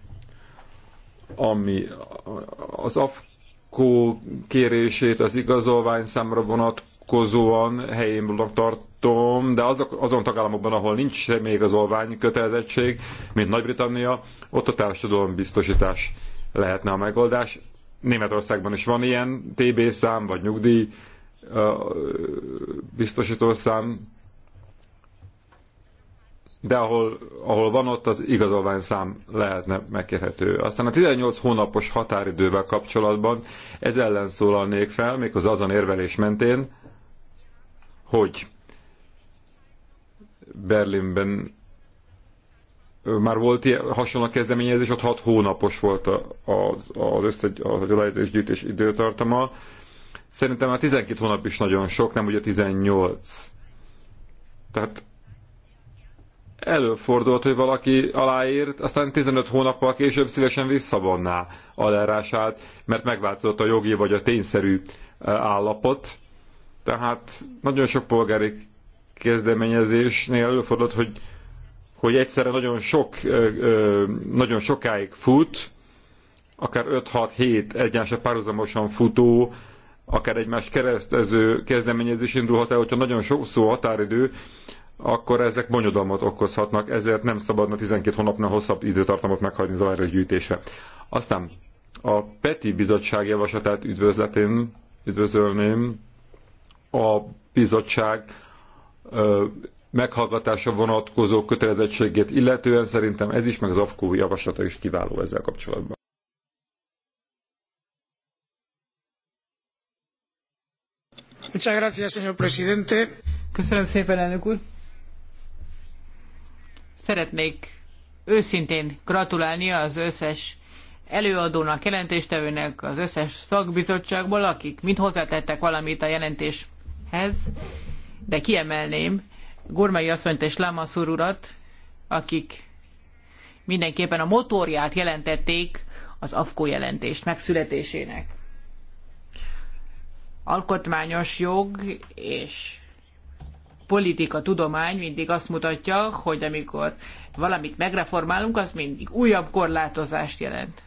ami az AFKO kérését az igazolvány számra vonat vonatkozóan helyén tartom, de azok, azon tagállamokban, ahol nincs olvány kötelezettség, mint Nagy-Britannia, ott a biztosítás lehetne a megoldás. Németországban is van ilyen TB szám, vagy nyugdíj biztosító szám, de ahol, ahol van ott, az igazolvány szám lehetne megkérhető. Aztán a 18 hónapos határidővel kapcsolatban ez ellen szólalnék fel, méghozzá azon érvelés mentén, hogy Berlinben már volt ilyen hasonló kezdeményezés, ott hat hónapos volt az, az összegy, a gyűjtés időtartama. Szerintem már 12 hónap is nagyon sok, nem ugye 18. Tehát előfordult, hogy valaki aláírt, aztán 15 hónappal később szívesen visszavonná alárását, mert megváltozott a jogi vagy a tényszerű állapot, tehát nagyon sok polgári kezdeményezésnél előfordult, hogy, hogy egyszerre nagyon sok, nagyon sokáig fut, akár 5-6-7 egyense párhuzamosan futó, akár egymás keresztező kezdeményezés indulhat el, hogyha nagyon sok szó határidő, akkor ezek bonyodalmat okozhatnak, ezért nem szabadna 12 hónapnál hosszabb időtartamot meghagyni az aláírás gyűjtésre. Aztán a PETI bizottság javaslatát üdvözletén üdvözölném, a bizottság meghallgatása vonatkozó kötelezettségét illetően szerintem ez is, meg az AFKO javaslata is kiváló ezzel kapcsolatban. Köszönöm szépen, elnök úr. Szeretnék őszintén gratulálni az összes előadónak, jelentéstevőnek, az összes szakbizottságból, akik mind hozzátettek valamit a jelentés hez, de kiemelném Gormai asszonyt és Lamaszur urat, akik mindenképpen a motorját jelentették az AFKO jelentést megszületésének. Alkotmányos jog és politika, tudomány mindig azt mutatja, hogy amikor valamit megreformálunk, az mindig újabb korlátozást jelent.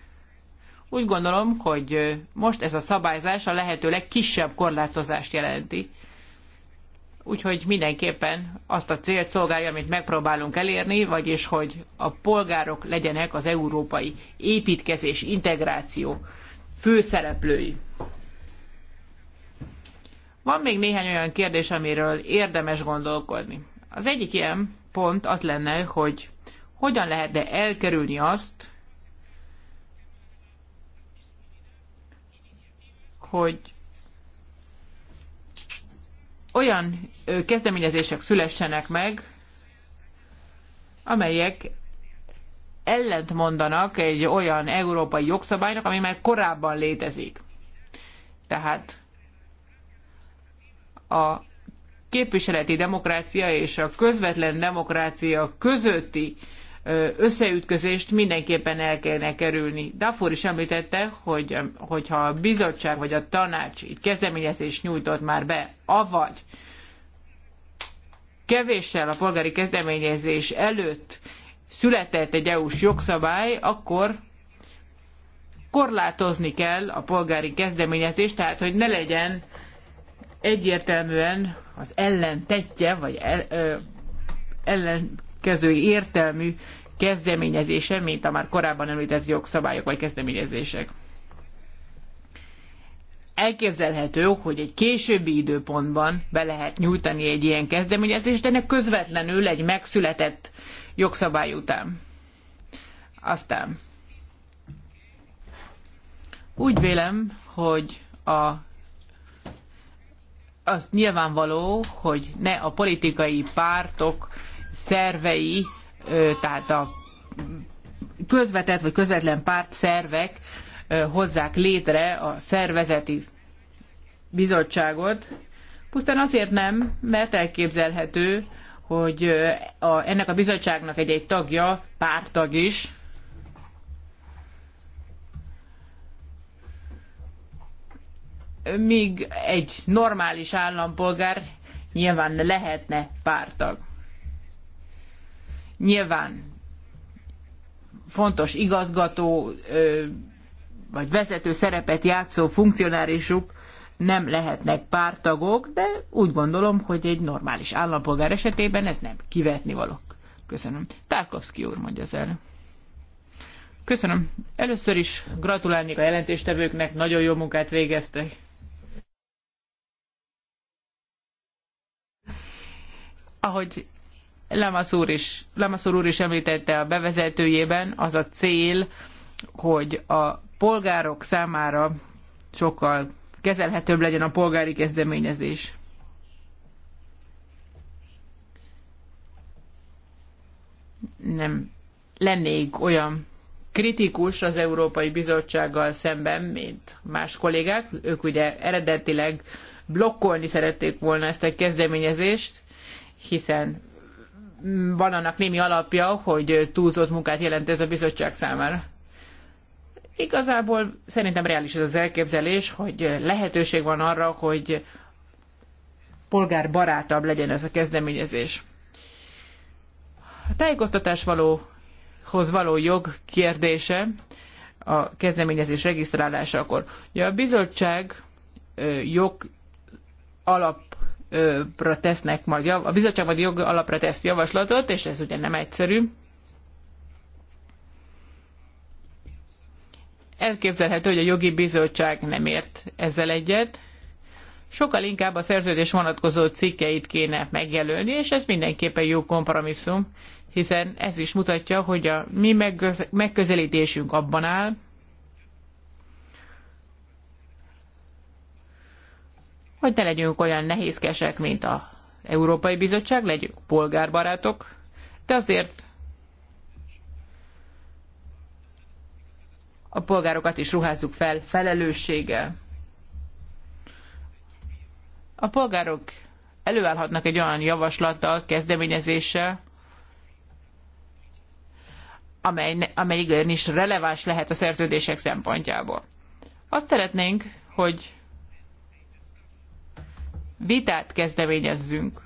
Úgy gondolom, hogy most ez a szabályzás a lehető legkisebb korlátozást jelenti. Úgyhogy mindenképpen azt a célt szolgálja, amit megpróbálunk elérni, vagyis hogy a polgárok legyenek az európai építkezés, integráció főszereplői. Van még néhány olyan kérdés, amiről érdemes gondolkodni. Az egyik ilyen pont az lenne, hogy hogyan lehetne elkerülni azt, hogy olyan kezdeményezések szülessenek meg, amelyek ellentmondanak egy olyan európai jogszabálynak, ami már korábban létezik. Tehát a képviseleti demokrácia és a közvetlen demokrácia közötti összeütközést mindenképpen el kellene kerülni. Dafur is említette, hogy hogyha a bizottság vagy a tanács itt kezdeményezést nyújtott már be, avagy kevéssel a polgári kezdeményezés előtt született egy EU-s jogszabály, akkor korlátozni kell a polgári kezdeményezést, tehát hogy ne legyen egyértelműen az ellentetje, vagy el, ö, ellen következő értelmű kezdeményezése, mint a már korábban említett jogszabályok vagy kezdeményezések. Elképzelhető, hogy egy későbbi időpontban be lehet nyújtani egy ilyen kezdeményezést, de ennek közvetlenül egy megszületett jogszabály után. Aztán úgy vélem, hogy a az nyilvánvaló, hogy ne a politikai pártok szervei, tehát a közvetett vagy közvetlen párt szervek hozzák létre a szervezeti bizottságot. Pusztán azért nem, mert elképzelhető, hogy a, ennek a bizottságnak egy-egy tagja pártag is. Míg egy normális állampolgár nyilván lehetne pártag. Nyilván fontos igazgató vagy vezető szerepet játszó funkcionárisuk nem lehetnek pártagok, de úgy gondolom, hogy egy normális állampolgár esetében ez nem kivetni valók. Köszönöm. Tárkovszki úr mondja az Köszönöm. Először is gratulálnék a jelentéstevőknek, nagyon jó munkát végeztek. Ahogy Lamaszúr, is, Lamaszúr úr is említette a bevezetőjében, az a cél, hogy a polgárok számára sokkal kezelhetőbb legyen a polgári kezdeményezés. Nem lennék olyan kritikus az Európai Bizottsággal szemben, mint más kollégák. Ők ugye eredetileg blokkolni szerették volna ezt a kezdeményezést, hiszen van annak némi alapja, hogy túlzott munkát jelent ez a bizottság számára. Igazából szerintem reális ez az elképzelés, hogy lehetőség van arra, hogy polgárbarátabb legyen ez a kezdeményezés. A tájékoztatás valóhoz való jog kérdése a kezdeményezés regisztrálásakor. Ugye a bizottság jog alap tesznek majd, a bizottság majd jogi alapra tesz javaslatot, és ez ugye nem egyszerű. Elképzelhető, hogy a jogi bizottság nem ért ezzel egyet. Sokkal inkább a szerződés vonatkozó cikkeit kéne megjelölni, és ez mindenképpen jó kompromisszum, hiszen ez is mutatja, hogy a mi megközelítésünk abban áll, hogy ne legyünk olyan nehézkesek, mint a Európai Bizottság, legyünk polgárbarátok, de azért a polgárokat is ruházzuk fel felelősséggel. A polgárok előállhatnak egy olyan javaslattal, kezdeményezéssel, amely, amely igenis releváns lehet a szerződések szempontjából. Azt szeretnénk, hogy vitát kezdeményezzünk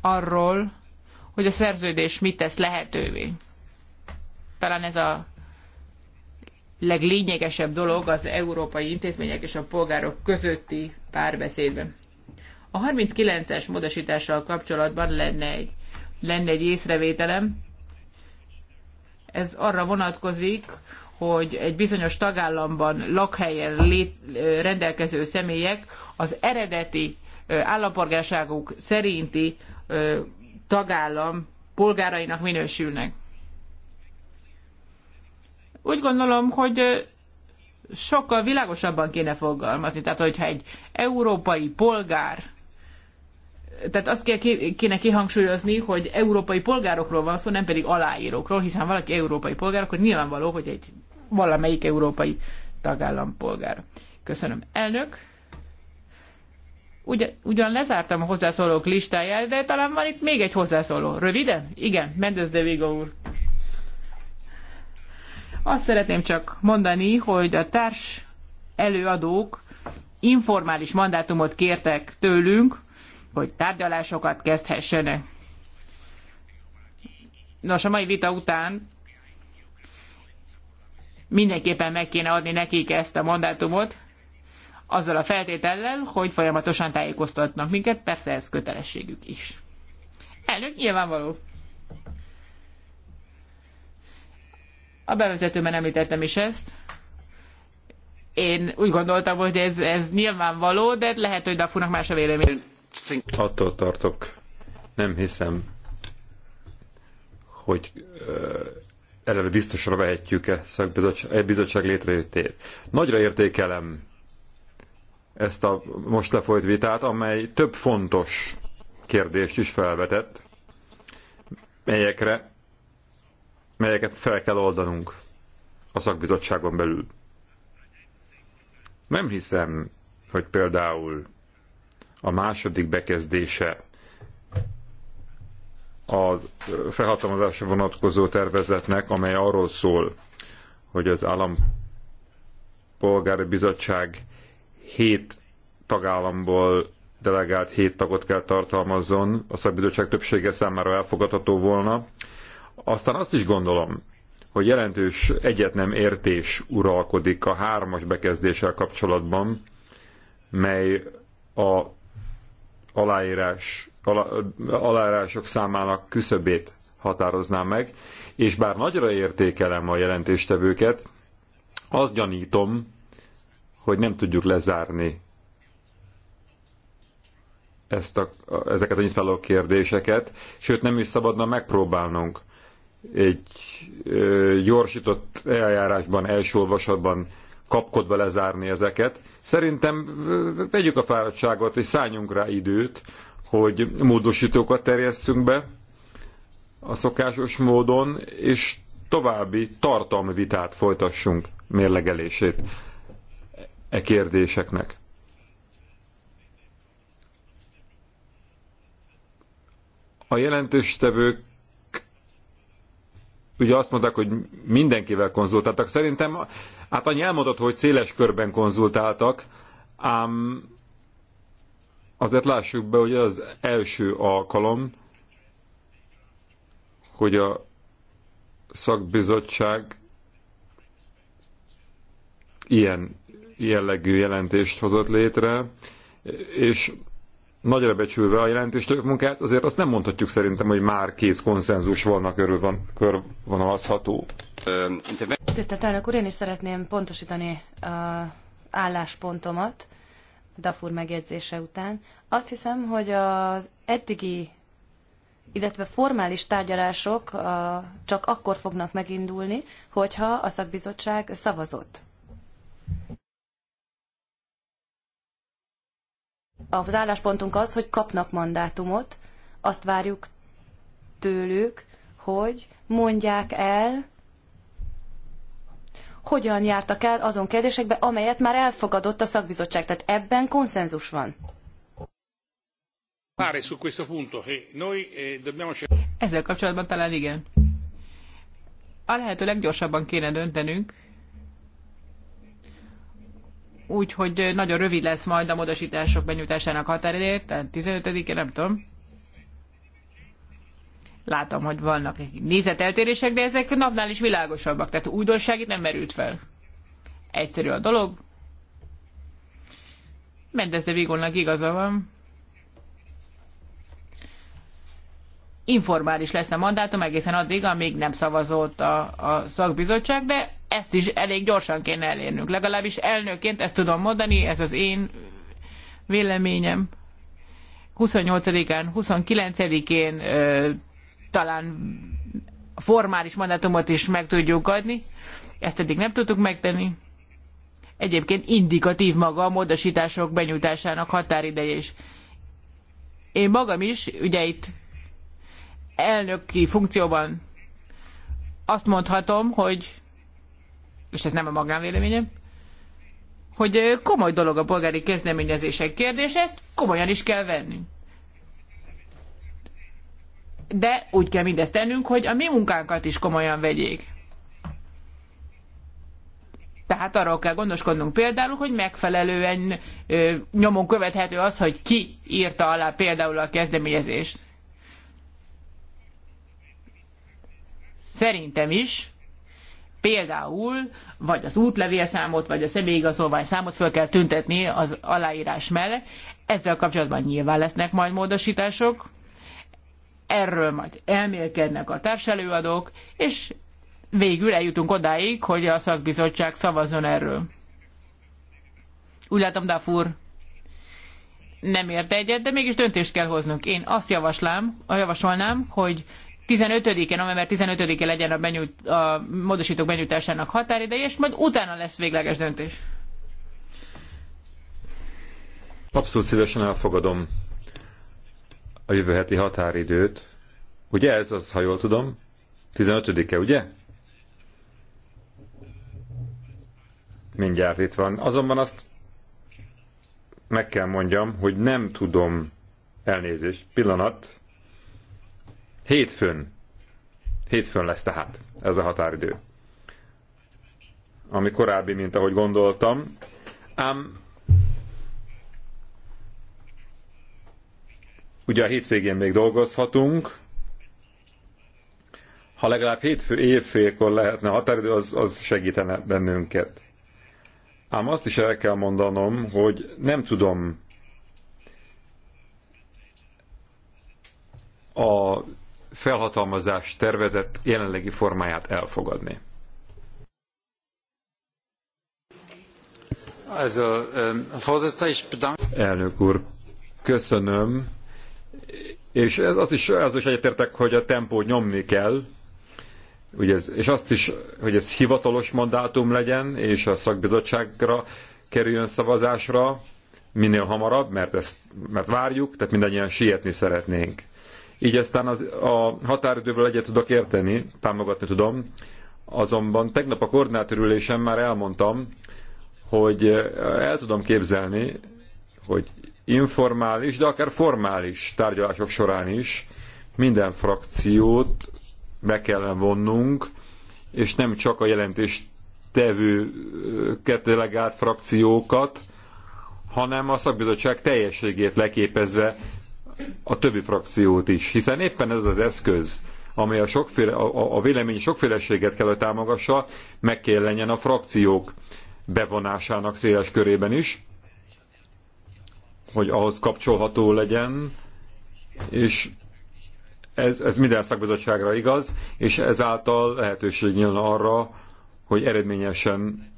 arról, hogy a szerződés mit tesz lehetővé. Talán ez a leglényegesebb dolog az európai intézmények és a polgárok közötti párbeszédben. A 39-es módosítással kapcsolatban lenne egy, lenne egy észrevételem. Ez arra vonatkozik, hogy egy bizonyos tagállamban lakhelyen lét, rendelkező személyek az eredeti állampolgárságuk szerinti tagállam polgárainak minősülnek. Úgy gondolom, hogy sokkal világosabban kéne fogalmazni. Tehát, hogyha egy európai polgár, tehát azt kéne kihangsúlyozni, hogy európai polgárokról van szó, nem pedig aláírókról, hiszen valaki európai polgár, akkor nyilvánvaló, hogy egy valamelyik európai tagállam polgára. Köszönöm. Elnök, Ugyan, ugyan lezártam a hozzászólók listáját, de talán van itt még egy hozzászóló. Röviden? Igen, Mendez de Vigo úr. Azt szeretném csak mondani, hogy a társ előadók informális mandátumot kértek tőlünk, hogy tárgyalásokat kezdhessenek. Nos, a mai vita után mindenképpen meg kéne adni nekik ezt a mandátumot, azzal a feltétellel, hogy folyamatosan tájékoztatnak minket, persze ez kötelességük is. Elnök, nyilvánvaló. A bevezetőben említettem is ezt. Én úgy gondoltam, hogy ez, ez nyilvánvaló, de lehet, hogy Dafunak más a vélemény. Attól tartok. Nem hiszem, hogy eleve biztosra vehetjük-e e bizottság létrejöttét. Nagyra értékelem ezt a most lefolyt vitát, amely több fontos kérdést is felvetett, melyekre, melyeket fel kell oldanunk a szakbizottságon belül. Nem hiszem, hogy például a második bekezdése a felhatalmazásra vonatkozó tervezetnek, amely arról szól, hogy az Állampolgári Bizottság hét tagállamból delegált hét tagot kell tartalmazzon, a szakbizottság többsége számára elfogadható volna. Aztán azt is gondolom, hogy jelentős egyet nem értés uralkodik a hármas bekezdéssel kapcsolatban, mely a aláírás alárások számának küszöbét határoznám meg, és bár nagyra értékelem a jelentéstevőket, azt gyanítom, hogy nem tudjuk lezárni ezt a, ezeket a nyitváló kérdéseket, sőt nem is szabadna megpróbálnunk egy ö, gyorsított eljárásban, első olvasatban kapkodva lezárni ezeket. Szerintem vegyük a fáradtságot, és szálljunk rá időt, hogy módosítókat terjesszünk be a szokásos módon, és további tartalmi vitát folytassunk mérlegelését e kérdéseknek. A jelentéstevők ugye azt mondták, hogy mindenkivel konzultáltak. Szerintem hát annyi elmondott, hogy széles körben konzultáltak, ám Azért lássuk be, hogy az első alkalom, hogy a szakbizottság ilyen jellegű jelentést hozott létre, és nagyra becsülve a jelentéstők munkát, azért azt nem mondhatjuk szerintem, hogy már kész konszenzus volna körül van, körvonalazható. Tisztelt elnök úr, én is szeretném pontosítani a álláspontomat. Dafur megjegyzése után. Azt hiszem, hogy az eddigi, illetve formális tárgyalások csak akkor fognak megindulni, hogyha a szakbizottság szavazott. Az álláspontunk az, hogy kapnak mandátumot, azt várjuk tőlük, hogy mondják el, hogyan jártak el azon kérdésekbe, amelyet már elfogadott a szakbizottság. Tehát ebben konszenzus van. Eh, Ezzel kapcsolatban talán igen. A lehető leggyorsabban kéne döntenünk, úgyhogy nagyon rövid lesz majd a módosítások benyújtásának határideje, tehát 15-e, nem tudom. Látom, hogy vannak nézeteltérések, de ezek napnál is világosabbak, tehát újdonság itt nem merült fel. Egyszerű a dolog. Mendeze Vigónak igaza van. Informális lesz a mandátum egészen addig, amíg nem szavazott a, a szakbizottság, de ezt is elég gyorsan kéne elérnünk. Legalábbis elnőként ezt tudom mondani, ez az én véleményem. 28-án, 29-én talán formális mandátumot is meg tudjuk adni. Ezt eddig nem tudtuk megtenni. Egyébként indikatív maga a módosítások benyújtásának határideje is. Én magam is, ugye itt elnöki funkcióban azt mondhatom, hogy, és ez nem a magánvéleményem, hogy komoly dolog a polgári kezdeményezések kérdése, ezt komolyan is kell vennünk de úgy kell mindezt tennünk, hogy a mi munkánkat is komolyan vegyék. Tehát arról kell gondoskodnunk például, hogy megfelelően ö, nyomon követhető az, hogy ki írta alá például a kezdeményezést. Szerintem is például vagy az útlevélszámot, vagy a személyigazolvány számot föl kell tüntetni az aláírás mellett. Ezzel kapcsolatban nyilván lesznek majd módosítások erről majd elmélkednek a társelőadók, és végül eljutunk odáig, hogy a szakbizottság szavazzon erről. Úgy látom, Dafur nem érte egyet, de mégis döntést kell hoznunk. Én azt javaslám, javasolnám, hogy 15-e, november 15-e legyen a, benyújt, a módosítók benyújtásának határideje, és majd utána lesz végleges döntés. Abszolút szívesen elfogadom a jövő heti határidőt. Ugye ez az, ha jól tudom, 15-e, ugye? Mindjárt itt van. Azonban azt meg kell mondjam, hogy nem tudom elnézést. Pillanat. Hétfőn. Hétfőn lesz tehát ez a határidő. Ami korábbi, mint ahogy gondoltam. Ám Ugye a hétvégén még dolgozhatunk, ha legalább hétfő évfélkor lehetne határidő, az, az segítene bennünket. Ám azt is el kell mondanom, hogy nem tudom a felhatalmazás tervezett jelenlegi formáját elfogadni. Also, ähm, Elnök úr, köszönöm és ez, az is, az is egyetértek, hogy a tempó nyomni kell, ugye ez, és azt is, hogy ez hivatalos mandátum legyen, és a szakbizottságra kerüljön szavazásra minél hamarabb, mert ezt mert várjuk, tehát mindannyian sietni szeretnénk. Így aztán az, a határidővel egyet tudok érteni, támogatni tudom, azonban tegnap a koordinátorülésen már elmondtam, hogy el tudom képzelni, hogy informális, de akár formális tárgyalások során is minden frakciót be kellene vonnunk, és nem csak a jelentés tevő delegált frakciókat, hanem a szakbizottság teljességét leképezve a többi frakciót is. Hiszen éppen ez az eszköz, amely a, sokféle, a, a vélemény sokféleséget kell, hogy támogassa, meg kell legyen a frakciók bevonásának széles körében is, hogy ahhoz kapcsolható legyen, és ez, ez minden szakbizottságra igaz, és ezáltal lehetőség nyílna arra, hogy eredményesen,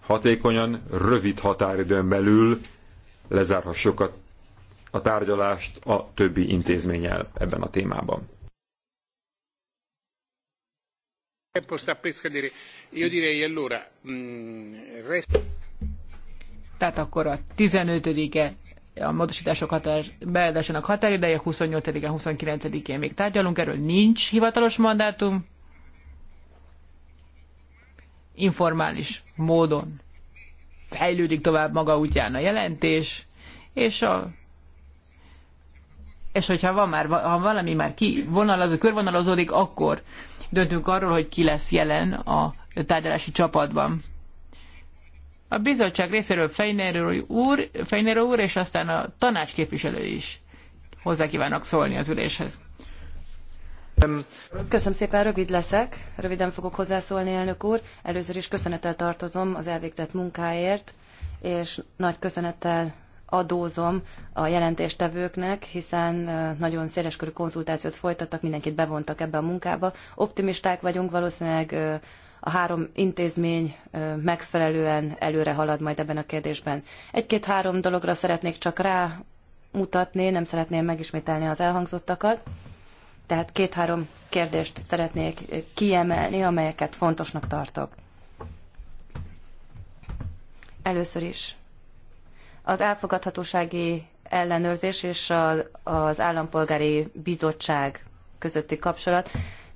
hatékonyan, rövid határidőn belül lezárhassuk a, a tárgyalást a többi intézménnyel ebben a témában. Tehát akkor a 15-e a módosítások határ, beadásának határideje 28-án, 29-én még tárgyalunk, erről nincs hivatalos mandátum, informális módon fejlődik tovább maga útján a jelentés, és a és hogyha van már, ha valami már az a körvonalazódik, akkor döntünk arról, hogy ki lesz jelen a tárgyalási csapatban a bizottság részéről Fejnerő úr, Fejnerő úr, és aztán a tanács képviselő is hozzá kívánok szólni az üléshez. Köszönöm szépen, rövid leszek. Röviden fogok hozzászólni, elnök úr. Először is köszönettel tartozom az elvégzett munkáért, és nagy köszönettel adózom a jelentéstevőknek, hiszen nagyon széleskörű konzultációt folytattak, mindenkit bevontak ebbe a munkába. Optimisták vagyunk, valószínűleg a három intézmény megfelelően előre halad majd ebben a kérdésben. Egy-két-három dologra szeretnék csak rámutatni, nem szeretném megismételni az elhangzottakat. Tehát két-három kérdést szeretnék kiemelni, amelyeket fontosnak tartok. Először is az elfogadhatósági ellenőrzés és az állampolgári bizottság közötti kapcsolat.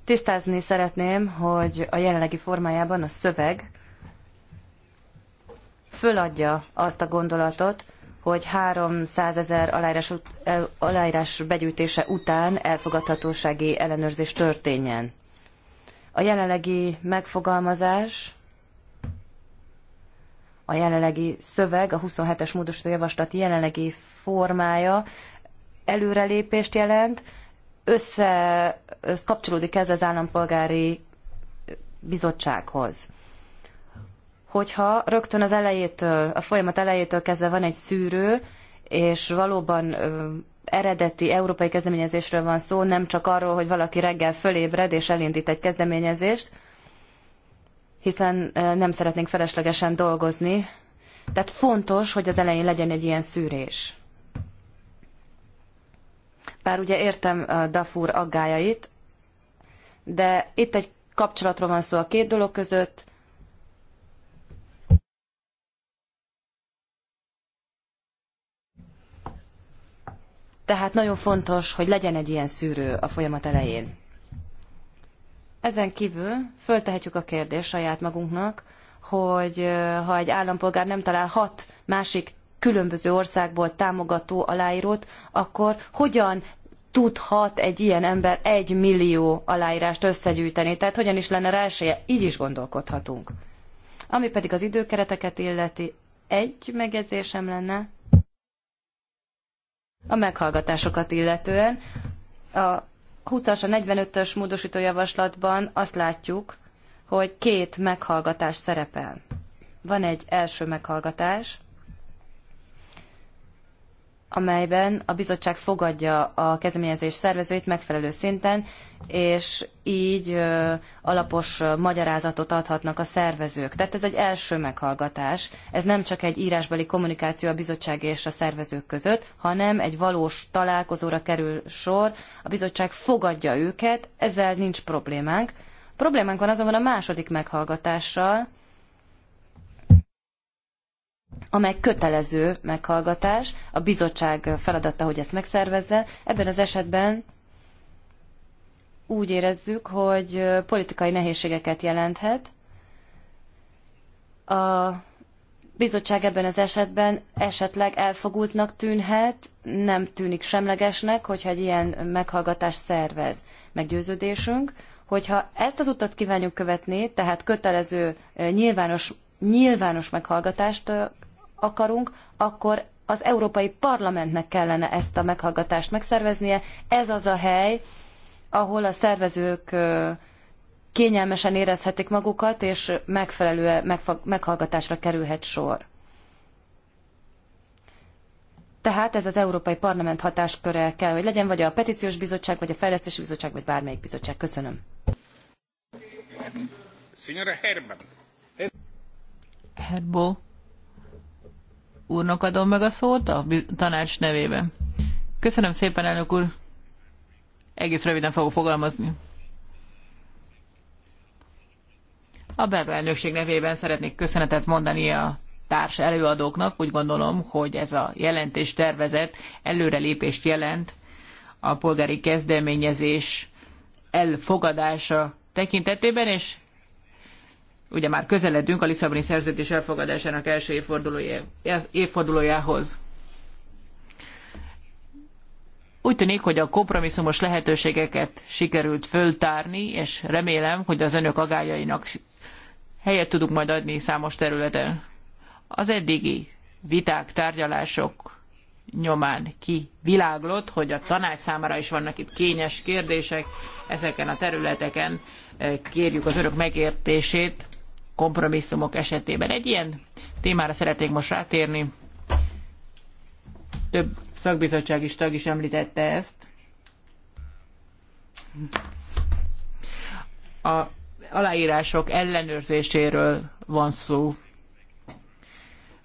Tisztázni szeretném, hogy a jelenlegi formájában a szöveg föladja azt a gondolatot, hogy 300 ezer aláírás, aláírás begyűjtése után elfogadhatósági ellenőrzés történjen. A jelenlegi megfogalmazás, a jelenlegi szöveg, a 27-es módosító javaslat jelenlegi formája előrelépést jelent, össze kapcsolódik ez az állampolgári bizottsághoz. Hogyha rögtön az elejétől, a folyamat elejétől kezdve van egy szűrő, és valóban ö, eredeti európai kezdeményezésről van szó, nem csak arról, hogy valaki reggel fölébred és elindít egy kezdeményezést, hiszen nem szeretnénk feleslegesen dolgozni. Tehát fontos, hogy az elején legyen egy ilyen szűrés. Bár ugye értem eh, Dafur aggájait, de itt egy kapcsolatról van szó a két dolog között, Tehát nagyon fontos, hogy legyen egy ilyen szűrő a folyamat elején. Ezen kívül föltehetjük a kérdést saját magunknak, hogy eh, ha egy állampolgár nem talál hat másik különböző országból támogató aláírót, akkor hogyan tudhat egy ilyen ember egy millió aláírást összegyűjteni? Tehát hogyan is lenne rá esélye? Így is gondolkodhatunk. Ami pedig az időkereteket illeti, egy megjegyzésem lenne a meghallgatásokat illetően. A 20-as, a 45-ös módosítójavaslatban azt látjuk, hogy két meghallgatás szerepel. Van egy első meghallgatás, amelyben a bizottság fogadja a kezdeményezés szervezőit megfelelő szinten, és így alapos magyarázatot adhatnak a szervezők. Tehát ez egy első meghallgatás, ez nem csak egy írásbeli kommunikáció a bizottság és a szervezők között, hanem egy valós találkozóra kerül sor, a bizottság fogadja őket, ezzel nincs problémánk. Problémánk van azonban a második meghallgatással, amely kötelező meghallgatás, a bizottság feladata, hogy ezt megszervezze. Ebben az esetben úgy érezzük, hogy politikai nehézségeket jelenthet. A bizottság ebben az esetben esetleg elfogultnak tűnhet, nem tűnik semlegesnek, hogyha egy ilyen meghallgatást szervez. Meggyőződésünk, hogyha ezt az utat kívánjuk követni, tehát kötelező eh, nyilvános, nyilvános meghallgatást eh, akarunk, akkor az Európai Parlamentnek kellene ezt a meghallgatást megszerveznie. Ez az a hely, ahol a szervezők kényelmesen érezhetik magukat, és megfelelő meghallgatásra kerülhet sor. Tehát ez az Európai Parlament hatásköre kell, hogy legyen, vagy a Petíciós Bizottság, vagy a Fejlesztési Bizottság, vagy bármelyik bizottság. Köszönöm. Signora Herman. Herbo úrnak adom meg a szót a tanács nevében. Köszönöm szépen, elnök úr. Egész röviden fogok fogalmazni. A belga elnökség nevében szeretnék köszönetet mondani a társ előadóknak. Úgy gondolom, hogy ez a jelentés tervezet előrelépést jelent a polgári kezdeményezés elfogadása tekintetében, és ugye már közeledünk a Lisszaboni szerződés elfogadásának első évfordulójához. Úgy tűnik, hogy a kompromisszumos lehetőségeket sikerült föltárni, és remélem, hogy az önök agályainak helyet tudunk majd adni számos területen. Az eddigi viták, tárgyalások nyomán kiviláglott, hogy a tanács számára is vannak itt kényes kérdések ezeken a területeken. Eh, kérjük az örök megértését kompromisszumok esetében. Egy ilyen témára szeretnék most rátérni. Több szakbizottság is tag is említette ezt. A aláírások ellenőrzéséről van szó.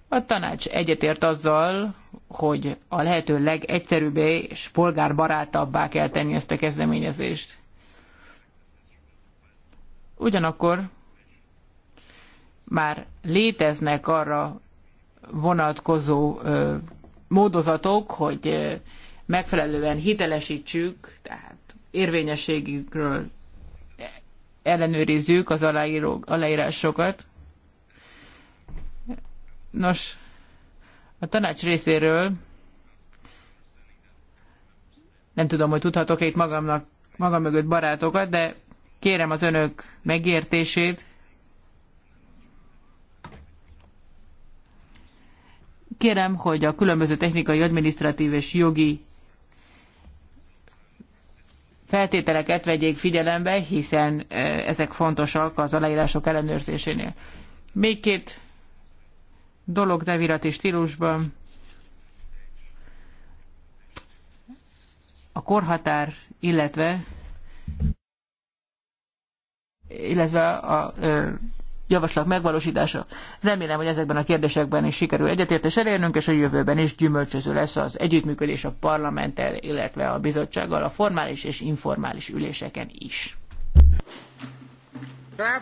A tanács egyetért azzal, hogy a lehető legegyszerűbbé és polgárbarátabbá kell tenni ezt a kezdeményezést. Ugyanakkor már léteznek arra vonatkozó ö, módozatok, hogy ö, megfelelően hitelesítsük, tehát érvényességükről ellenőrizzük az aláíró, aláírásokat. Nos, a tanács részéről nem tudom, hogy tudhatok-e itt magamnak, magam mögött barátokat, de kérem az önök megértését, Kérem, hogy a különböző technikai, adminisztratív és jogi feltételeket vegyék figyelembe, hiszen e, ezek fontosak az aláírások ellenőrzésénél. Még két dolog nevirati stílusban. A korhatár, illetve illetve a, a e, javaslat megvalósítása. Remélem, hogy ezekben a kérdésekben is sikerül egyetértés elérnünk, és a jövőben is gyümölcsöző lesz az együttműködés a parlamenttel, illetve a bizottsággal a formális és informális üléseken is. E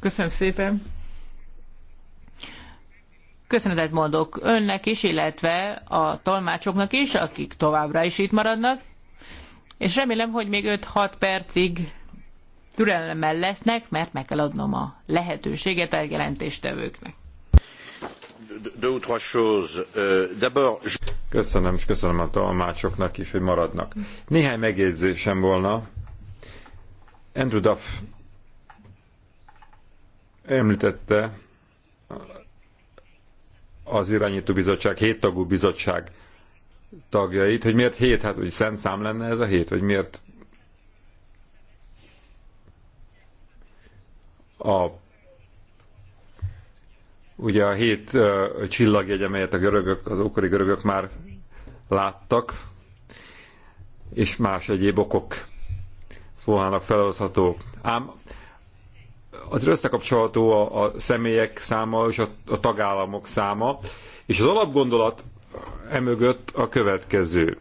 Köszönöm szépen! Köszönetet mondok önnek is, illetve a tolmácsoknak is, akik továbbra is itt maradnak, és remélem, hogy még 5-6 percig türelemmel lesznek, mert meg kell adnom a lehetőséget a jelentéstevőknek. Euh, köszönöm, és köszönöm a tolmácsoknak is, hogy maradnak. Néhány megjegyzésem volna. Andrew Duff említette az irányító bizottság, héttagú bizottság tagjait, hogy miért hét, hát hogy szent szám lenne ez a hét, vagy miért a ugye a hét uh, csillagjegy, amelyet a görögök, az ókori görögök már láttak, és más egyéb okok volnának felhozhatók. Ám azért összekapcsolható a, a személyek száma és a, a tagállamok száma, és az alapgondolat emögött a következő.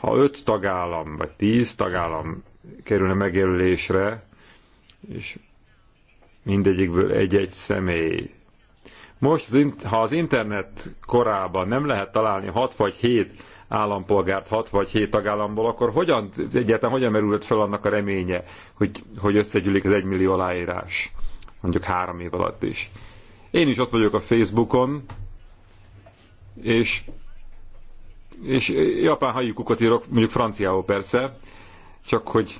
Ha öt tagállam vagy tíz tagállam kerülne megjelölésre, és mindegyikből egy-egy személy. Most, ha az internet korában nem lehet találni 6 vagy 7 állampolgárt 6 vagy 7 tagállamból, akkor hogyan, egyáltalán hogyan merült fel annak a reménye, hogy, hogy összegyűlik az 1 millió aláírás, mondjuk három év alatt is. Én is ott vagyok a Facebookon, és, és japán kukat írok, mondjuk franciául persze, csak hogy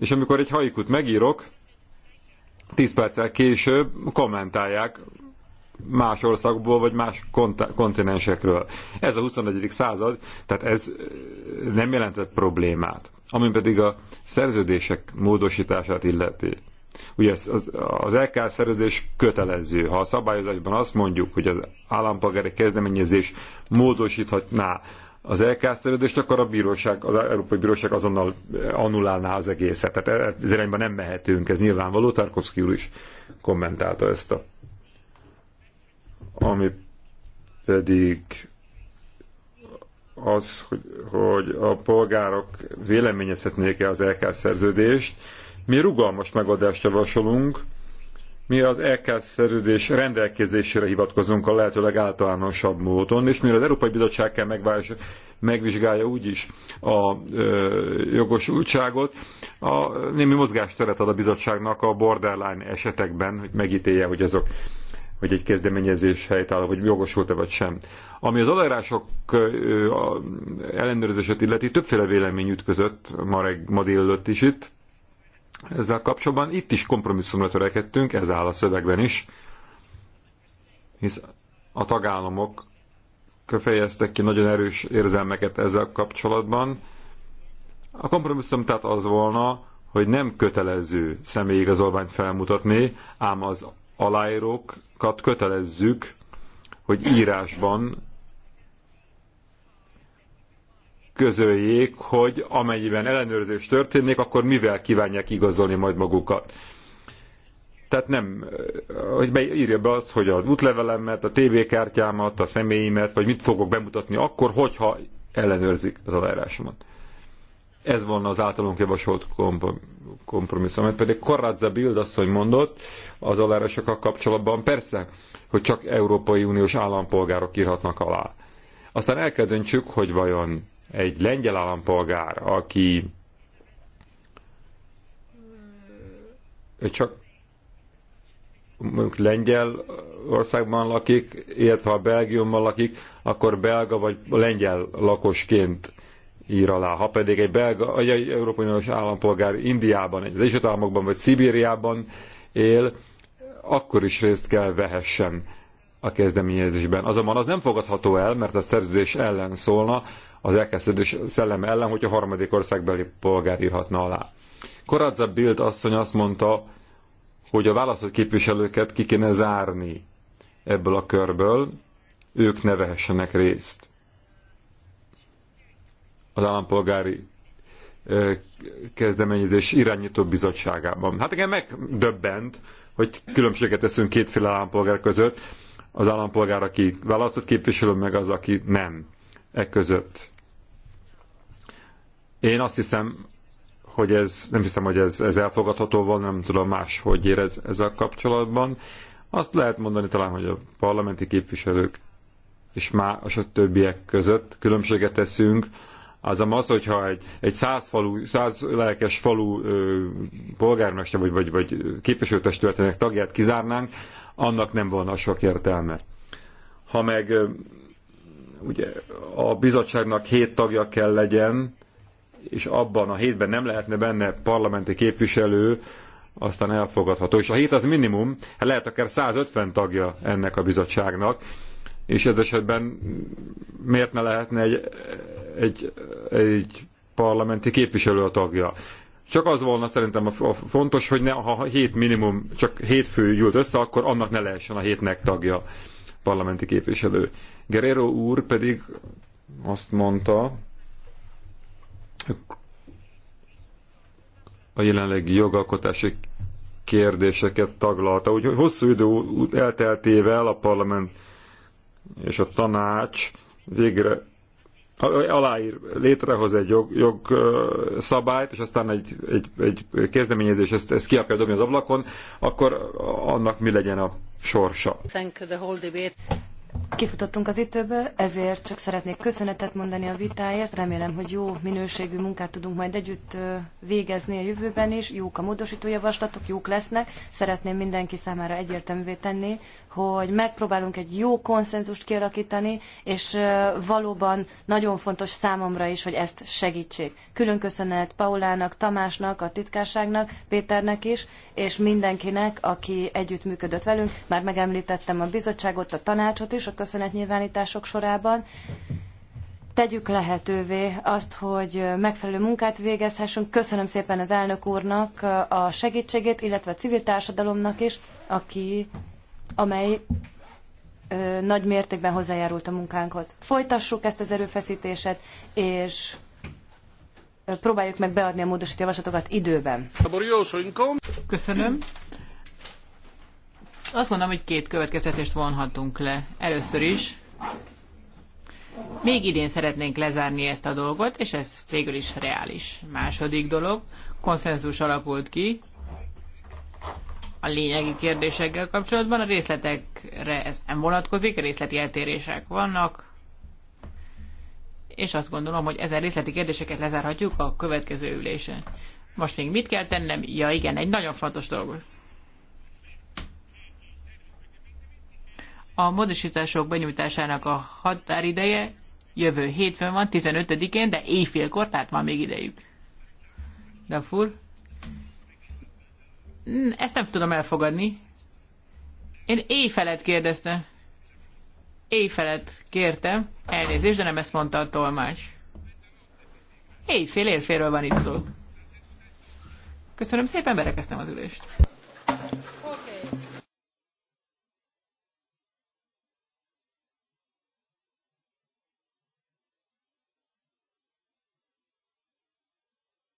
és amikor egy hajkut megírok, tíz perccel később kommentálják más országból, vagy más kontinensekről. Ez a 21. század, tehát ez nem jelentett problémát. Ami pedig a szerződések módosítását illeti. Ugye az, az, az LK szerződés kötelező. Ha a szabályozásban azt mondjuk, hogy az állampolgári kezdeményezés módosíthatná az elkászerődést, akkor a bíróság, az Európai Bíróság azonnal eh, annulálná az egészet. Tehát e- ez irányban nem mehetünk, ez nyilvánvaló. Tarkovsky úr is kommentálta ezt a... Ami pedig az, hogy, hogy a polgárok véleményezhetnék-e az LK szerződést. Mi rugalmas megoldást javasolunk, mi az EKS szerződés rendelkezésére hivatkozunk a lehető legáltalánosabb módon, és mivel az Európai Bizottság kell megvás, megvizsgálja úgyis a ö, jogosultságot, a némi mozgásteret ad a bizottságnak a borderline esetekben, hogy megítélje, hogy ezok hogy egy kezdeményezés helytálló, vagy jogosult-e vagy sem. Ami az aláírások ellenőrzését illeti, többféle vélemény ütközött ma, reg, ma délelőtt is itt, ezzel kapcsolatban itt is kompromisszumra törekedtünk, ez áll a szövegben is, hisz a tagállamok köfejeztek ki nagyon erős érzelmeket ezzel kapcsolatban. A kompromisszum tehát az volna, hogy nem kötelező személyigazolványt felmutatni, ám az aláírókat kötelezzük, hogy írásban közöljék, hogy amennyiben ellenőrzés történik, akkor mivel kívánják igazolni majd magukat. Tehát nem, hogy írja be azt, hogy az útlevelemet, a TV kártyámat, a személyimet, vagy mit fogok bemutatni akkor, hogyha ellenőrzik az aláírásomat. Ez volna az általunk javasolt kompromisszum. Mert pedig Korradza Bild hogy mondott az aláírásokkal kapcsolatban, persze, hogy csak Európai Uniós állampolgárok írhatnak alá. Aztán el kell döntsük, hogy vajon egy lengyel állampolgár, aki csak mondjuk országban lakik, illetve ha Belgiumban lakik, akkor belga vagy lengyel lakosként ír alá. Ha pedig egy belga, vagy egy Európai Uniós állampolgár Indiában, egy Egyesült Államokban vagy Szibériában él, akkor is részt kell vehessen a kezdeményezésben. Azonban az nem fogadható el, mert a szerződés ellen szólna, az elkezdődő szellem ellen, hogy a harmadik országbeli polgár írhatna alá. Koradza Bild asszony azt mondta, hogy a választott képviselőket ki kéne zárni ebből a körből, ők ne vehessenek részt az állampolgári kezdeményezés irányító bizottságában. Hát igen, megdöbbent, hogy különbséget teszünk kétféle állampolgár között, az állampolgár, aki választott képviselő, meg az, aki nem e között. Én azt hiszem, hogy ez, nem hiszem, hogy ez, ez elfogadható volna, nem tudom más, hogy érez ezzel kapcsolatban. Azt lehet mondani talán, hogy a parlamenti képviselők és más a többiek között különbséget teszünk, az az, hogyha egy, egy száz, falu, száz lelkes falu ö, polgármester vagy, vagy, vagy képviselőtestületének tagját kizárnánk, annak nem volna sok értelme. Ha meg ugye a bizottságnak hét tagja kell legyen, és abban a hétben nem lehetne benne parlamenti képviselő, aztán elfogadható. És a hét az minimum, hát lehet akár 150 tagja ennek a bizottságnak, és ez esetben miért ne lehetne egy, egy, egy parlamenti képviselő a tagja? Csak az volna szerintem a fontos, hogy ne, ha hét minimum, csak hét fő gyűlt össze, akkor annak ne lehessen a hétnek tagja parlamenti képviselő. Guerrero úr pedig azt mondta, a jelenlegi jogalkotási kérdéseket taglalta. Úgyhogy hosszú idő elteltével a parlament és a tanács végre aláír, létrehoz egy jog, jogszabályt, és aztán egy, egy, egy kezdeményezés, ezt, ezt ki akarja dobni az ablakon, akkor annak mi legyen a sorsa. Kifutottunk az időből, ezért csak szeretnék köszönetet mondani a vitáért. Remélem, hogy jó minőségű munkát tudunk majd együtt végezni a jövőben is. Jók a módosító javaslatok, jók lesznek. Szeretném mindenki számára egyértelművé tenni, hogy megpróbálunk egy jó konszenzust kialakítani, és valóban nagyon fontos számomra is, hogy ezt segítsék. Külön köszönet Paulának, Tamásnak, a titkárságnak, Péternek is, és mindenkinek, aki együttműködött velünk. Már megemlítettem a bizottságot, a tanácsot is a köszönetnyilvánítások sorában tegyük lehetővé azt, hogy megfelelő munkát végezhessünk. Köszönöm szépen az elnök úrnak a segítségét, illetve a civil társadalomnak is, aki amely ö, nagy mértékben hozzájárult a munkánkhoz. Folytassuk ezt az erőfeszítéset, és ö, próbáljuk meg beadni a módosító javaslatokat időben. Köszönöm. Azt gondolom, hogy két következtetést vonhatunk le. Először is, még idén szeretnénk lezárni ezt a dolgot, és ez végül is reális. Második dolog, konszenzus alakult ki, a lényegi kérdésekkel kapcsolatban. A részletekre ez nem vonatkozik, részleti eltérések vannak, és azt gondolom, hogy ezen részleti kérdéseket lezárhatjuk a következő ülésen. Most még mit kell tennem? Ja igen, egy nagyon fontos dolgot. A módosítások benyújtásának a határideje jövő hétfőn van, 15-én, de éjfélkor, tehát van még idejük. De fur. Hm, ezt nem tudom elfogadni. Én éjfelet kérdeztem. Éjfelet kértem. Elnézést, de nem ezt mondta a tolmács. Éjfél érféről van itt szó. Köszönöm szépen, berekeztem az ülést.